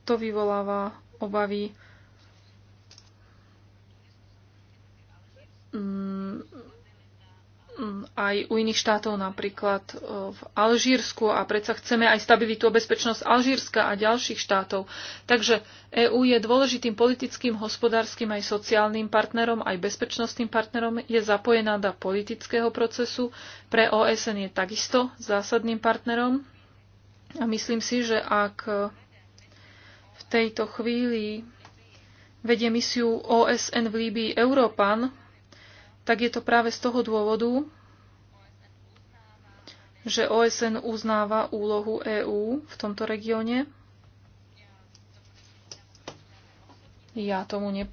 to vyvoláva obavy mm, mm, aj u iných štátov, napríklad e, v Alžírsku a predsa chceme aj stabilitu a bezpečnosť Alžírska a ďalších štátov. Takže EÚ je dôležitým politickým, hospodárskym aj sociálnym partnerom, aj bezpečnostným partnerom, je zapojená do politického procesu, pre OSN je takisto zásadným partnerom a myslím si, že ak v tejto chvíli vedie misiu OSN v Líbii Európan, tak je to práve z toho dôvodu, že OSN uznáva úlohu EÚ v tomto regióne. Ja tomu ne,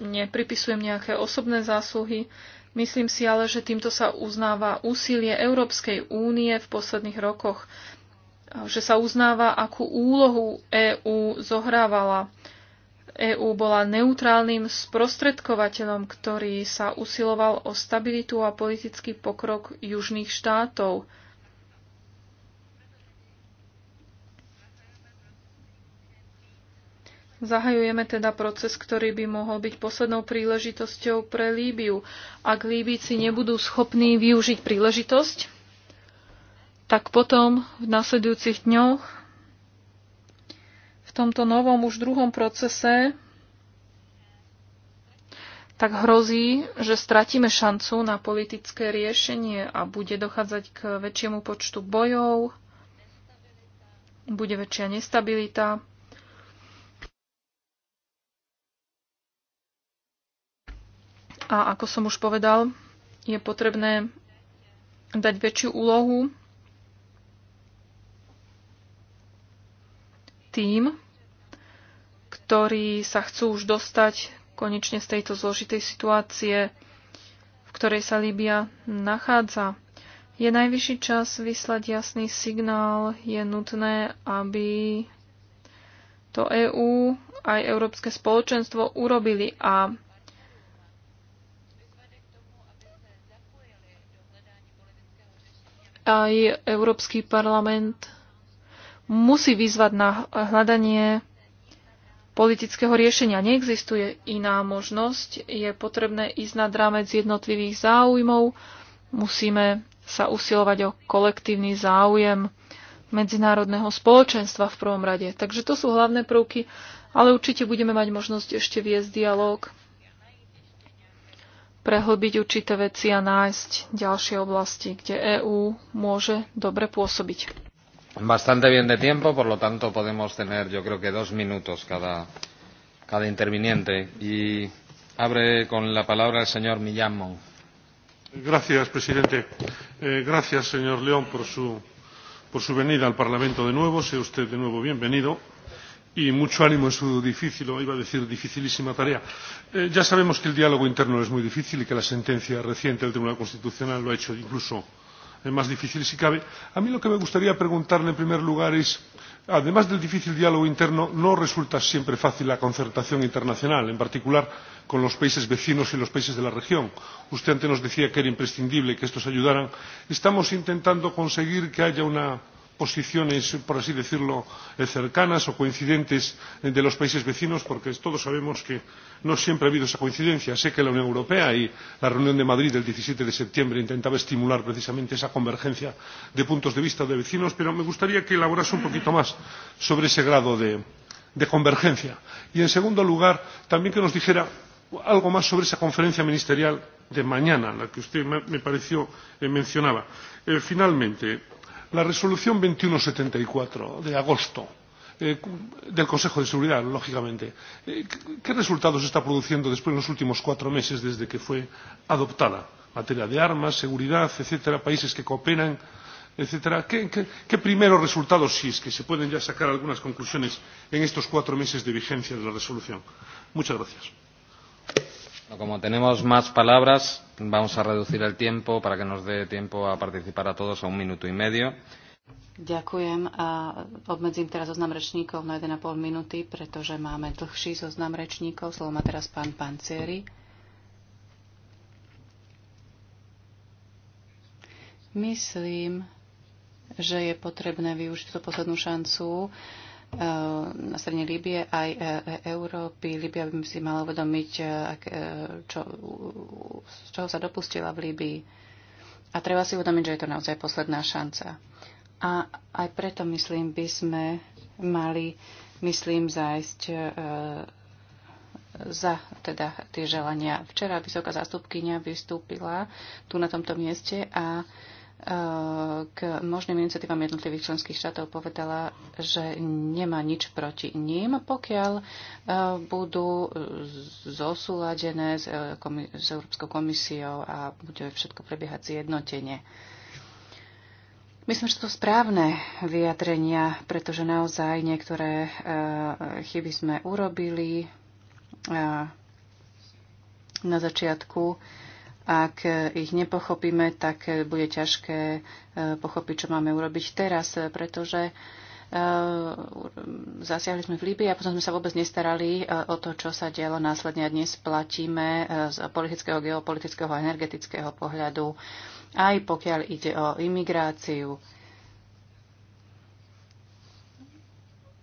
nepripisujem nejaké osobné zásluhy. Myslím si ale, že týmto sa uznáva úsilie Európskej únie v posledných rokoch že sa uznáva, akú úlohu EÚ zohrávala. EÚ bola neutrálnym sprostredkovateľom, ktorý sa usiloval o stabilitu a politický pokrok južných štátov. Zahajujeme teda proces, ktorý by mohol byť poslednou príležitosťou pre Líbiu. Ak Líbici nebudú schopní využiť príležitosť, tak potom v nasledujúcich dňoch v tomto novom už druhom procese tak hrozí, že stratíme šancu na politické riešenie a bude dochádzať k väčšiemu počtu bojov, bude väčšia nestabilita. A ako som už povedal, je potrebné dať väčšiu úlohu tým, ktorí sa chcú už dostať konečne z tejto zložitej situácie, v ktorej sa Líbia nachádza. Je najvyšší čas vyslať jasný signál, je nutné, aby to EÚ aj Európske spoločenstvo urobili a aj Európsky parlament musí vyzvať na hľadanie politického riešenia. Neexistuje iná možnosť. Je potrebné ísť nad rámec jednotlivých záujmov. Musíme sa usilovať o kolektívny záujem medzinárodného spoločenstva v prvom rade. Takže to sú hlavné prvky, ale určite budeme mať možnosť ešte viesť dialog, prehlbiť určité veci a nájsť ďalšie oblasti, kde EÚ môže dobre pôsobiť bastante bien de tiempo, por lo tanto podemos tener yo creo que dos minutos cada, cada interviniente. Y abre con la palabra el señor Millán Mon. Gracias, presidente. Eh, gracias, señor León, por su, por su venida al Parlamento de nuevo. Sea usted de nuevo bienvenido y mucho ánimo en su difícil o iba a decir dificilísima tarea. Eh, ya sabemos que el diálogo interno es muy difícil y que la sentencia reciente del Tribunal Constitucional lo ha hecho incluso más difícil si cabe. A mí lo que me gustaría preguntarle en primer lugar es, además del difícil diálogo interno, no resulta siempre fácil la concertación internacional, en particular con los países vecinos y los países de la región. Usted antes nos decía que era imprescindible que estos ayudaran. Estamos intentando conseguir que haya una posiciones, por así decirlo, eh, cercanas o coincidentes de los países vecinos, porque todos sabemos que no siempre ha habido esa coincidencia. Sé que la Unión Europea y la reunión de Madrid del diecisiete de septiembre intentaban estimular precisamente esa convergencia de puntos de vista de vecinos, pero me gustaría que elaborase un poquito más sobre ese grado de, de convergencia. Y, en segundo lugar, también que nos dijera algo más sobre esa conferencia ministerial de mañana, la que usted me pareció eh, mencionaba. Eh, finalmente, la resolución dos mil ciento setenta y cuatro de agosto eh, del Consejo de Seguridad, lógicamente. Eh, ¿Qué resultados está produciendo después de los últimos cuatro meses desde que fue adoptada? En materia de armas, seguridad, etcétera, países que cooperan, etcétera. ¿Qué, qué, qué primeros resultados, si es que se pueden ya sacar algunas conclusiones en estos cuatro meses de vigencia de la resolución? Muchas gracias. Como tenemos más palabras, vamos a reducir el tiempo para que nos dé tiempo a participar a todos a un minuto y medio. Ďakujem a obmedzím teraz zoznam rečníkov na 1,5 minúty, pretože máme dlhší zoznam rečníkov. Slovo má teraz pán Pancieri. Myslím, že je potrebné využiť tú poslednú šancu Eh, na strane Líbie aj eh, Európy. Líbia by si mala uvedomiť, eh, čo, z čoho sa dopustila v Líbii. A treba si uvedomiť, že je to naozaj posledná šanca. A aj preto, myslím, by sme mali, myslím, zájsť za teda tie želania. Včera vysoká zástupkynia vystúpila tu na tomto mieste a uh, k možným iniciatívam jednotlivých členských štátov povedala, že nemá nič proti ním, pokiaľ e, budú zosúladené s, e, s Európskou komisiou a bude všetko prebiehať zjednotenie. Myslím, že to sú správne vyjadrenia, pretože naozaj niektoré e, chyby sme urobili na začiatku ak ich nepochopíme, tak bude ťažké e, pochopiť, čo máme urobiť teraz, pretože e, zasiahli sme v Líbii a potom sme sa vôbec nestarali e, o to, čo sa dialo následne a dnes platíme z politického, geopolitického a energetického pohľadu, aj pokiaľ ide o imigráciu.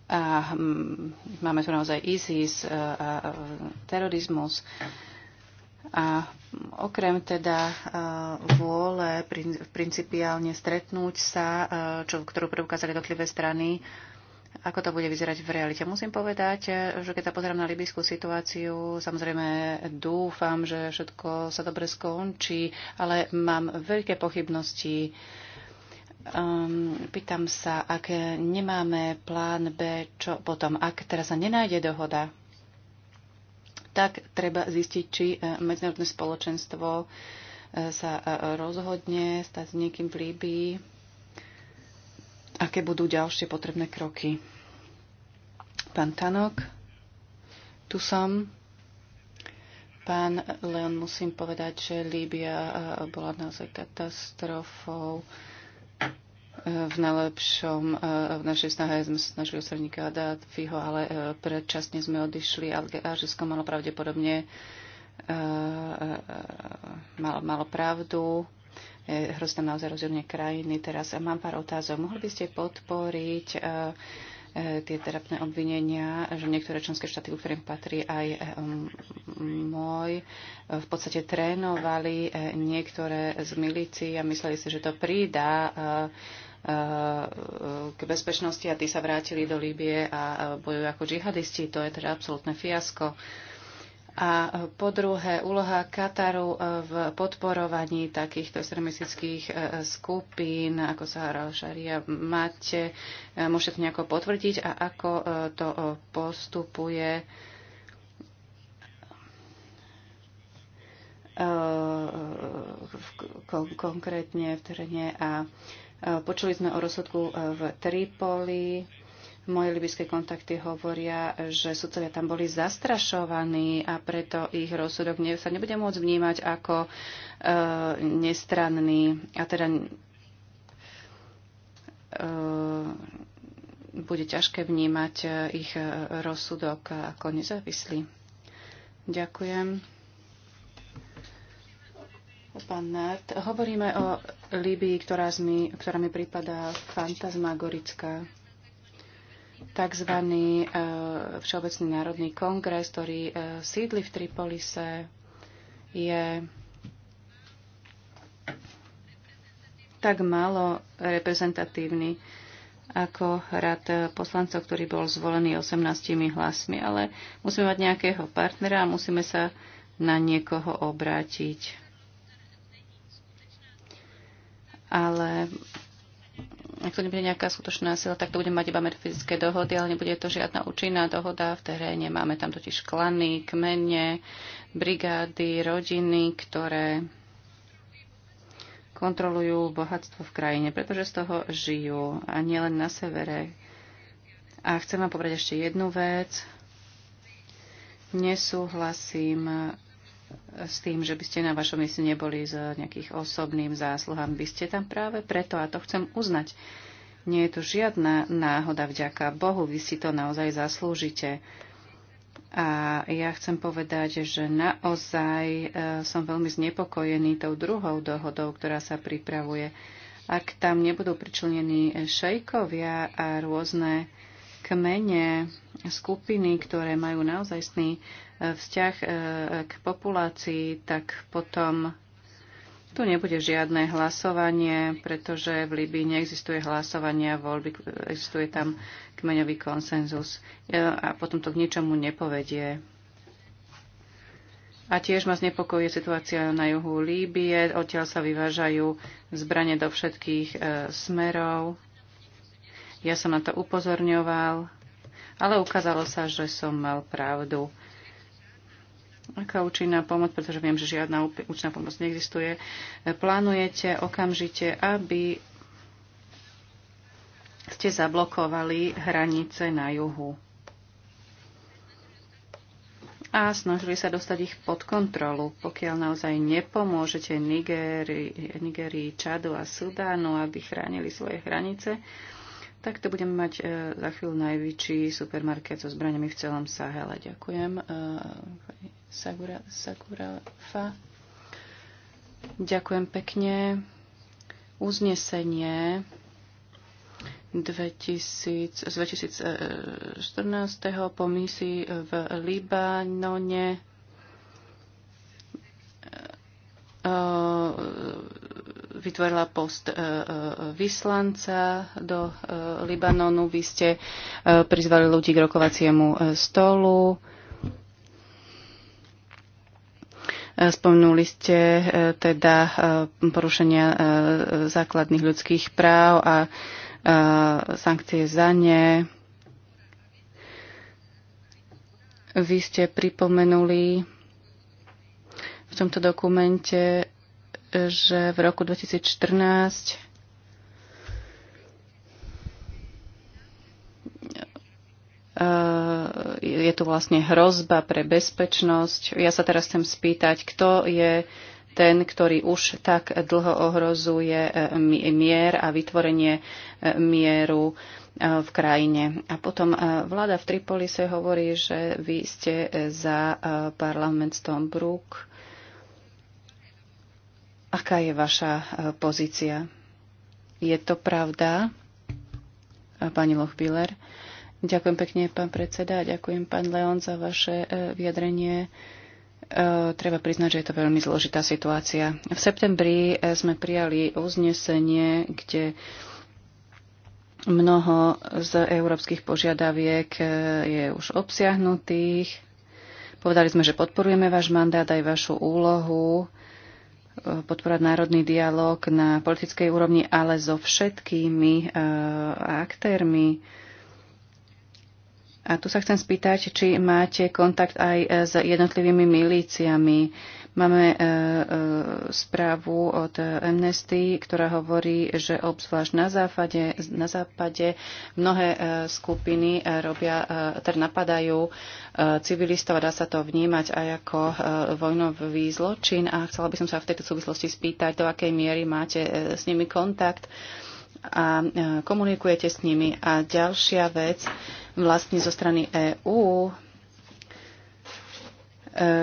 A hm, máme tu naozaj ISIS a terorizmus. A okrem teda e, vôle principiálne stretnúť sa, e, čo, ktorú preukázali jednotlivé strany, ako to bude vyzerať v realite. Musím povedať, e, že keď sa pozerám na libyskú situáciu, samozrejme dúfam, že všetko sa dobre skončí, ale mám veľké pochybnosti. Um, pýtam sa, ak nemáme plán B, čo potom, ak teraz sa nenájde dohoda, tak treba zistiť, či e, medzinárodné spoločenstvo e, sa e, rozhodne stať s niekým v Líbii, aké budú ďalšie potrebné kroky. Pán Tanok, tu som. Pán Leon, musím povedať, že Líbia bola naozaj katastrofou v najlepšom, e, v našej snahe sme snažili dať Gaddafiho, ale e, predčasne sme odišli. Žesko malo pravdepodobne e, malo, malo pravdu. Hrozí tam naozaj rozhodne krajiny. Teraz mám pár otázok. Mohli by ste podporiť tie terapné obvinenia, že niektoré členské štáty, ktorým patrí aj môj, v podstate trénovali niektoré z milícií a mysleli si, že to pridá Eh, k bezpečnosti a tí sa vrátili do Líbie a eh, bojujú ako džihadisti. To je teda absolútne fiasko. A eh, po druhé, úloha Kataru v podporovaní takýchto extremistických skupín, ako sa Šaria, máte, môžete to nejako potvrdiť a ako to postupuje konkrétne v teréne a Eh, počuli sme o rozsudku eh, v Tripoli. Moje libyské kontakty hovoria, že sudcovia tam boli zastrašovaní a preto ich rozsudok sa nebude môcť vnímať ako e, nestranný a teda e, bude ťažké vnímať ich rozsudok ako nezávislý. Ďakujem. Pán Nart, hovoríme o Líbii, ktorá, mi, ktorá mi prípada fantasmagorická. Takzvaný e, Všeobecný národný kongres, ktorý e, sídli v Tripolise, je tak málo reprezentatívny ako rad poslancov, ktorý bol zvolený 18 hlasmi, ale musíme mať nejakého partnera a musíme sa na niekoho obrátiť ale ak to nebude nejaká skutočná sila, tak to bude mať iba metafyzické dohody, ale nebude to žiadna účinná dohoda v teréne. Máme tam totiž klany, kmene, brigády, rodiny, ktoré kontrolujú bohatstvo v krajine, pretože z toho žijú a nielen na severe. A chcem vám povedať ešte jednu vec. Nesúhlasím s tým, že by ste na vašom mieste neboli z nejakých osobným zásluhám. By ste tam práve preto, a to chcem uznať, nie je to žiadna náhoda, vďaka Bohu, vy si to naozaj zaslúžite. A ja chcem povedať, že naozaj e, som veľmi znepokojený tou druhou dohodou, ktorá sa pripravuje. Ak tam nebudú pričlenení šejkovia a rôzne kmene, skupiny, ktoré majú naozajstný vzťah e, k populácii, tak potom tu nebude žiadne hlasovanie, pretože v Líbii neexistuje hlasovanie a voľby, existuje tam kmeňový konsenzus e, a potom to k ničomu nepovedie. A tiež ma znepokojuje situácia na juhu Líbie, odtiaľ sa vyvážajú zbranie do všetkých e, smerov. Ja som na to upozorňoval, ale ukázalo sa, že som mal pravdu. Aká účinná pomoc, pretože viem, že žiadna účinná pomoc neexistuje. Plánujete okamžite, aby ste zablokovali hranice na juhu a snažili sa dostať ich pod kontrolu. Pokiaľ naozaj nepomôžete Nigérii, Nigérii Čadu a Sudánu, aby chránili svoje hranice, tak to budeme mať e, za chvíľu najväčší supermarket so zbraniami v celom Sahele. Ďakujem. E, pani Sagura, Sagura Fa. Ďakujem pekne. Uznesenie 2000, z 2014. po misii v Libanone e, vytvorila post e, e, vyslanca do Libanonu. Vy ste prizvali ľudí k rokovaciemu stolu Spomnuli ste e, teda e, porušenia e, základných ľudských práv a sankcie za ne. Vy ste pripomenuli v tomto dokumente, že v roku 2014 je tu vlastne hrozba pre bezpečnosť. Ja sa teraz chcem spýtať, kto je ten, ktorý už tak dlho ohrozuje eh, mier a vytvorenie eh, mieru eh, v krajine. A potom vláda v Tripolise hovorí, že vy ste za parlament Stonebrook. Aká je vaša pozícia? Je to pravda, pani Lochbiller? Ďakujem pekne, pán predseda, a ďakujem, pán Leon, za vaše e, vyjadrenie. E, treba priznať, že je to veľmi zložitá situácia. V septembri e, sme prijali uznesenie, kde mnoho z európskych požiadaviek je už obsiahnutých. Povedali sme, že podporujeme váš mandát aj vašu úlohu podporať národný dialog na politickej úrovni, ale so všetkými aktérmi a tu sa chcem spýtať, či máte kontakt aj e, s jednotlivými milíciami. Máme e, e, správu od Amnesty, ktorá hovorí, že obzvlášť na západe, na západe mnohé skupiny robia, teda napadajú civilistov a dá sa to vnímať aj ako vojnový zločin. A chcela by som sa v tejto súvislosti spýtať, do akej miery máte s nimi kontakt a e, komunikujete s nimi. A ďalšia vec vlastne zo strany EÚ e,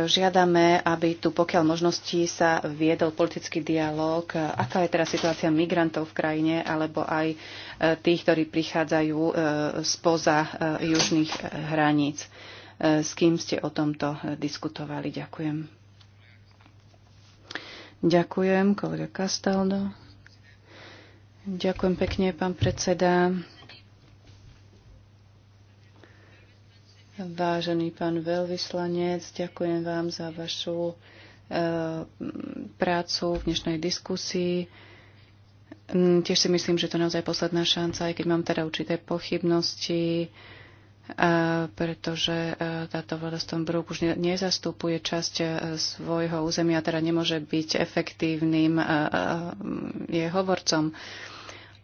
žiadame, aby tu pokiaľ možností sa viedol politický dialog, aká je teraz situácia migrantov v krajine, alebo aj e, tých, ktorí prichádzajú spoza južných hraníc. S kým ste o tomto diskutovali? Ďakujem. Ďakujem, kolega Castaldo. Ďakujem pekne, pán predseda. Vážený pán veľvyslanec, ďakujem vám za vašu e, prácu v dnešnej diskusii. Mm, tiež si myslím, že to je naozaj posledná šanca, aj keď mám teda určité pochybnosti, e, pretože e, táto vláda Stonbrook už nezastupuje časť svojho územia, teda nemôže byť efektívnym jej hovorcom.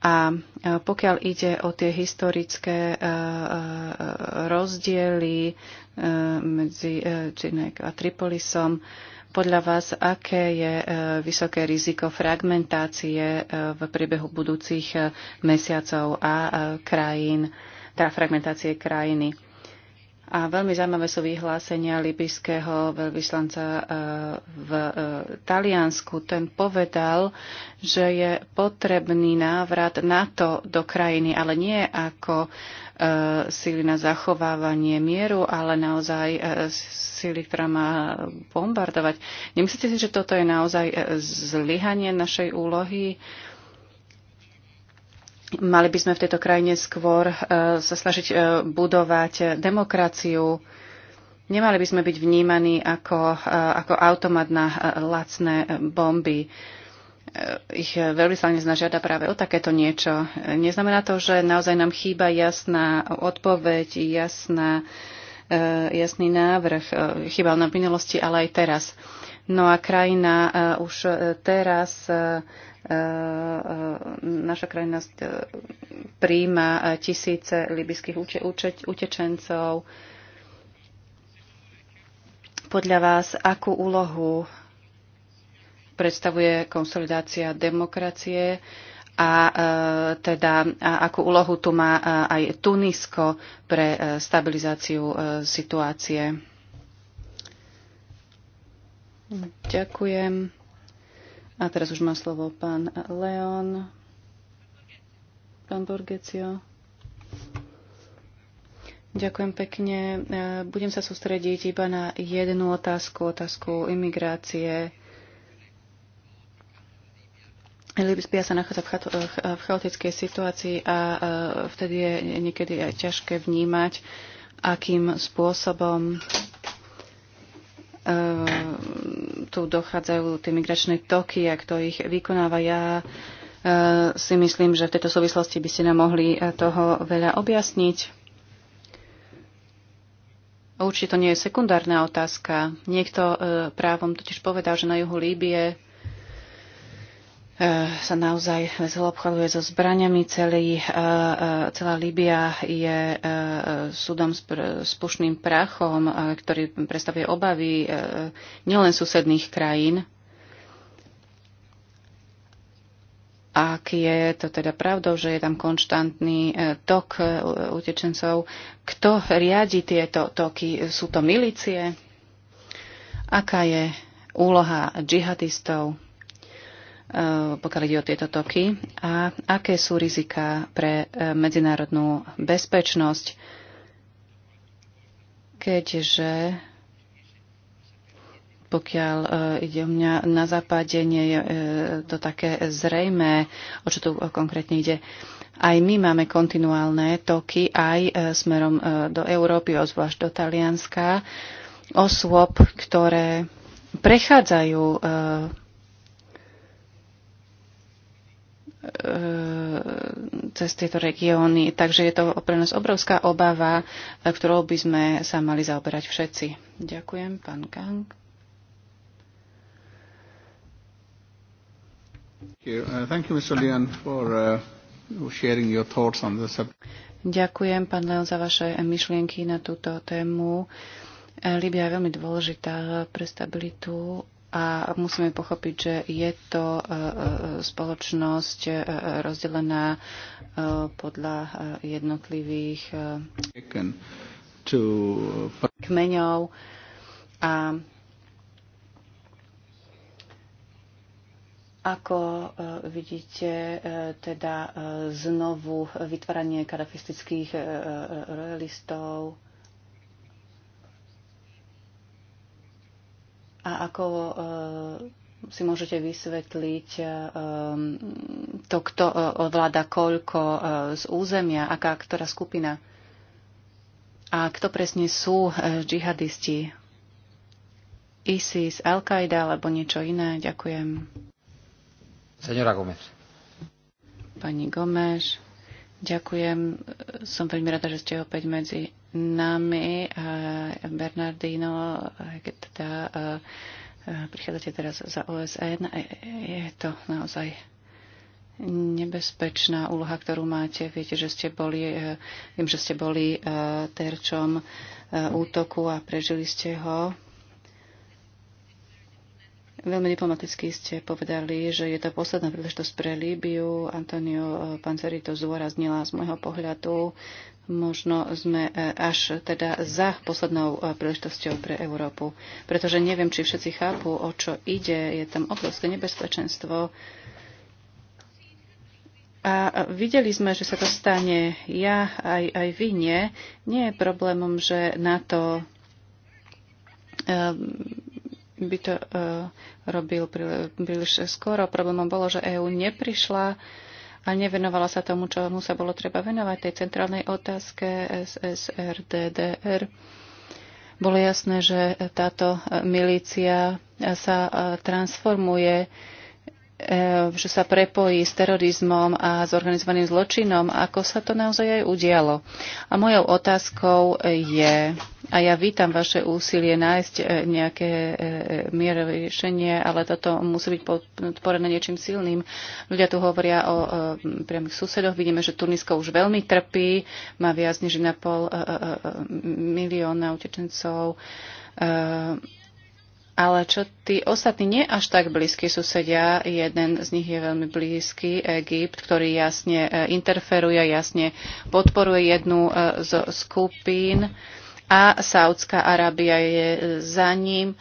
A e, pokiaľ ide o tie historické e, e, rozdiely medzi Džinek a Tripolisom, podľa vás, aké je vysoké riziko fragmentácie v priebehu budúcich mesiacov a krajín, teda fragmentácie krajiny? A veľmi zaujímavé sú vyhlásenia libyského veľvyslanca e, v e, Taliansku. Ten povedal, že je potrebný návrat NATO do krajiny, ale nie ako e, síly na zachovávanie mieru, ale naozaj síly, ktorá má bombardovať. Nemyslíte si, že toto je naozaj zlyhanie našej úlohy? Mali by sme v tejto krajine skôr e, sa snažiť e, budovať e, demokraciu. Nemali by sme byť vnímaní ako, ako automat na lacné bomby ich veľvyslanec nás žiada práve o takéto niečo. Neznamená to, že naozaj nám chýba jasná odpoveď, jasná, jasný návrh. Chýbal nám v minulosti, ale aj teraz. No a krajina už teraz E, e, naša krajina e, príjma tisíce libyských utečencov. Podľa vás, akú úlohu predstavuje konsolidácia demokracie a teda akú úlohu tu má aj Tunisko pre stabilizáciu situácie. Ďakujem. A teraz už má slovo pán Leon, pán Borgecio. Ďakujem pekne. E, budem sa sústrediť iba na jednu otázku, otázku imigrácie. Libia sa nachádza v, chaotickej situácii a e, vtedy je niekedy aj ťažké vnímať, akým spôsobom Ehm, tu dochádzajú tie migračné toky a kto ich vykonáva. Ja ehm, si myslím, že v tejto súvislosti by ste nám mohli eh, toho veľa objasniť. Určite to nie je sekundárna otázka. Niekto eh, právom totiž povedal, že na juhu Líbie E, sa naozaj veselo obchoduje so zbraniami. Celý, e, e, celá Líbia je súdom s pušným prachom, ktorý predstavuje obavy nielen susedných krajín. Ak je to teda pravdou, že je tam konštantný tok utečencov, kto riadi tieto toky? Sú to milície? Aká je úloha džihadistov? Eh, pokiaľ ide o tieto toky a aké sú rizika pre eh, medzinárodnú bezpečnosť, keďže pokiaľ eh, ide o mňa na západe, nie je to také zrejmé, o čo tu konkrétne ide. Aj my máme kontinuálne toky aj smerom do Európy, ozvlášť do Talianska, osôb, ktoré prechádzajú E, cez tieto regióny. Takže je to pre nás obrovská obava, e, ktorou by sme sa mali zaoberať všetci. Ďakujem, pán Gang. Uh, uh, Ďakujem, pán Leon, za vaše myšlienky na túto tému. E, Libia je veľmi dôležitá pre stabilitu a musíme pochopiť, že je to e, e, spoločnosť e, rozdelená podľa jednotlivých uh, kmeňov a Ako vidíte, teda znovu vytváranie kadafistických rojalistov. a ako eh, si môžete vysvetliť eh, to, kto eh, ovláda koľko z územia, aká ktorá skupina a kto presne sú džihadisti. ISIS, Al-Qaida alebo niečo iné. Ďakujem. Senora Gomez. Pani Gomez, ďakujem. Som veľmi rada, že ste opäť medzi nami. Eh, Bernardino, eh, keď teda eh, prichádzate teraz za OSN, je to naozaj nebezpečná úloha, ktorú máte. Viete, že ste boli, viem, že ste boli terčom útoku a prežili ste ho. Veľmi diplomaticky ste povedali, že je to posledná príležitosť pre Líbiu. Antonio Panzerito to z môjho pohľadu možno sme e, až teda za poslednou e, príležitosťou pre Európu. Pretože neviem, či všetci chápu, o čo ide. Je tam obrovské nebezpečenstvo. A videli sme, že sa to stane. Ja aj, aj vy nie. Nie je problémom, že NATO e, by to robil príliš skoro. Problémom bolo, že EÚ neprišla a nevenovala sa tomu, čomu sa bolo treba venovať, tej centrálnej otázke SSRDDR. Bolo jasné, že táto milícia sa eh, transformuje E, že sa prepojí s terorizmom a s organizovaným zločinom, ako sa to naozaj aj udialo. A mojou otázkou je, a ja vítam vaše úsilie nájsť e, nejaké e, mierové riešenie, ale toto musí byť podporené niečím silným. Ľudia tu hovoria o priamých susedoch. Vidíme, že Tunisko už veľmi trpí, má viac než pol milióna utečencov. Ale čo tí ostatní nie až tak blízki susedia, jeden z nich je veľmi blízky, Egypt, ktorý jasne e, interferuje, jasne podporuje jednu e, z skupín a Saudská Arábia je za ním.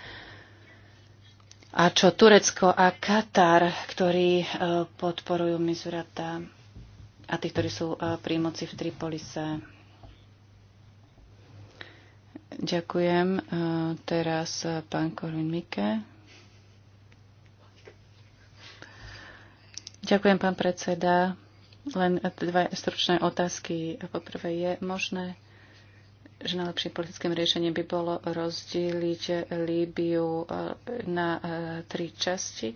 A čo Turecko a Katar, ktorí e, podporujú Mizurata a tí, ktorí sú pri moci v Tripolise. Ďakujem. E, teraz e, pán Korvin Mike. Ďakujem, pán predseda. Len dve stručné otázky. Poprvé, je možné, že najlepším politickým riešením by bolo rozdíliť Líbiu e, na tri časti?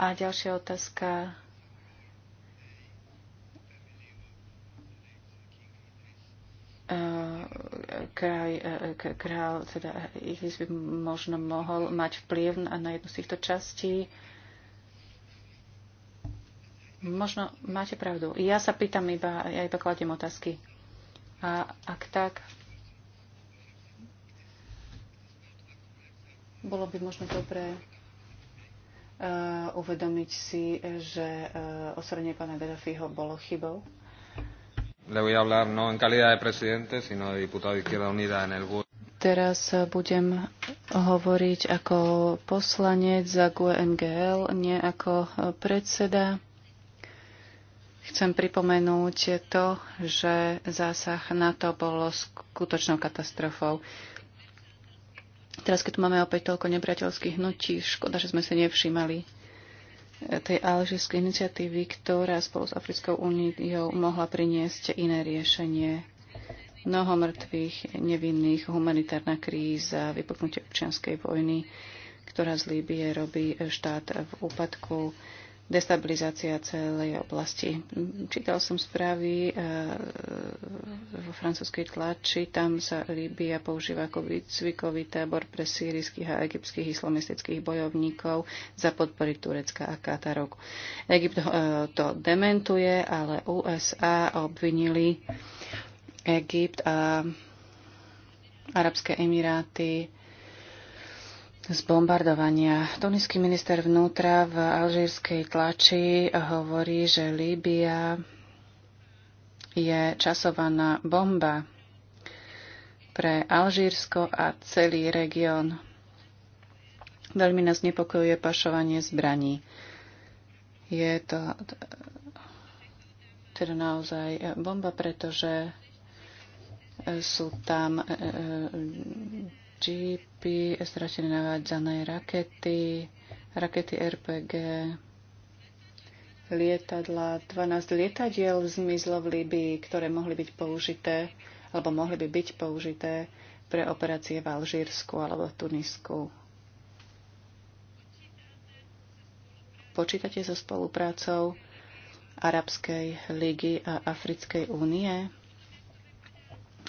A ďalšia otázka Eh, kraj, eh, král, teda ich eh, by možno mohol mať vplyv na jednu z týchto častí. Možno máte pravdu. Ja sa pýtam iba, ja iba kladiem otázky. A ak tak, bolo by možno dobré uh, uvedomiť si, že uh, osredenie pána Gaddafiho bolo chybou le voy a hablar no en calidad de presidente, sino de diputado de Izquierda Unida en el GUE. Teraz eh, budem hovoriť ako poslanec za GUE NGL, nie ako eh, predseda. Chcem pripomenúť to, že zásah NATO bolo skutočnou katastrofou. Teraz, keď tu máme opäť toľko nepriateľských hnutí, škoda, že sme sa nevšímali tej alžírskej iniciatívy, ktorá spolu s Africkou úniou mohla priniesť iné riešenie. Mnoho mŕtvych, nevinných, humanitárna kríza, vypuknutie občianskej vojny, ktorá z Líbie robí štát v úpadku, destabilizácia celej oblasti. Čítal som správy eh, vo francúzskej tlači. Tam sa Líbia používa ako výcvikový tábor pre sírijských a egyptských islamistických bojovníkov za podpory Turecka a Katarok. Egypt eh, to dementuje, ale USA obvinili Egypt a Arabské Emiráty z bombardovania. Tunisský minister vnútra v alžírskej tlači hovorí, že Líbia je časovaná bomba pre Alžírsko a celý región. Veľmi nás nepokojuje pašovanie zbraní. Je to teda naozaj bomba, pretože sú tam GP, e, e, stratené navádzané rakety, rakety RPG, lietadla, 12 lietadiel zmizlo v Líbii, ktoré mohli byť použité, alebo mohli by byť použité pre operácie v Alžírsku alebo v Tunisku. Počítate so spoluprácou Arabskej ligy a Africkej únie?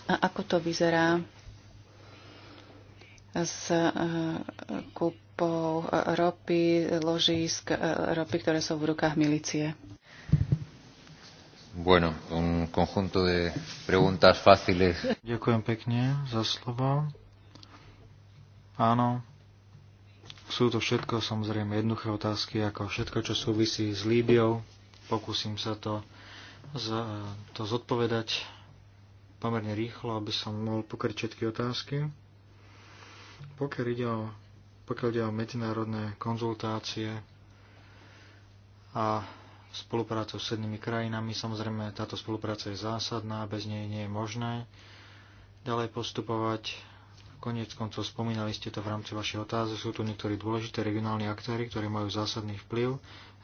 A ako to vyzerá s eh, kúp nákupov e, ropy, ložísk e, ropy, ktoré sú v rukách milície? Bueno, un conjunto de preguntas fáciles. Ďakujem pekne za slovo. Áno, sú to všetko samozrejme jednoduché otázky, ako všetko, čo súvisí s Líbiou. Pokúsim sa to, za, to zodpovedať pomerne rýchlo, aby som mohol pokryť všetky otázky. Pokiaľ ide o pokiaľ ide o medzinárodné konzultácie a spoluprácu s sednými krajinami. Samozrejme, táto spolupráca je zásadná, bez nej nie je možné ďalej postupovať. Koniec koncov spomínali ste to v rámci vašej otázky. Sú tu niektorí dôležité regionálni aktéry, ktorí majú zásadný vplyv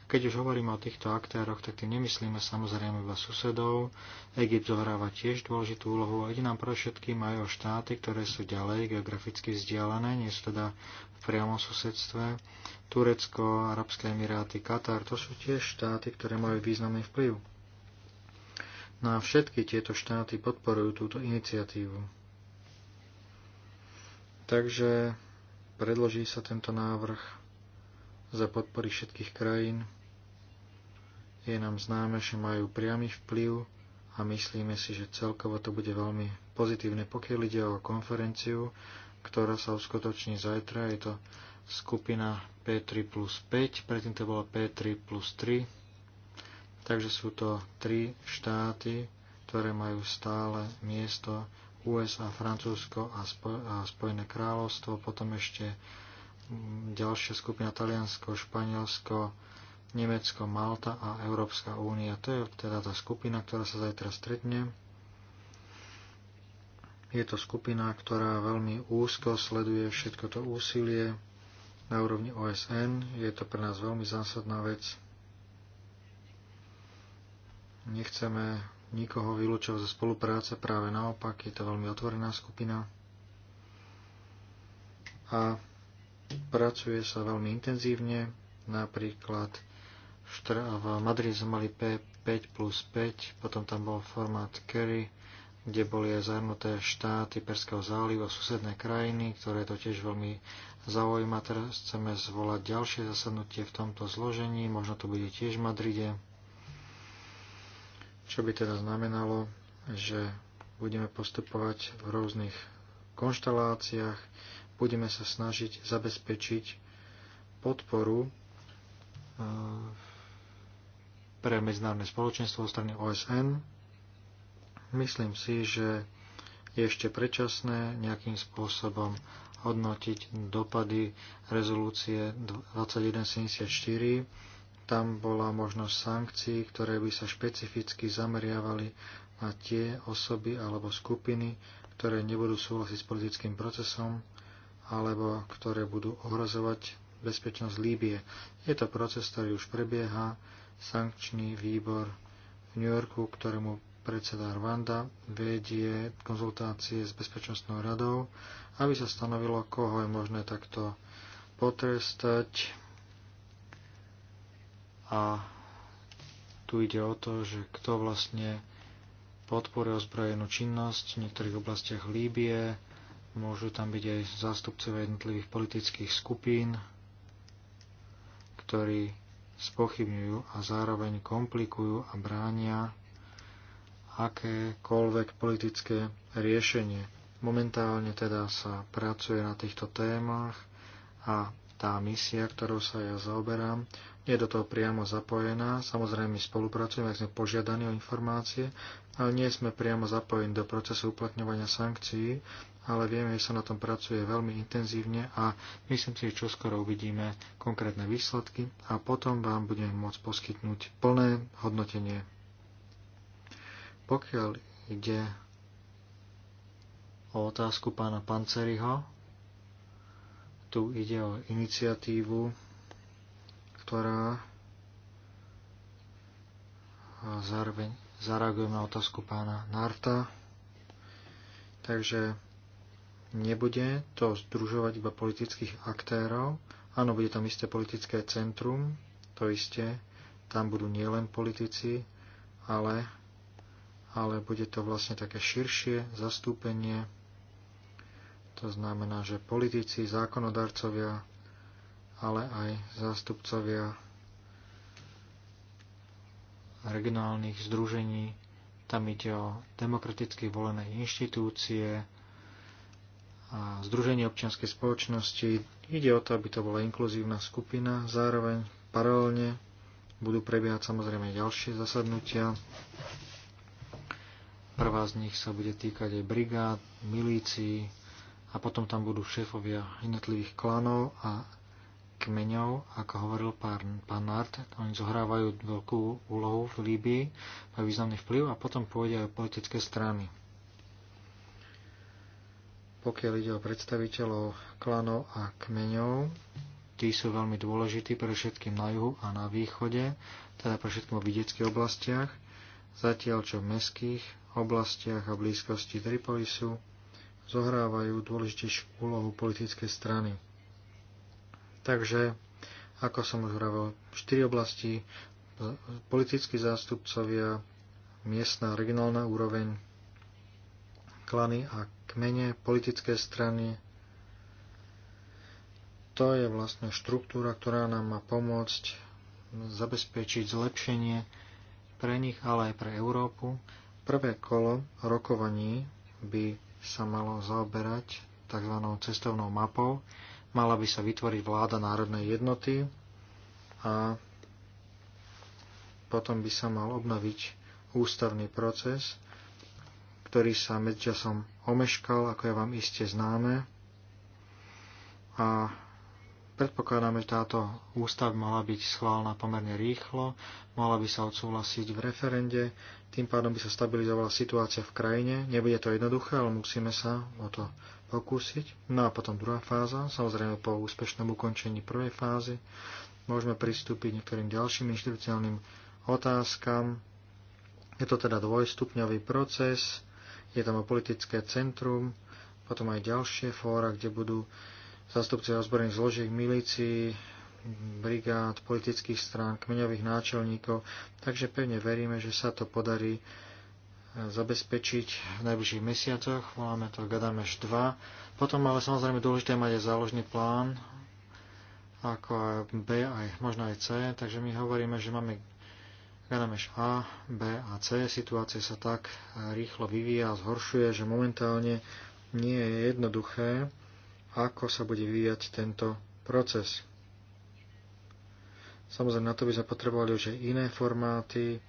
keď už hovoríme o týchto aktéroch, tak tým nemyslíme samozrejme iba susedov. Egypt zohráva tiež dôležitú úlohu, a ide nám pre všetkým aj o štáty, ktoré sú ďalej geograficky vzdialené, nie sú teda v priamom susedstve. Turecko, Arabské Emiráty, Katar, to sú tiež štáty, ktoré majú významný vplyv. No a všetky tieto štáty podporujú túto iniciatívu. Takže predloží sa tento návrh za podpory všetkých krajín je nám známe, že majú priamy vplyv a myslíme si, že celkovo to bude veľmi pozitívne, pokiaľ ide o konferenciu, ktorá sa uskutoční zajtra. Je to skupina P3 plus 5, predtým to bola P3 plus 3. Takže sú to tri štáty, ktoré majú stále miesto USA, Francúzsko a, Spo- a Spojené kráľovstvo, potom ešte ďalšia skupina Taliansko, Španielsko, Nemecko, Malta a Európska únia. To je teda tá skupina, ktorá sa zajtra stretne. Je to skupina, ktorá veľmi úzko sleduje všetko to úsilie na úrovni OSN. Je to pre nás veľmi zásadná vec. Nechceme nikoho vylúčovať zo spolupráce, práve naopak, je to veľmi otvorená skupina. A pracuje sa veľmi intenzívne, napríklad v Madrid sme mali P5 plus 5, potom tam bol formát Kerry, kde boli aj zahrnuté štáty Perského zálivu a susedné krajiny, ktoré to tiež veľmi zaujíma. Teraz chceme zvolať ďalšie zasadnutie v tomto zložení, možno to bude tiež v Madride, čo by teda znamenalo, že budeme postupovať v rôznych konšteláciách, budeme sa snažiť zabezpečiť podporu v eh, pre medzinárodné spoločenstvo zo strany OSN. Myslím si, že je ešte predčasné nejakým spôsobom hodnotiť dopady rezolúcie 2174. Tam bola možnosť sankcií, ktoré by sa špecificky zameriavali na tie osoby alebo skupiny, ktoré nebudú súhlasiť s politickým procesom alebo ktoré budú ohrozovať bezpečnosť Líbie. Je to proces, ktorý už prebieha, sankčný výbor v New Yorku, ktorému predseda Rwanda vedie konzultácie s Bezpečnostnou radou, aby sa stanovilo, koho je možné takto potrestať. A tu ide o to, že kto vlastne podporuje ozbrojenú činnosť v niektorých oblastiach Líbie, môžu tam byť aj zástupcovia jednotlivých politických skupín, ktorí spochybňujú a zároveň komplikujú a bránia akékoľvek politické riešenie. Momentálne teda sa pracuje na týchto témach a tá misia, ktorou sa ja zaoberám, je do toho priamo zapojená. Samozrejme, my spolupracujeme, ak sme požiadaní o informácie, ale nie sme priamo zapojení do procesu uplatňovania sankcií ale vieme, že sa na tom pracuje veľmi intenzívne a myslím si, že čoskoro uvidíme konkrétne výsledky a potom vám budem môcť poskytnúť plné hodnotenie. Pokiaľ ide o otázku pána Panceriho, tu ide o iniciatívu, ktorá zároveň zareagujem na otázku pána Narta. Takže Nebude to združovať iba politických aktérov. Áno, bude tam isté politické centrum, to isté. Tam budú nielen politici, ale, ale bude to vlastne také širšie zastúpenie. To znamená, že politici, zákonodarcovia, ale aj zástupcovia regionálnych združení, tam ide o demokraticky volené inštitúcie, a Združenie občianskej spoločnosti. Ide o to, aby to bola inkluzívna skupina. Zároveň paralelne budú prebiehať samozrejme ďalšie zasadnutia. Prvá z nich sa bude týkať aj brigád, milícií a potom tam budú šéfovia jednotlivých klanov a kmeňov, ako hovoril pán, pán Nart. Oni zohrávajú veľkú úlohu v Líbii, majú významný vplyv a potom pôjde aj politické strany pokiaľ ide o predstaviteľov klanov a kmeňov. Tí sú veľmi dôležití pre všetkým na juhu a na východe, teda pre všetkým v vidieckých oblastiach, zatiaľ čo v mestských oblastiach a blízkosti Tripolisu zohrávajú dôležitejšiu úlohu politické strany. Takže, ako som už hovoril, štyri oblasti, politickí zástupcovia, miestna a regionálna úroveň, klany a kmene, politické strany. To je vlastne štruktúra, ktorá nám má pomôcť zabezpečiť zlepšenie pre nich, ale aj pre Európu. Prvé kolo rokovaní by sa malo zaoberať tzv. cestovnou mapou. Mala by sa vytvoriť vláda národnej jednoty a potom by sa mal obnoviť ústavný proces, ktorý sa medzičasom omeškal, ako je vám iste známe. A predpokladáme, že táto ústav mala byť schválená pomerne rýchlo, mala by sa odsúhlasiť v referende, tým pádom by sa stabilizovala situácia v krajine. Nebude to jednoduché, ale musíme sa o to pokúsiť. No a potom druhá fáza, samozrejme po úspešnom ukončení prvej fázy, môžeme pristúpiť niektorým ďalším inštitucionálnym otázkam. Je to teda dvojstupňový proces, je tam politické centrum, potom aj ďalšie fóra, kde budú zastupci ozbrojených zložiek, milícií, brigád, politických strán, kmeňových náčelníkov. Takže pevne veríme, že sa to podarí e, zabezpečiť v najbližších mesiacoch. Voláme to Gadameš 2. Potom ale samozrejme dôležité mať aj záložný plán, ako aj B, aj možno aj C. Takže my hovoríme, že máme Gadames A, B a C. Situácia sa tak rýchlo vyvíja a zhoršuje, že momentálne nie je jednoduché, ako sa bude vyvíjať tento proces. Samozrejme, na to by sme potrebovali už aj iné formáty,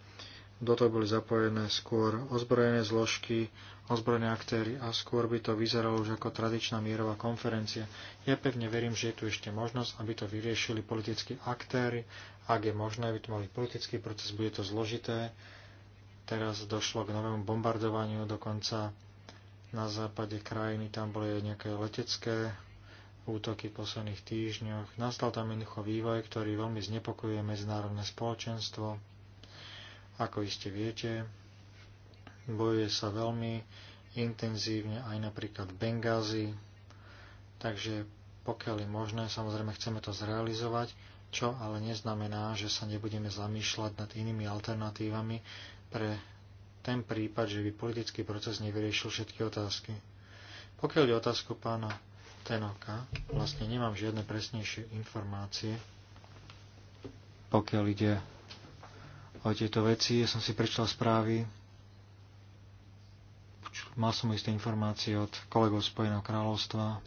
do toho boli zapojené skôr ozbrojené zložky, ozbrojené aktéry a skôr by to vyzeralo už ako tradičná mierová konferencia. Ja pevne verím, že je tu ešte možnosť, aby to vyriešili politickí aktéry ak je možné, by to politický proces, bude to zložité. Teraz došlo k novému bombardovaniu dokonca na západe krajiny, tam boli aj nejaké letecké útoky v posledných týždňoch. Nastal tam jednoducho vývoj, ktorý veľmi znepokojuje medzinárodné spoločenstvo. Ako iste viete, bojuje sa veľmi intenzívne aj napríklad v Bengázi. Takže pokiaľ je možné, samozrejme chceme to zrealizovať, čo ale neznamená, že sa nebudeme zamýšľať nad inými alternatívami pre ten prípad, že by politický proces nevyriešil všetky otázky. Pokiaľ je otázku pána Tenoka, vlastne nemám žiadne presnejšie informácie. Pokiaľ ide o tieto veci, ja som si prečítal správy, mal som isté informácie od kolegov Spojeného kráľovstva,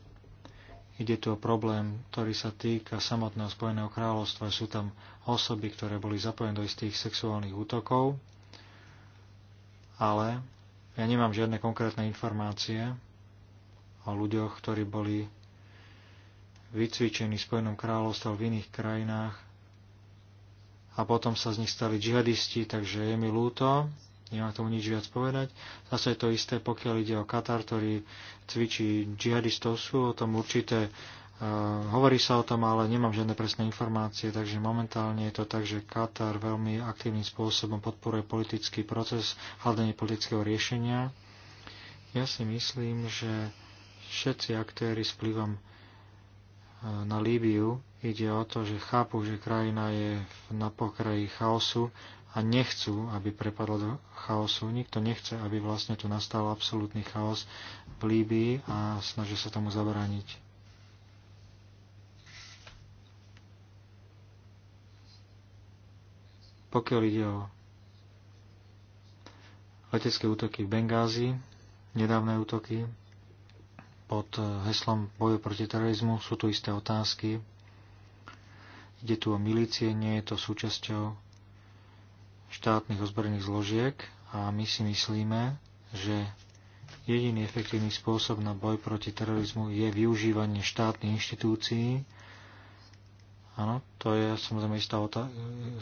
Ide tu o problém, ktorý sa týka samotného Spojeného kráľovstva. Sú tam osoby, ktoré boli zapojené do istých sexuálnych útokov, ale ja nemám žiadne konkrétne informácie o ľuďoch, ktorí boli vycvičení v Spojenom kráľovstve v iných krajinách a potom sa z nich stali džihadisti, takže je mi ľúto, nemám k tomu nič viac povedať. Zase je to isté, pokiaľ ide o Katar, ktorý cvičí džihadistov, sú o tom určité, uh, hovorí sa o tom, ale nemám žiadne presné informácie, takže momentálne je to tak, že Katar veľmi aktívnym spôsobom podporuje politický proces, hľadanie politického riešenia. Ja si myslím, že všetci aktéry s vplyvom e, na Líbiu ide o to, že chápu, že krajina je na pokraji chaosu a nechcú, aby prepadlo do chaosu. Nikto nechce, aby vlastne tu nastal absolútny chaos v Líbii a snaží sa tomu zabrániť. Pokiaľ ide o letecké útoky v Bengázi, nedávne útoky pod heslom boju proti terorizmu, sú tu isté otázky. Ide tu o milície, nie je to súčasťou štátnych ozbrojených zložiek a my si myslíme, že jediný efektívny spôsob na boj proti terorizmu je využívanie štátnych inštitúcií. Áno, to je samozrejme istá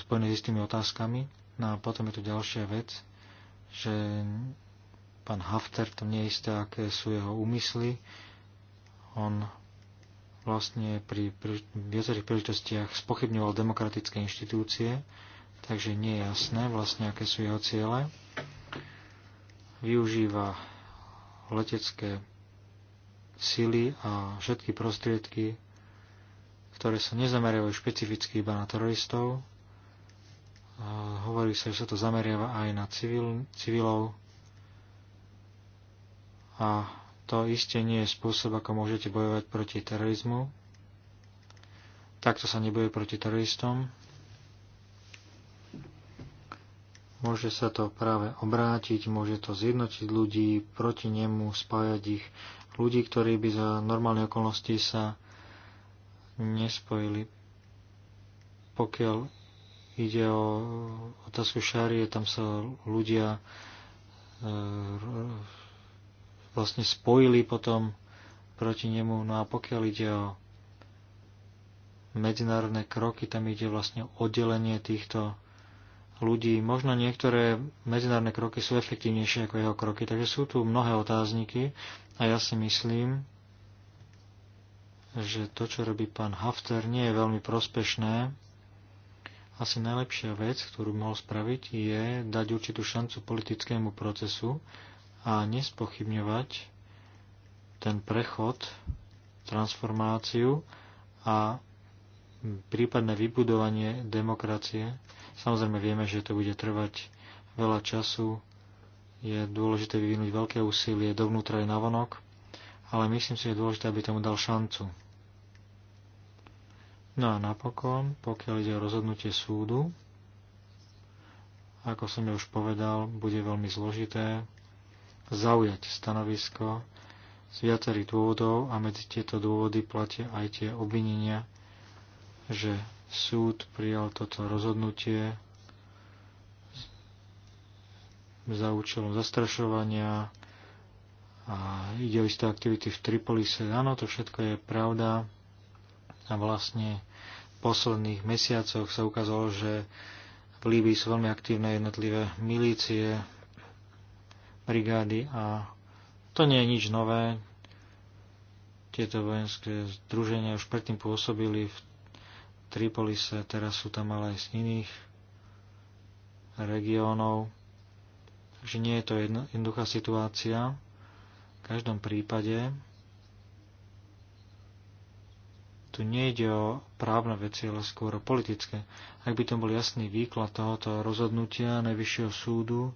spojené s istými otázkami. No a potom je tu ďalšia vec, že pán Hafter, to nie je isté, aké sú jeho úmysly. On vlastne pri, pri viacerých príležitostiach spochybňoval demokratické inštitúcie takže nie je jasné vlastne, aké sú jeho ciele. Využíva letecké sily a všetky prostriedky, ktoré sa nezameriavajú špecificky iba na teroristov. A hovorí sa, že sa to zameriava aj na civil, civilov. A to iste nie je spôsob, ako môžete bojovať proti terorizmu. Takto sa neboje proti teroristom. Môže sa to práve obrátiť, môže to zjednotiť ľudí proti nemu, spájať ich ľudí, ktorí by za normálne okolnosti sa nespojili. Pokiaľ ide o otázku šárie, tam sa ľudia e, vlastne spojili potom proti nemu. No a pokiaľ ide o medzinárodné kroky, tam ide vlastne oddelenie týchto ľudí. Možno niektoré medzinárodné kroky sú efektívnejšie ako jeho kroky, takže sú tu mnohé otázniky a ja si myslím, že to, čo robí pán Hafter, nie je veľmi prospešné. Asi najlepšia vec, ktorú mohol spraviť, je dať určitú šancu politickému procesu a nespochybňovať ten prechod, transformáciu a prípadné vybudovanie demokracie Samozrejme vieme, že to bude trvať veľa času, je dôležité vyvinúť veľké úsilie dovnútra aj navonok, ale myslím si, že je dôležité, aby tomu dal šancu. No a napokon, pokiaľ ide o rozhodnutie súdu, ako som ja už povedal, bude veľmi zložité zaujať stanovisko z viacerých dôvodov a medzi tieto dôvody platia aj tie obvinenia, že súd prijal toto rozhodnutie za účelom zastrašovania a ide o isté aktivity v Tripolise. Áno, to všetko je pravda a vlastne v posledných mesiacoch sa ukázalo, že v Líbii sú veľmi aktívne jednotlivé milície, brigády a to nie je nič nové. Tieto vojenské združenia už predtým pôsobili v Tripolise, teraz sú tam ale aj z iných regiónov. Takže nie je to jednoduchá situácia. V každom prípade tu nejde o právne veci, ale skôr o politické. Ak by tom bol jasný výklad tohoto rozhodnutia Najvyššieho súdu,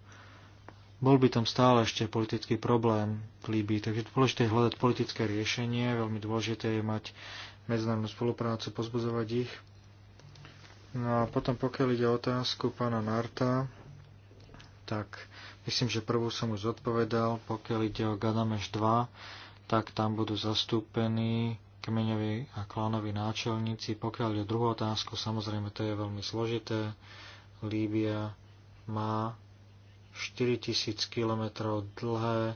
bol by tam stále ešte politický problém v Líbii. Takže dôležité je hľadať politické riešenie, veľmi dôležité je mať medzinárodnú spoluprácu, pozbudzovať ich. No a potom pokiaľ ide o otázku pána Narta, tak myslím, že prvú som už odpovedal, pokiaľ ide o Gadameš 2, tak tam budú zastúpení kmeňoví a klánoví náčelníci. Pokiaľ ide o druhú otázku, samozrejme to je veľmi složité. Líbia má 4000 km dlhé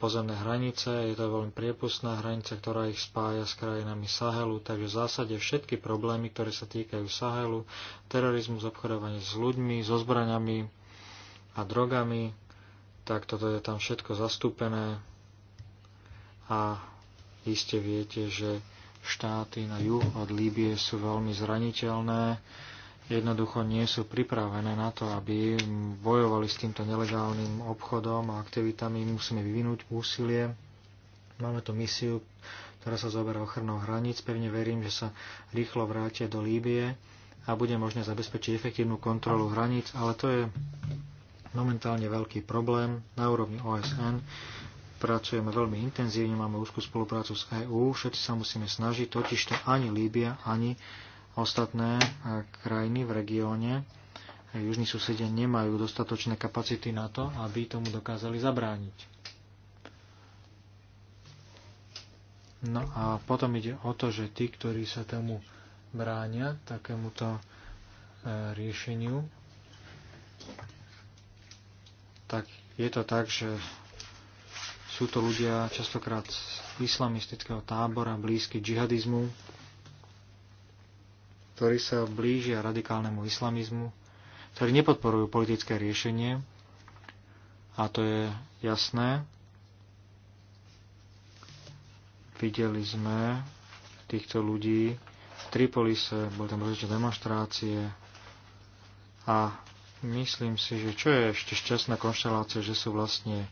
pozemné hranice, je to veľmi priepustná hranica, ktorá ich spája s krajinami Sahelu, takže v zásade všetky problémy, ktoré sa týkajú Sahelu, terorizmus, obchodovanie s ľuďmi, so zbraniami a drogami, tak toto je tam všetko zastúpené a iste viete, že štáty na juh od Líbie sú veľmi zraniteľné, jednoducho nie sú pripravené na to, aby bojovali s týmto nelegálnym obchodom a aktivitami. My musíme vyvinúť úsilie. Máme tu misiu, ktorá sa zoberá ochranou hraníc. Pevne verím, že sa rýchlo vrátia do Líbie a bude možné zabezpečiť efektívnu kontrolu hraníc, ale to je momentálne veľký problém na úrovni OSN. Pracujeme veľmi intenzívne, máme úzkú spoluprácu s EÚ, všetci sa musíme snažiť, totižto ani Líbia, ani Ostatné e, krajiny v regióne, e, južní susedia, nemajú dostatočné kapacity na to, aby tomu dokázali zabrániť. No a potom ide o to, že tí, ktorí sa tomu bránia, takémuto e, riešeniu, tak je to tak, že sú to ľudia častokrát z islamistického tábora, blízky džihadizmu, ktorí sa blížia radikálnemu islamizmu, ktorí nepodporujú politické riešenie, a to je jasné. Videli sme týchto ľudí v Tripolise, boli tam rozličné demonstrácie a myslím si, že čo je ešte šťastná konštelácia, že sú vlastne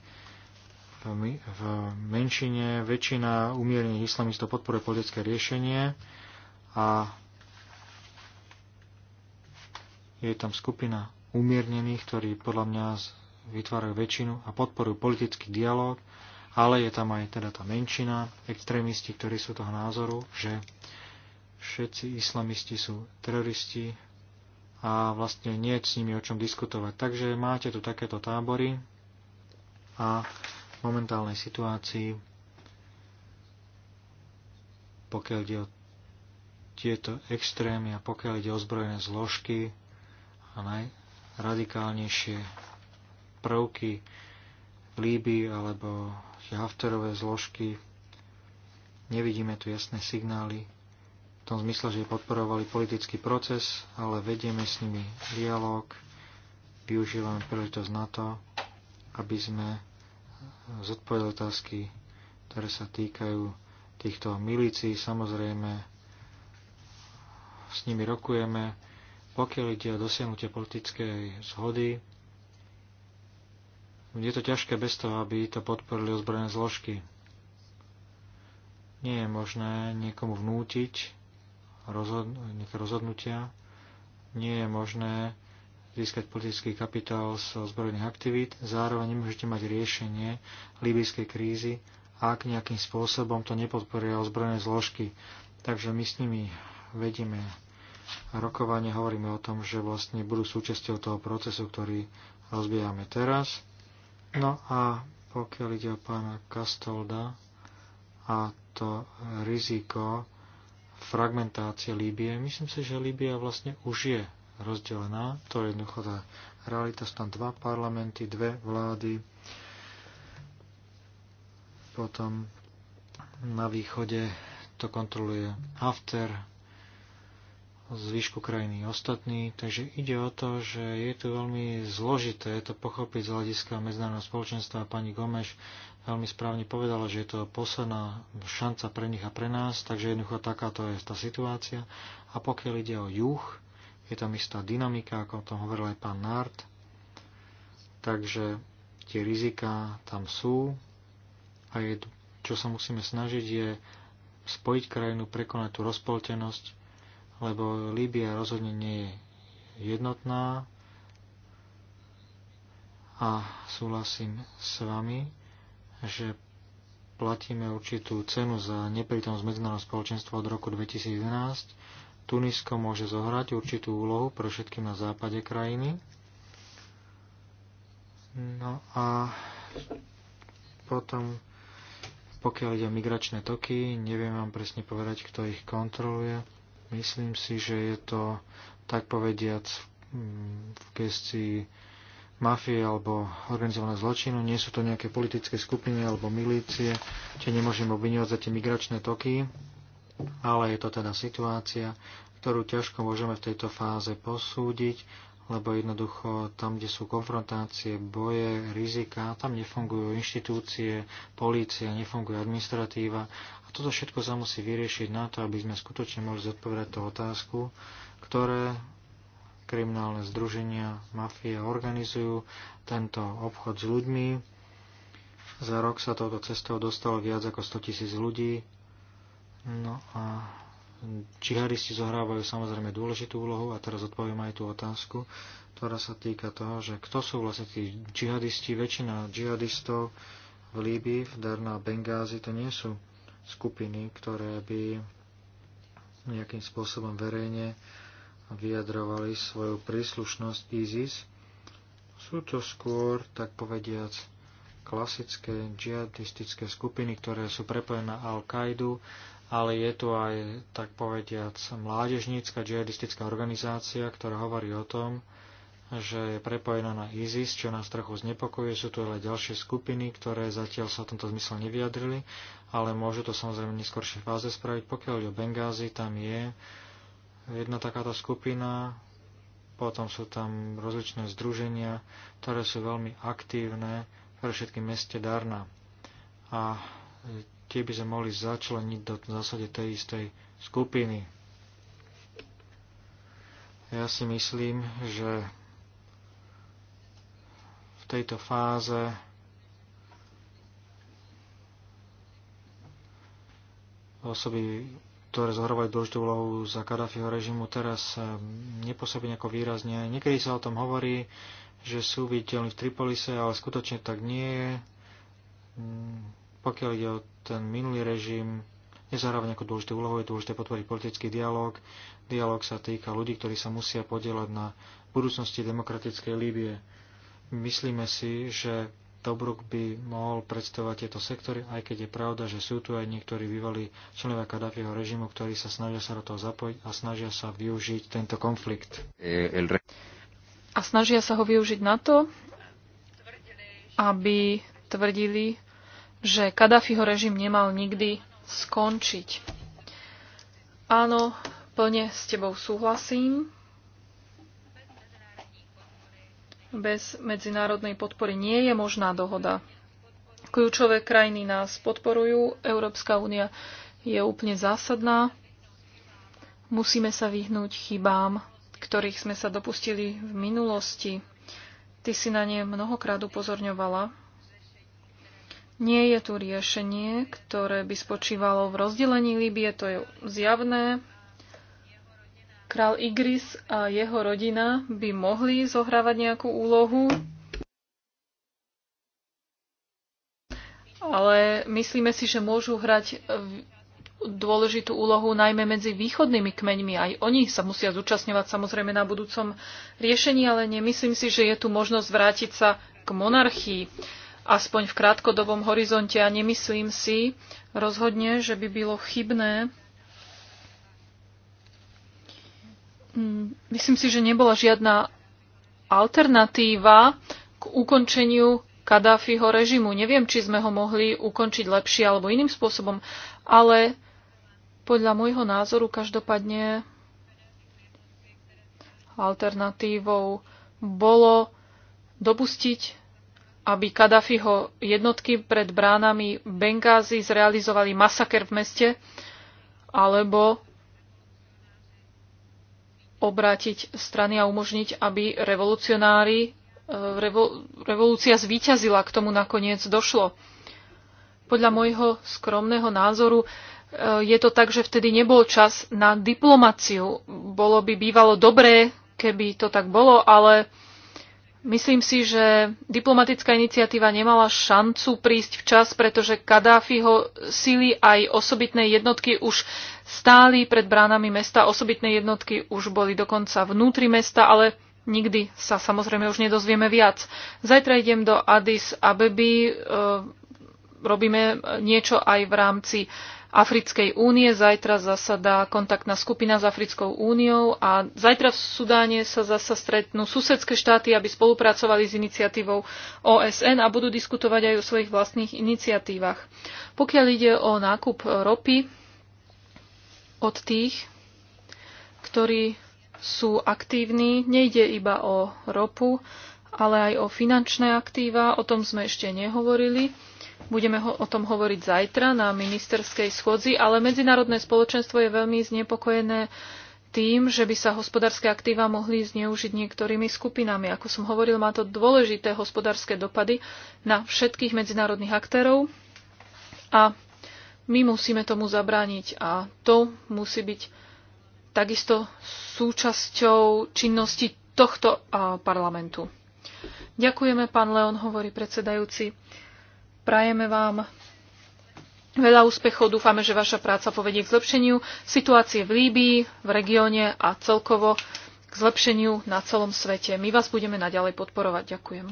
v menšine väčšina umiernených islamistov podporuje politické riešenie a je tam skupina umiernených, ktorí podľa mňa vytvárajú väčšinu a podporujú politický dialog, ale je tam aj teda tá menšina, extrémisti, ktorí sú toho názoru, že všetci islamisti sú teroristi a vlastne nie je s nimi o čom diskutovať. Takže máte tu takéto tábory a v momentálnej situácii, pokiaľ ide o tieto extrémy a pokiaľ ide o zbrojené zložky, a najradikálnejšie prvky v Líbii alebo hafterové zložky. Nevidíme tu jasné signály v tom zmysle, že podporovali politický proces, ale vedieme s nimi dialog, využívame príležitosť na to, aby sme zodpovedali otázky, ktoré sa týkajú týchto milícií. Samozrejme, s nimi rokujeme, pokiaľ ide o dosiahnutie politickej zhody, je to ťažké bez toho, aby to podporili ozbrojené zložky. Nie je možné niekomu vnútiť nejaké rozhodnutia, nie je možné získať politický kapitál z ozbrojených aktivít, zároveň nemôžete mať riešenie líbyjskej krízy, ak nejakým spôsobom to nepodporia ozbrojené zložky. Takže my s nimi vedieme rokovanie hovoríme o tom, že vlastne budú súčasťou toho procesu, ktorý rozbiehame teraz. No a pokiaľ ide o pána Kastolda a to riziko fragmentácie Líbie, myslím si, že Líbia vlastne už je rozdelená. To je jednoducho tá realita. Sú tam dva parlamenty, dve vlády. Potom na východe to kontroluje Hafter, zvyšku krajiny ostatní. Takže ide o to, že je tu veľmi zložité to pochopiť z hľadiska medzinárodného spoločenstva. Pani Gomeš veľmi správne povedala, že je to posledná šanca pre nich a pre nás, takže jednoducho takáto je tá situácia. A pokiaľ ide o juh, je tam istá dynamika, ako o tom hovoril aj pán Nart, takže tie rizika tam sú a je, čo sa musíme snažiť je spojiť krajinu, prekonať tú rozpoltenosť, lebo Líbia rozhodne nie je jednotná a súhlasím s vami, že platíme určitú cenu za neprítomnosť medzinárodného spoločenstva od roku 2011. Tunisko môže zohrať určitú úlohu pre všetkým na západe krajiny. No a potom, pokiaľ ide o migračné toky, neviem vám presne povedať, kto ich kontroluje Myslím si, že je to tak povediac v gestii mafie alebo organizované zločinu. Nie sú to nejaké politické skupiny alebo milície, čiže nemôžem obviňovať za tie migračné toky, ale je to teda situácia, ktorú ťažko môžeme v tejto fáze posúdiť lebo jednoducho tam, kde sú konfrontácie, boje, rizika, tam nefungujú inštitúcie, polícia, nefunguje administratíva. A toto všetko sa musí vyriešiť na to, aby sme skutočne mohli zodpovedať tú otázku, ktoré kriminálne združenia, mafie organizujú tento obchod s ľuďmi. Za rok sa touto cestou dostalo viac ako 100 tisíc ľudí. No a Džihadisti zohrávajú samozrejme dôležitú úlohu a teraz odpoviem aj tú otázku, ktorá sa týka toho, že kto sú vlastne tí džihadisti. Väčšina džihadistov v Líbii, v Darna a Bengázi to nie sú skupiny, ktoré by nejakým spôsobom verejne vyjadrovali svoju príslušnosť ISIS. Sú to skôr, tak povediac, klasické džihadistické skupiny, ktoré sú prepojené na Al-Kaidu ale je tu aj, tak povediac, mládežnícka džihadistická organizácia, ktorá hovorí o tom, že je prepojená na ISIS, čo nás trochu znepokojuje. Sú tu aj ďalšie skupiny, ktoré zatiaľ sa v tomto zmysle nevyjadrili, ale môžu to samozrejme neskôršie fáze spraviť. Pokiaľ je o Bengázi, tam je jedna takáto skupina, potom sú tam rozličné združenia, ktoré sú veľmi aktívne pre všetky meste Darna. A tie by sme mohli začleniť do zásade tej istej skupiny. Ja si myslím, že v tejto fáze osoby, ktoré zohrávajú dôležitú úlohu za Kadáfiho režimu, teraz eh, nepôsobí nejako výrazne. Niekedy sa o tom hovorí, že sú viditeľní v Tripolise, ale skutočne tak nie je mm, pokiaľ ide o ten minulý režim, je zároveň ako dôležité úlohou, je dôležité podporiť politický dialog. Dialog sa týka ľudí, ktorí sa musia podielať na budúcnosti demokratickej Líbie. Myslíme si, že Tobruk by mohol predstavovať tieto sektory, aj keď je pravda, že sú tu aj niektorí bývalí členovia Kadáfieho režimu, ktorí sa snažia sa do toho zapojiť a snažia sa využiť tento konflikt. A snažia sa ho využiť na to, aby tvrdili, že Kadáfiho režim nemal nikdy skončiť. Áno, plne s tebou súhlasím. Bez medzinárodnej podpory nie je možná dohoda. Kľúčové krajiny nás podporujú, Európska únia je úplne zásadná. Musíme sa vyhnúť chybám, ktorých sme sa dopustili v minulosti. Ty si na ne mnohokrát upozorňovala. Nie je tu riešenie, ktoré by spočívalo v rozdelení Líbie, to je zjavné. Král Igris a jeho rodina by mohli zohrávať nejakú úlohu, ale myslíme si, že môžu hrať dôležitú úlohu najmä medzi východnými kmeňmi. Aj oni sa musia zúčastňovať samozrejme na budúcom riešení, ale nemyslím si, že je tu možnosť vrátiť sa k monarchii aspoň v krátkodobom horizonte a nemyslím si rozhodne, že by bolo chybné. Mm, myslím si, že nebola žiadna alternatíva k ukončeniu Kadáfiho režimu. Neviem, či sme ho mohli ukončiť lepšie alebo iným spôsobom, ale podľa môjho názoru každopádne alternatívou bolo dopustiť aby Kadafiho jednotky pred bránami Bengázy zrealizovali masaker v meste, alebo obrátiť strany a umožniť, aby revolucionári, e, revo, revolúcia zvíťazila, k tomu nakoniec došlo. Podľa môjho skromného názoru e, je to tak, že vtedy nebol čas na diplomáciu. Bolo by bývalo dobré, keby to tak bolo, ale Myslím si, že diplomatická iniciatíva nemala šancu prísť včas, pretože Kadáfiho síly aj osobitné jednotky už stáli pred bránami mesta. Osobitné jednotky už boli dokonca vnútri mesta, ale nikdy sa samozrejme už nedozvieme viac. Zajtra idem do Addis Abeby, e, robíme niečo aj v rámci Africkej únie. Zajtra zasadá kontaktná skupina s Africkou úniou a zajtra v Sudáne sa zasa stretnú susedské štáty, aby spolupracovali s iniciatívou OSN a budú diskutovať aj o svojich vlastných iniciatívach. Pokiaľ ide o nákup ropy od tých, ktorí sú aktívni, nejde iba o ropu, ale aj o finančné aktíva, o tom sme ešte nehovorili. Budeme ho- o tom hovoriť zajtra na ministerskej schodzi, ale medzinárodné spoločenstvo je veľmi znepokojené tým, že by sa hospodárske aktíva mohli zneužiť niektorými skupinami. Ako som hovoril, má to dôležité hospodárske dopady na všetkých medzinárodných aktérov a my musíme tomu zabrániť a to musí byť takisto súčasťou činnosti tohto parlamentu. Ďakujeme, pán Leon, hovorí predsedajúci. Prajeme vám veľa úspechov. Dúfame, že vaša práca povedie k zlepšeniu situácie v Líbii, v regióne a celkovo k zlepšeniu na celom svete. My vás budeme naďalej podporovať. Ďakujem.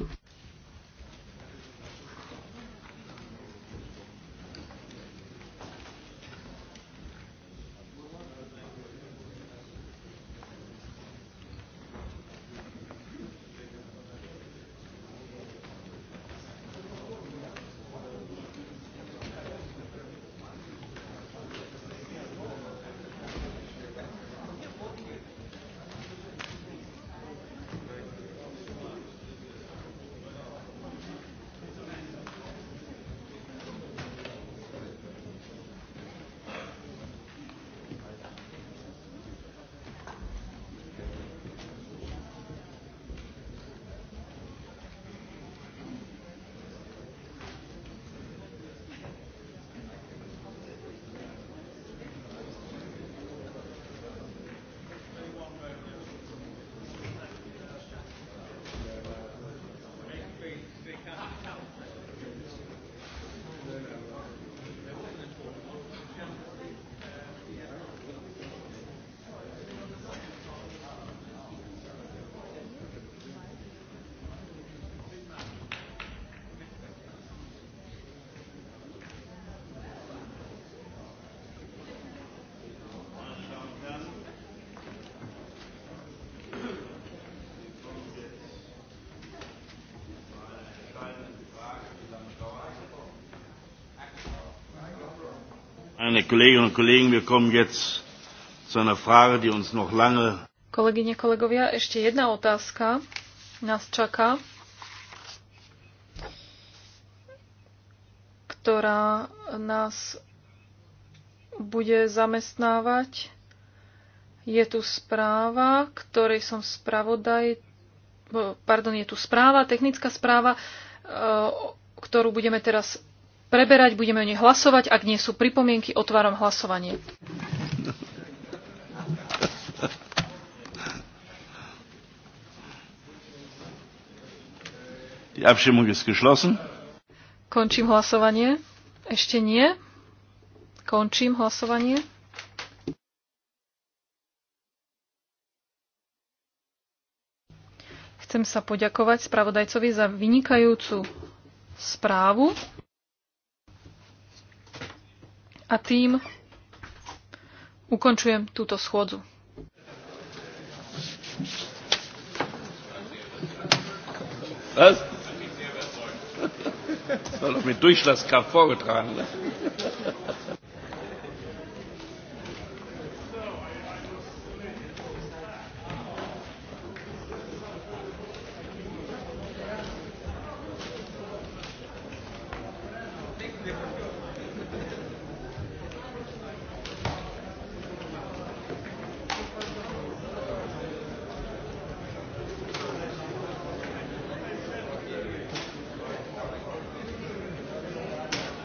Kolleginnen und Kollegen, wir kommen jetzt zu einer Frage, die uns noch lange. Kolegyne, kolegovia, ešte jedna otázka nás čaká, ktorá nás bude zamestnávať. Je tu správa, ktorej som spravodaj, pardon, je tu správa, technická správa, eh, ktorú budeme teraz preberať, budeme o nej hlasovať. Ak nie sú pripomienky, otváram hlasovanie. Ja Končím hlasovanie. Ešte nie. Končím hlasovanie. Chcem sa poďakovať spravodajcovi za vynikajúcu správu. A tým ukončujem túto schôdzu. Was? Das war doch mit Durchlasskraft vorgetragen. Ne?